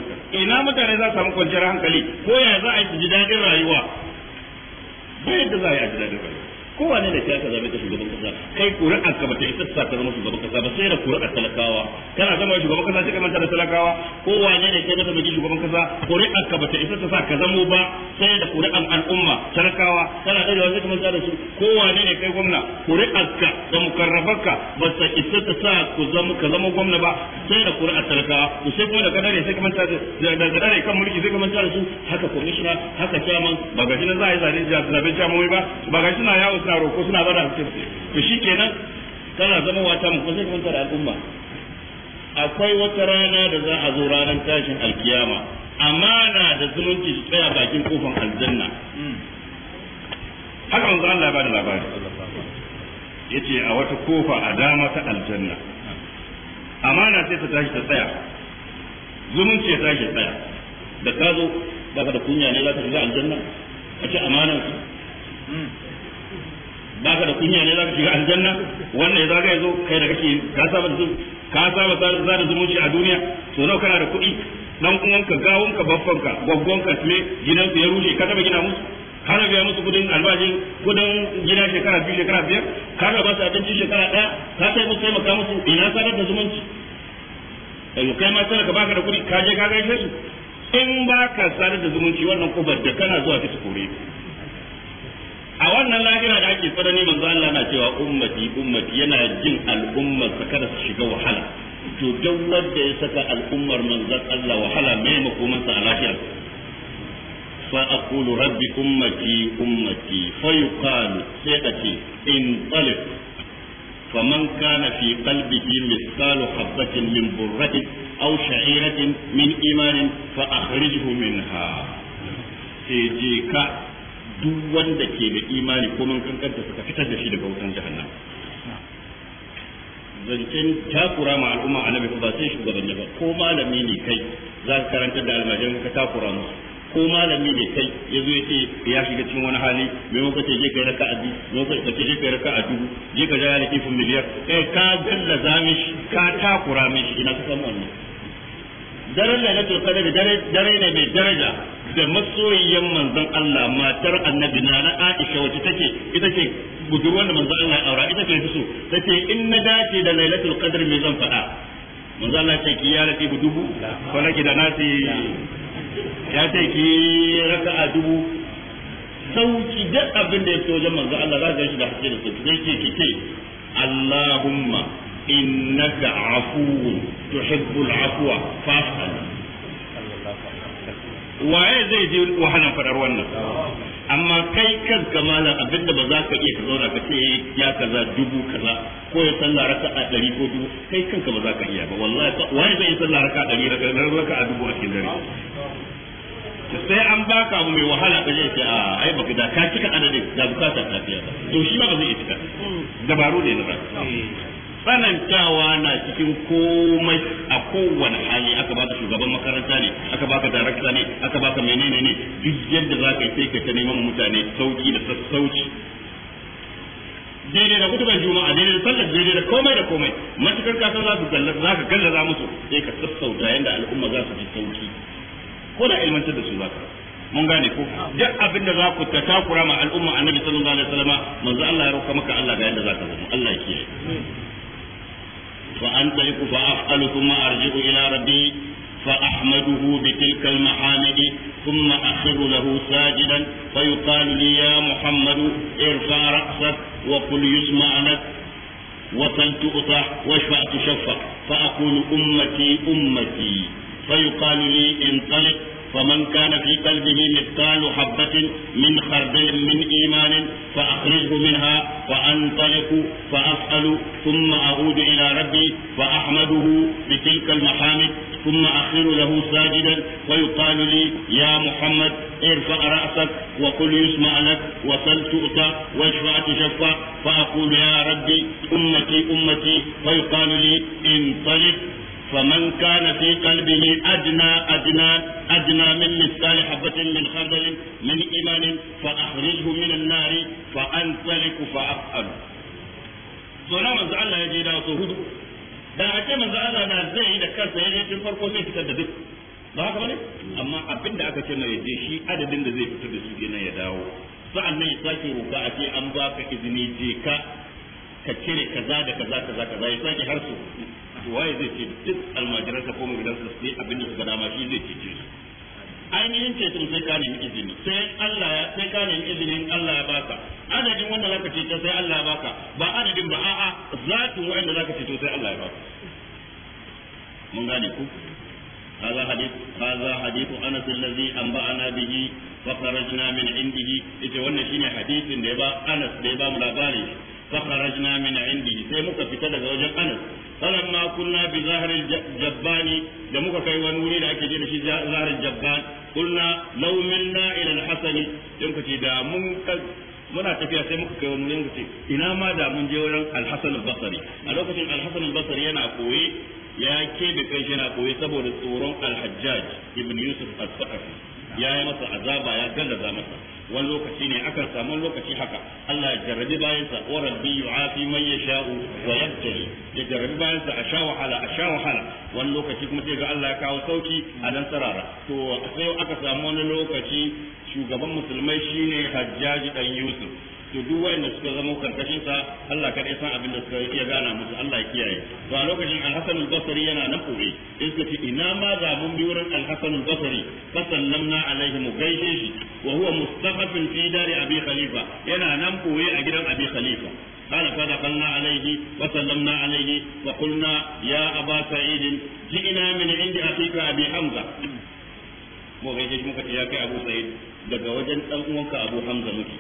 ina mutane za su samu kwanciyar hankali ko yaya za a yi ji daɗin rayuwa bai da za a yi a ji daɗin rayuwa kowane da kiyaka zabe ka shugaban kasa kai kuri'a ka bata isa sa ta zama shugaban kasa ba sai da kuri'a talakawa kana zama shugaban kasa sai ka manta da talakawa kowane da kai ta shugaban kasa kuri'a ka bata isa ta sa ka zama ba sai da kuri'an al'umma talakawa kana da wani kuma da su kowane da kai gwamna kuri'ar ka da mukarrabarka ba sai isa ta sa ku zama ka zama gwamna ba sai da kuri'ar talakawa ku sai kuma da kadare sai ka manta da da kadare kan mulki sai ka manta da su haka commissioner haka chairman ba ga shi na za a yi zabe zabe chairman ba ba ga shi na yawo suna roko suna bada hakkin to shikenan kana zama wata mun kusa kuma da al'umma akwai wata rana da za a zo ranar tashin alkiyama amana da zumunci su tsaya bakin kofan aljanna haka mun zan labarin da labari yace a wata kofa a dama ta aljanna amana sai ta tashi ta tsaya zumunci ya tashi tsaya da ka zo baka da kunya ne za ka shiga aljanna a ce amana baka da kunya ne zaka shiga aljanna wannan ya zaga yazo kai da kake ka saba da ka saba da da zumunci a duniya to nawa kana da kuɗi dan uwanka ka babbanka ka ne gidan ya rushe ka taba gina musu ka biya musu kudin albashin kudin gida shekara biyu shekara biyar ka ba su abinci shekara ɗaya ka sai musu taimaka musu ina sadar da zumunci kai ma ka baka da kuɗi ka je ka gaishe su in ka sadar da zumunci wannan kubar da kana zuwa ka tukure kore a wannan lahira da ake tsanani manzo Allah na cewa ummati ummati yana jin al'ummar sa kada su shiga wahala to duk wanda ya saka al'ummar manzon Allah wahala mai makoman sa a lahira fa aqulu rabbi ummati ummati fa yuqalu sai kace in talib فمن كان في قلبه مثقال حبة من برة أو شعيرة من إيمان فأخرجه منها. إيجيكا duk wanda ke da imani ko mun kankanta suka fitar da shi daga wutan jahannama zancen takura ma al'umma annabi ba sai shugabanni ba ko malami ne kai za ka karanta da almajiran ka takura musu ko malami ne kai ya zo ce ya shiga cikin wani hali me muka ce je kai raka abi mai muka ce je kai raka a dubu je ka jaya kifin miliyar kai ka gallaza mishi ka takura mishi ina ka san wannan daren to qadr dare dare ne mai daraja da masoyiyan manzon Allah matar annabi na na Aisha wacce take ita ce budurwar da manzon Allah aura ita ce su take in na dace da lailatul qadr me zan faɗa manzon Allah ce ki ya rafi dubu ko laki da nasi ya ce ki raka'a dubu sauki da abin da ya wajen manzon Allah za ka shi da hakki da sauki sai ki ki ce Allahumma innaka afuwun tuhibbul afwa fa'al waye zai ji wahalar faɗar wannan amma kai kan kamala abinda ba za ka iya ka zauna ka ce ya kaza dubu kaza ko ya salla raka a ɗari ko dubu kai kanka ba za ka iya ba wallahi waye zai yi sallah raka a ɗari raka a dubu a cikin dare sai an baka mu mai wahala ka je ce a ai baka da ka cika adadin da bukatar ta to shi ba zai iya cika dabaru ne na rayuwa tsanantawa na cikin komai a kowane hali aka baka shugaban makaranta ne aka baka darakta ne aka baka menene ne duk yadda za ka yi sai ka ta neman mutane sauki da sassauci daidai da kutuban juma'a daidai da sallar daidai da komai da komai matukar kasar za su gallaza za ka gallaza musu sai ka sassauta yadda al'umma za su ji sauki ko da ilmantar da su za ka mun gane ko duk abin da za ku ta takura ma al'umma annabi sallallahu alaihi wasallam manzo Allah ya roka maka Allah ga yadda za ka zama Allah ya kiyaye فأنطلق فأفعل ثم أرجع إلى ربي فأحمده بتلك المحامد ثم أخر له ساجدا فيقال لي يا محمد ارفع رأسك وقل يسمع لك وصل تؤطع واشفع تشفع فأقول أمتي أمتي فيقال لي انطلق فمن كان في قلبه مثقال حبة من خردل من إيمان فأخرجه منها فأنطلق فأسأل ثم أعود إلى ربي فأحمده بتلك المحامد ثم أخر له ساجدا ويقال لي يا محمد ارفع رأسك وقل يسمع لك وسل تؤتى واشفع تشفع فأقول يا ربي أمتي أمتي ويقال لي انطلق فمن كان في قلبه أدنى أدنى أدنى من مثقال حبة من خردل من إيمان فأخرجه من النار فأنطلق فأفعل سونا من زعل الله يجي له سهود da ake manzo Allah na zai yi da kansa yaje tun farko zai fitar da duk ba haka bane amma abin da aka ce a yaje shi adadin da zai fitar da su kenan ya dawo sa'an na ya sake roƙa ce an baka izini je ka cire kaza da kaza kaza kaza ya sake har su waye zai ce duk almajiransa ko mugidansa sai abin da suka dama shi zai cece su ainihin ceton sai ka nemi izini sai Allah ya sai ka nemi izinin Allah ya baka adadin wanda zaka ceto sai Allah ya baka ba adadin ba a'a zatin wanda zaka ceto sai Allah ya baka mun gane ku هذا حديث هذا حديث انس الذي انبانا به وخرجنا من عنده ita wannan shine hadisin da ya ba Anas da ya ba mu labari فخرجنا من عنده sai muka fita daga wajen أنس فلما kunna bi الجبان jabbani da muka kai wani wuri da ake قلنا لو shi إلى الحسن kunna law minna da mun muna tafiya sai muka kai wani lokaci ina ma da mun je wurin al albasari a lokacin al albasari yana koyi ya ke da kai yana koyi saboda tsoron alhajjaj ibn yusuf al-saqafi ya yi masa azaba ya gallaza masa wani lokaci ne akan samu lokaci haka Allah ya jarrabi bayansa wa rabbi yu'afi man yasha'u wa yabtali ya jarrabi bayansa a sha wahala a sha wahala wani lokaci kuma sai ga Allah ya kawo sauki a dan sarara to sai aka samu wani lokaci shugaban musulmai shine Hajjaji dan Yusuf to duk wayanda suka zama karkashin sa Allah kada ya san abin da suka iya gana musu Allah ya kiyaye to a lokacin al-Hasan al-Basri yana nan kore in suka ce ina ma za mun bi wurin al-Hasan al-Basri fa alaihi mu gaishe shi wa huwa mustafafin fi dari abi khalifa yana nan kore a gidan abi khalifa قال فدخلنا عليه وسلمنا عليه وقلنا يا أبا سعيد جئنا من عند أخيك أبي حمزة mu gaishe shi muka ce ya kai Abu Sa'id daga wajen dan uwanka Abu Hamza muke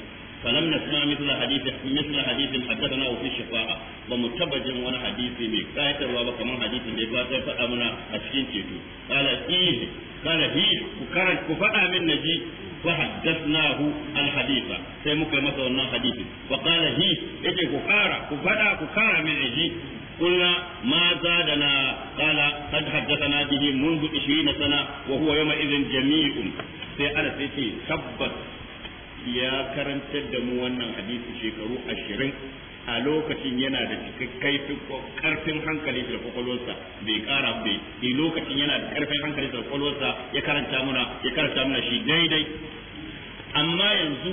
فلم نسمع مثل حديث مثل حديث حدثنا في الشفاعة ومتبجا وانا حديثي من كاية الوابة كمان حديث من كاية فأمنا أشكين تيتو قال إيه قال هي كانت كفاءة من نجي فحدثناه الحديث سيمك مثلا حديث وقال هي إيه كفارة كفاءة كفارة من نجي قلنا ما زادنا قال قد حدثنا به منذ 20 سنة وهو يومئذ جميع sai ana sai ce tabbas ya karantar da mu wannan hadisi shekaru ashirin a lokacin yana da cikakken karfin hankali da kwakwalwarsa bai kara bai lokacin yana da karfin hankali da kwakwalwarsa ya karanta muna ya karanta muna shi daidai amma yanzu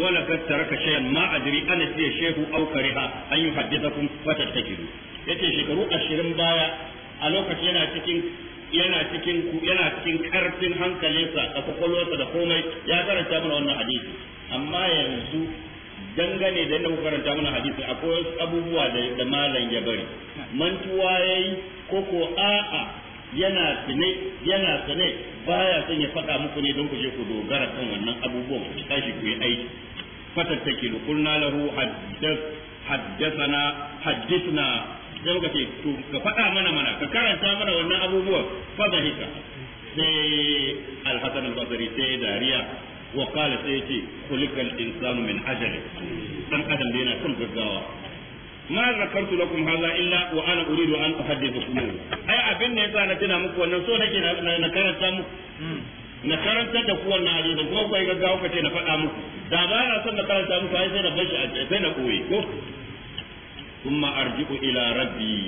wala kad taraka shay'an ma adri an siya shehu aw kariha an yuhaddithakum fatattakiru yace shekaru ashirin baya a lokacin yana cikin yana cikin yana cikin karfin hankalinsa a kwakwalwarsa da komai ya karanta mana wannan hadisi amma yanzu dangane da yadda karanta mana hadisi akwai abubuwa da malam ya bari mantuwa yayi ko ko a'a yana sane yana sane baya son ya faɗa muku ne don ku je ku dogara kan wannan abubuwan ku tashi ku yi aiki fatattakilu qulna lahu haddath haddathana haddathna sai ka ce to ka faɗa mana mana ka karanta mana wannan abubuwan fa hika sai al-hasan al-basri sai dariya wa qala sai yace kulikal insanu min ajali dan adam da yana son gaggawa ma zakartu lakum hadha illa wa ana uridu an uhaddithukum ai abin ne yasa na tuna muku wannan so nake na karanta muku na karanta da ku wannan hadisi ko kai gaggawa kace na faɗa muku da ba na son na karanta muku ai sai na bashi a sai na koyi ko thumma arji'u ila rabbi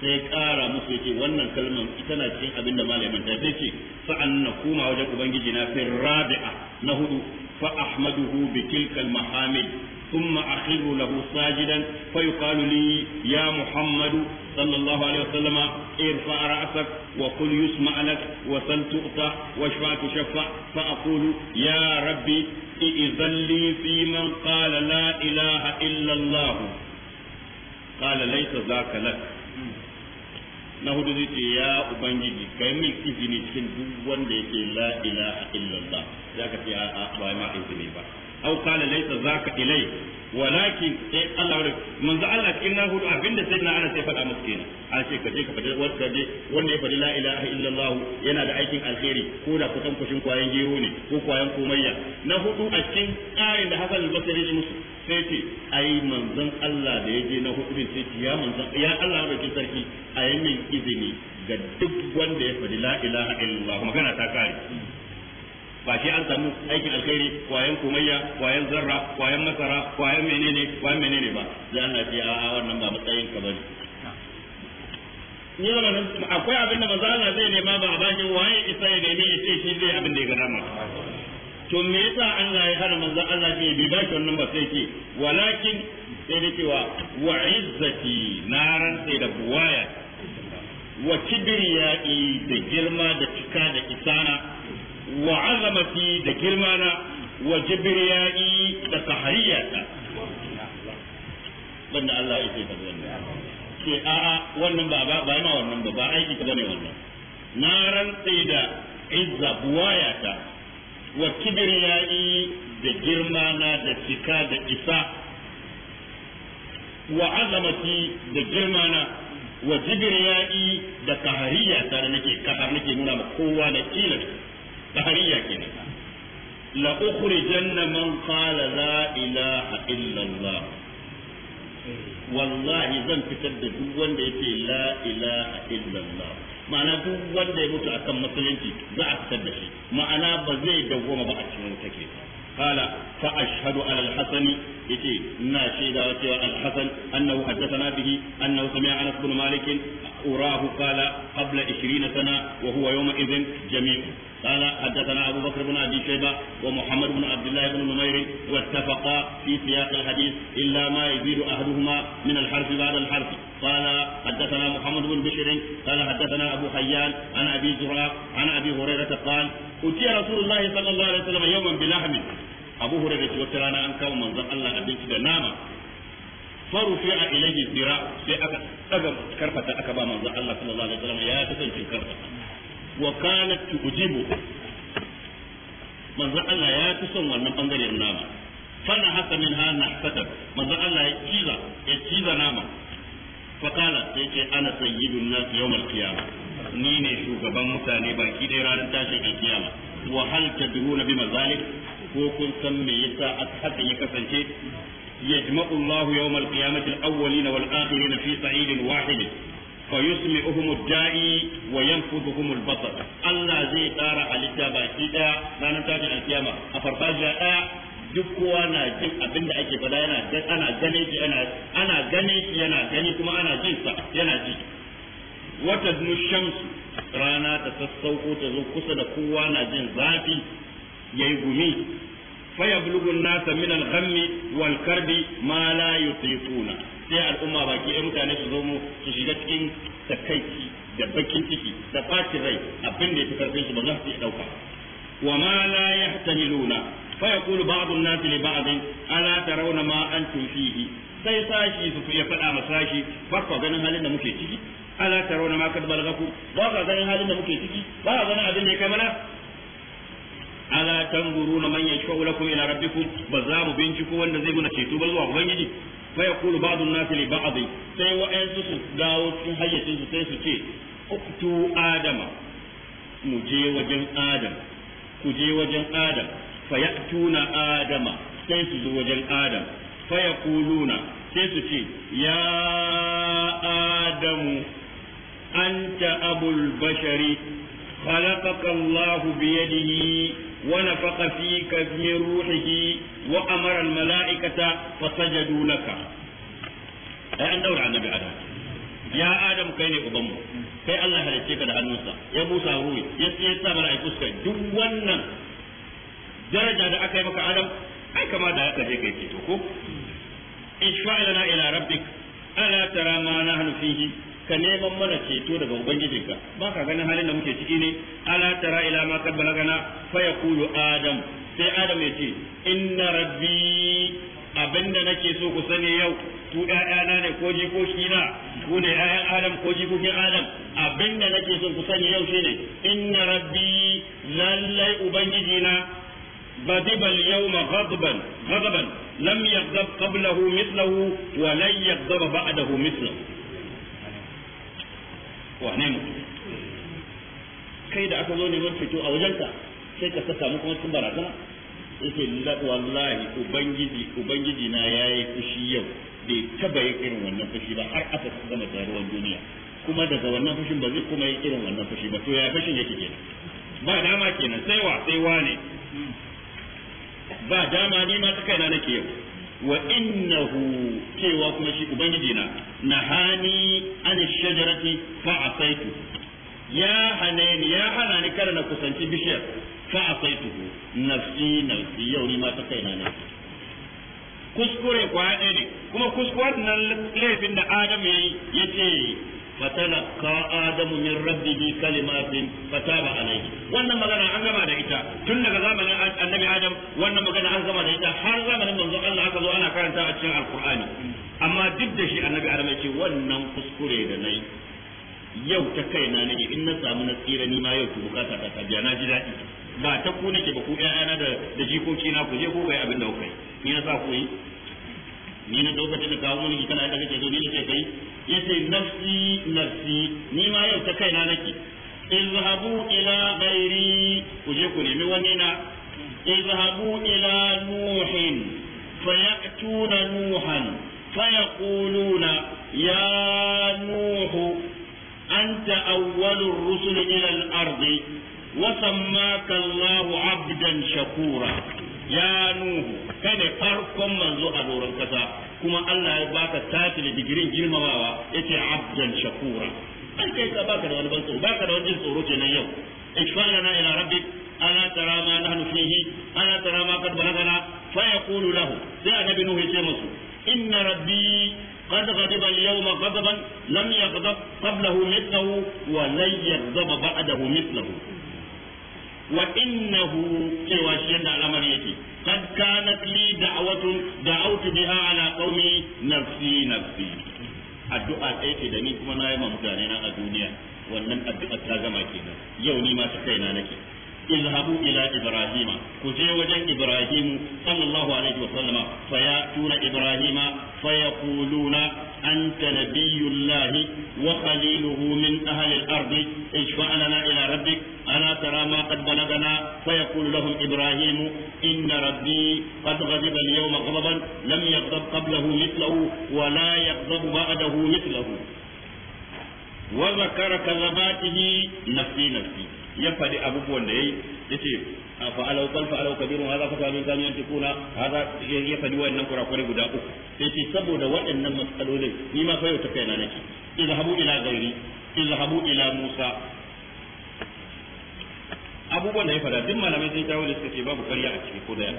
sai ƙara musu yake wannan kalmar ita na cikin abin da malamin da sai ce sa'an na koma wajen ubangiji na fi rabi'a na hudu fa ahmaduhu bi tilkal mahamid thumma akhiru lahu sajidan fa yuqalu li ya muhammadu sallallahu alaihi wasallama irfa ra'sak wa qul yusma lak wa sal tu'ta wa shfa tushfa fa aqulu ya rabbi i'zalli fi man qala la ilaha illa allah قال ليس ذاك لك na hudu zai ce ya ubangiji kai min izini cikin duk wanda yake la ilaha illallah zaka ce a ba ma izini ba au kana laysa zaka ilai walakin sai Allah wurin manzo Allah cikin na hudu abinda sai na ana sai faɗa musu kenan an ce ka je ka fada wanda je wanda ya faɗi la ilaha illallah yana da aikin alheri ko da kusan kushin kwayan gero ne ko kwayan komayya na hudu a cikin tsarin da hakan al ya musu sai ce ai manzon Allah da ya je na hudu sai ce ya manzon ya Allah ki sarki a min izini ga duk wanda ya faɗi la ilaha illallah magana ta kare ba sai an samu aikin alkhairi kwayan kumayya kwayan zarra kwayan masara kwayan menene kwayan menene ba za Allah ce a wannan ba matsayin ka bane ni ba nan akwai abin da manzo Allah zai nema ba a baki waye isa ya nemi ya ce shi zai abin da ya gana ma to me yasa Allah ya hana manzo Allah ce bi baki wannan ba sai ce walakin sai da cewa wa izzati naran sai da buwaya wa kibriya da girma da cika da isana wa azamati da girmana wa jibriyai da sahariyata banda Allah ya ce ka wannan ce a'a wannan ba ba ma wannan ba ba aiki ka ne wannan na ran rantse da izza buwayata wa kibriyai da girmana da cika da isa wa azamati da girmana wa jibriyai da kahariya ta da nake kahar nake nuna ma kowa na kila sahariya kenan la Janna man qala la ilaha illa Allah wallahi zan fitar da duk wanda yake la ilaha illa Allah ma'ana duk wanda ya mutu akan musulunci za a fitar da shi ma'ana ba zai dawwama ba a cikin wuta ke قال فأشهد على الحسن يتي ناشيدا وتوى الحسن أنه حدثنا به أنه سمع أنس بن مالك أراه قال قبل عشرين سنة وهو يومئذ جميع قال حدثنا أبو بكر بن أبي شيبة ومحمد بن عبد الله بن نمير واتفقا في سياق الحديث إلا ما يزيد أحدهما من الحرف بعد الحرف قال حدثنا محمد بن بشر قال حدثنا أبو حيان عن أبي زرع عن أبي هريرة قال أتي رسول الله صلى الله عليه وسلم يوما بلحم أبو هريرة وترانا أنك ومن الله أبيك نامه farufi'a ilayhi zira sai aka daga karfata aka ba manzo Allah sallallahu alaihi wasallam ya kasance karfata wa kanat tujibu manzo Allah ya fi son wannan bangaren nama fana haka min ha na kadar manzo Allah ya ciza ya ciza nama fakala sai ce ana sayyidun nas yawmal qiyamah ni ne shugaban mutane baki ɗaya ranar tashin kiyama. wa hal tadruna bi mazalik ko kun san me yasa haka ya kasance yajma'u Allah yawmal qiyamati al-awwalina wal akhirin fi sa'idin wahid fa mai ad-da'i wa yanfudhuhum al-basar Allah zai tsara alita baki daya ranar tashin alkiyama a farfajiya ɗaya duk kowa na jin abin da ake faɗa yana ana gane shi yana ana gane shi yana gani kuma ana jin sa yana ji wata shansu rana ta sassauko ta zo kusa da kowa na jin zafi yayi gumi فيبلغ الناس من الغم والكرب ما لا يطيقون sai al'umma baki ɗaya mutane su zo mu su shiga cikin takaici da bakin ciki da ɓacin rai abin da ya fi karfin su ba za su iya ɗauka wa ma la yahtamiluna fa yaqulu ba'd an-nas li ba'd ala tarawna ma antum fihi sai sashi su ya faɗa ma sashi ba ganin halin da muke ciki ala tarawna ma kad balagaku ba ku ganin halin da muke ciki ba ku ganin abin da ya kai mana ala na man yashfa'u lakum ila rabbikum ba za mu binciko wanda zai muna ceto ba zuwa ubangiji fa yaqulu ba'd an-nas li ba'd sai wa'ansu su dawo cikin hayyacin su sai su ce uktu adama mu je wajen adam ku je wajen adam fa ya'tuna adama sai su zo wajen adam fa yaquluna sai su ce ya adamu anta abul bashari خلقك الله بيده ونفخ فيك من روحه وأمر الملائكة فسجدوا لك أي أن دور عن النبي آدم يا آدم كين أبمه kai Allah halicce ka da hannunsa ya busa ruhi ya ya sa mala'iku suka duk wannan daraja da aka yi maka Adam ai kama da haka je kai ceto ko ishfa lana ila rabbik ala tara ma nahnu fihi ka neman mana ceto daga ubangijinka ba ka ganin halin da muke ciki ne ala tara ila ma kad balagana fa yaqulu adam sai adam ya ce inna rabbi abinda nake so ku sani yau ku ƴaƴana ne ko jikoki na ku ne ƴaƴan adam ko jikokin adam abinda nake so ku sani yau shine inna rabbi lallai ubangijina غضب اليوم غضبا غضبا لم يغضب قبله مثله ولن يغضب بعده مثله wane mutum kai da aka zo neman fito a wajenka sai ka saka muku kuma cikin barazana yake wallahi ubangiji ubangiji na yayi fushi yau bai taba yin irin wannan fushi ba har aka gama taruwan duniya kuma daga wannan fushin ba zai kuma yi irin wannan fushi ba to ya fushin yake kenan ba dama kenan sai wa sai wa ne ba dama ni ma ta kaina nake yau wa innahu cewa kuma shi ubangiji na nahani an shajarati fa asaitu ya hane ya hanani kar kada na kusanci bishiyar fa asaitu nafsi nafsi yau ni ma ta kaina ne kuskure kwa ne kuma kuskuwar nan laifin da adam yayi yace فتلقى آدم من ربه كلمات فتاب عليه wannan magana an gama da ita tun daga zamanin annabi Adam wannan magana an gama da ita har zamanin manzon Allah aka zo ana karanta a cikin alkur'ani amma duk da shi annabi Adam yake wannan kuskure da nayi yau ta kaina nake in na samu na tsira ni ma yau ku bukata ta tabiya na ji daɗi ba ta ku nake ba ku ƴaƴana da jikoki na ku je ku kai abin da ku kai ni yi ni na lokacin da kawo mulki kana yadda kake so ni nake kai yace nafsi nafsi ni ma yau ta kaina nake izhabu ila ghairi kuje ku nemi wani na izhabu ila nuhin fayatuna nuhan fayaquluna ya nuhu أنت أول الرسل إلى الأرض وسماك الله عبدا شكورا ya nuhu kai ne farkon manzo a doron kasa kuma Allah ya baka tatil digirin girmamawa yace abdan shakura an kai ka baka da wani ban tsoro baka da wani jin tsoro kenan yau ikhwanana ila rabbik ana tara ma nahnu fihi ana tara ma kad balagana fa yaqulu lahu sai nabi nuhu yace musu inna rabbi قد غضب اليوم غضبا لم يغضب قبله مثله ولن يغضب بعده مثله wa innahu cewa shi yadda al'amari yake kad kanat li da'watun da'awtu biha ala qaumi nafsi nafsi addu'a ɗaya ce da ni kuma na yi ma mutane na a duniya wannan addu'a ta gama kenan yau ni ma ta kaina nake izhabu ila ibrahima ku je wajen ibrahimu sallallahu alaihi wa sallama fa ya tuna ibrahima fa yaquluna anta nabiyullahi wa qaliluhu min ahli al-ard gana lana ila rabbik ألا ترى ما قد بلغنا فيقول لهم إبراهيم إن ربي قد غضب اليوم غضبا لم يغضب قبله مثله ولا يغضب بعده مثله وذكر كذباته نفسي نفسي ya faɗi abubuwan da yayi yace fa'alau qal fa'alau kabirun hadha fasalun zan yantikuna hadha ya faɗi wannan kurakure guda uku sai ce saboda waɗannan matsalolin ni ma fa yau ta kaina nake izhabu ila gairi izhabu ila musa abubuwan da ya faɗa duk malamai sun tawo da suka ce babu ƙarya a cikin ko da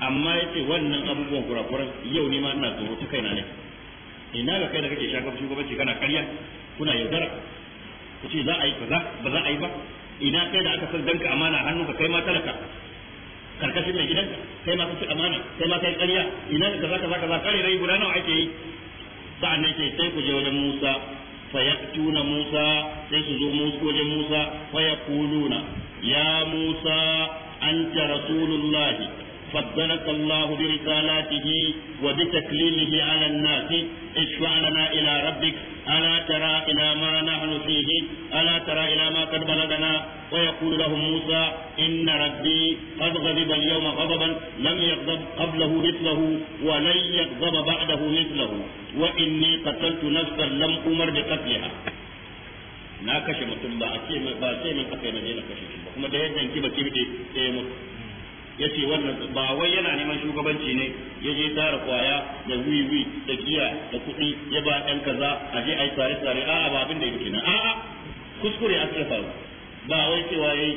amma yace wannan abubuwan kurakuran yau ni ma ina tsoro ta kaina nake ina ga kai da kake shakar shugabanci kana ƙarya kuna yaudara ka ce za a yi kaza ba za a yi ba ina kai da aka san danka amana hannunka kai ma talaka karkashin mai gidanka kai ma kace amana kai ma kai ƙarya ina da kaza ka kaza kare rai guda nawa ake yi sa'an nan ke sai ku je wajen Musa fayatuna Musa sai su zo Musa wajen Musa fayakuluna ya Musa anta rasulullahi فضلك الله برسالاته وبتكليمه على الناس اشفع لنا إلى ربك ألا ترى إلى ما نحن فيه ألا ترى إلى ما قد بلغنا ويقول لهم موسى إن ربي قد غضب اليوم غضبا لم يغضب قبله مثله ولن يغضب بعده مثله وإني قتلت نفسا لم أمر بقتلها na kashe mutum ba a ce ba sai min aka yi na kashe shi ba kuma da yadda ki ba ki bide sai mutum ya ce wannan ba wai yana neman shugabanci ne ya je tara kwaya da wiwi da giya da kuɗi ya ba ɗan kaza a je a yi tsare-tsare a'a ba abin da ya kenan a'a kuskure aka faru ba wai cewa yayi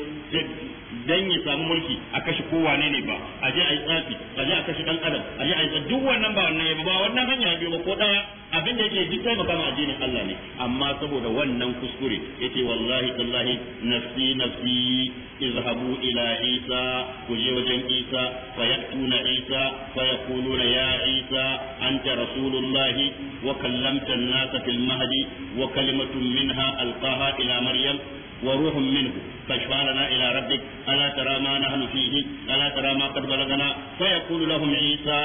dan ya samu mulki a kashe kowane ne ba a je a yi tsafi a je a kashe dan adam a je a yi duk wannan ba wannan ba wannan hanya biyu ba ko daya abin da yake duk taimaka ma addinin Allah ne amma saboda wannan kuskure yace wallahi tallahi nafsi nafsi izhabu ila isa ku je wajen isa fa yatuna isa fa yaquluna ya isa anta rasulullahi wa kallamta an-nasa fil mahdi wa kalimatun minha alqaha ila maryam وروح منه فاشفع لنا إلى ربك ألا ترى ما نحن فيه ألا ترى ما قد بلغنا فيقول لهم عيسى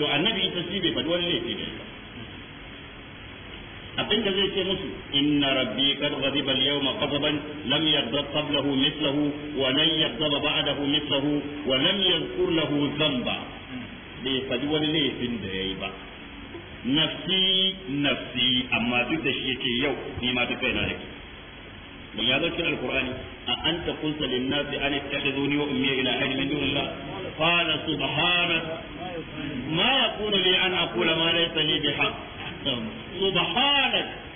annabi ita shi bai zai ce musu inna rabbi qad ghadiba al-yawma ghadaban lam wa lan yaghdab laifin da yayi ba amma duk da yake yau من يا ذكر القرآن أأنت قلت للناس أن اتخذوني وأمي إلى أهل من دون الله قال سبحانك ما يكون لي أن أقول ما ليس لي بحق سبحانك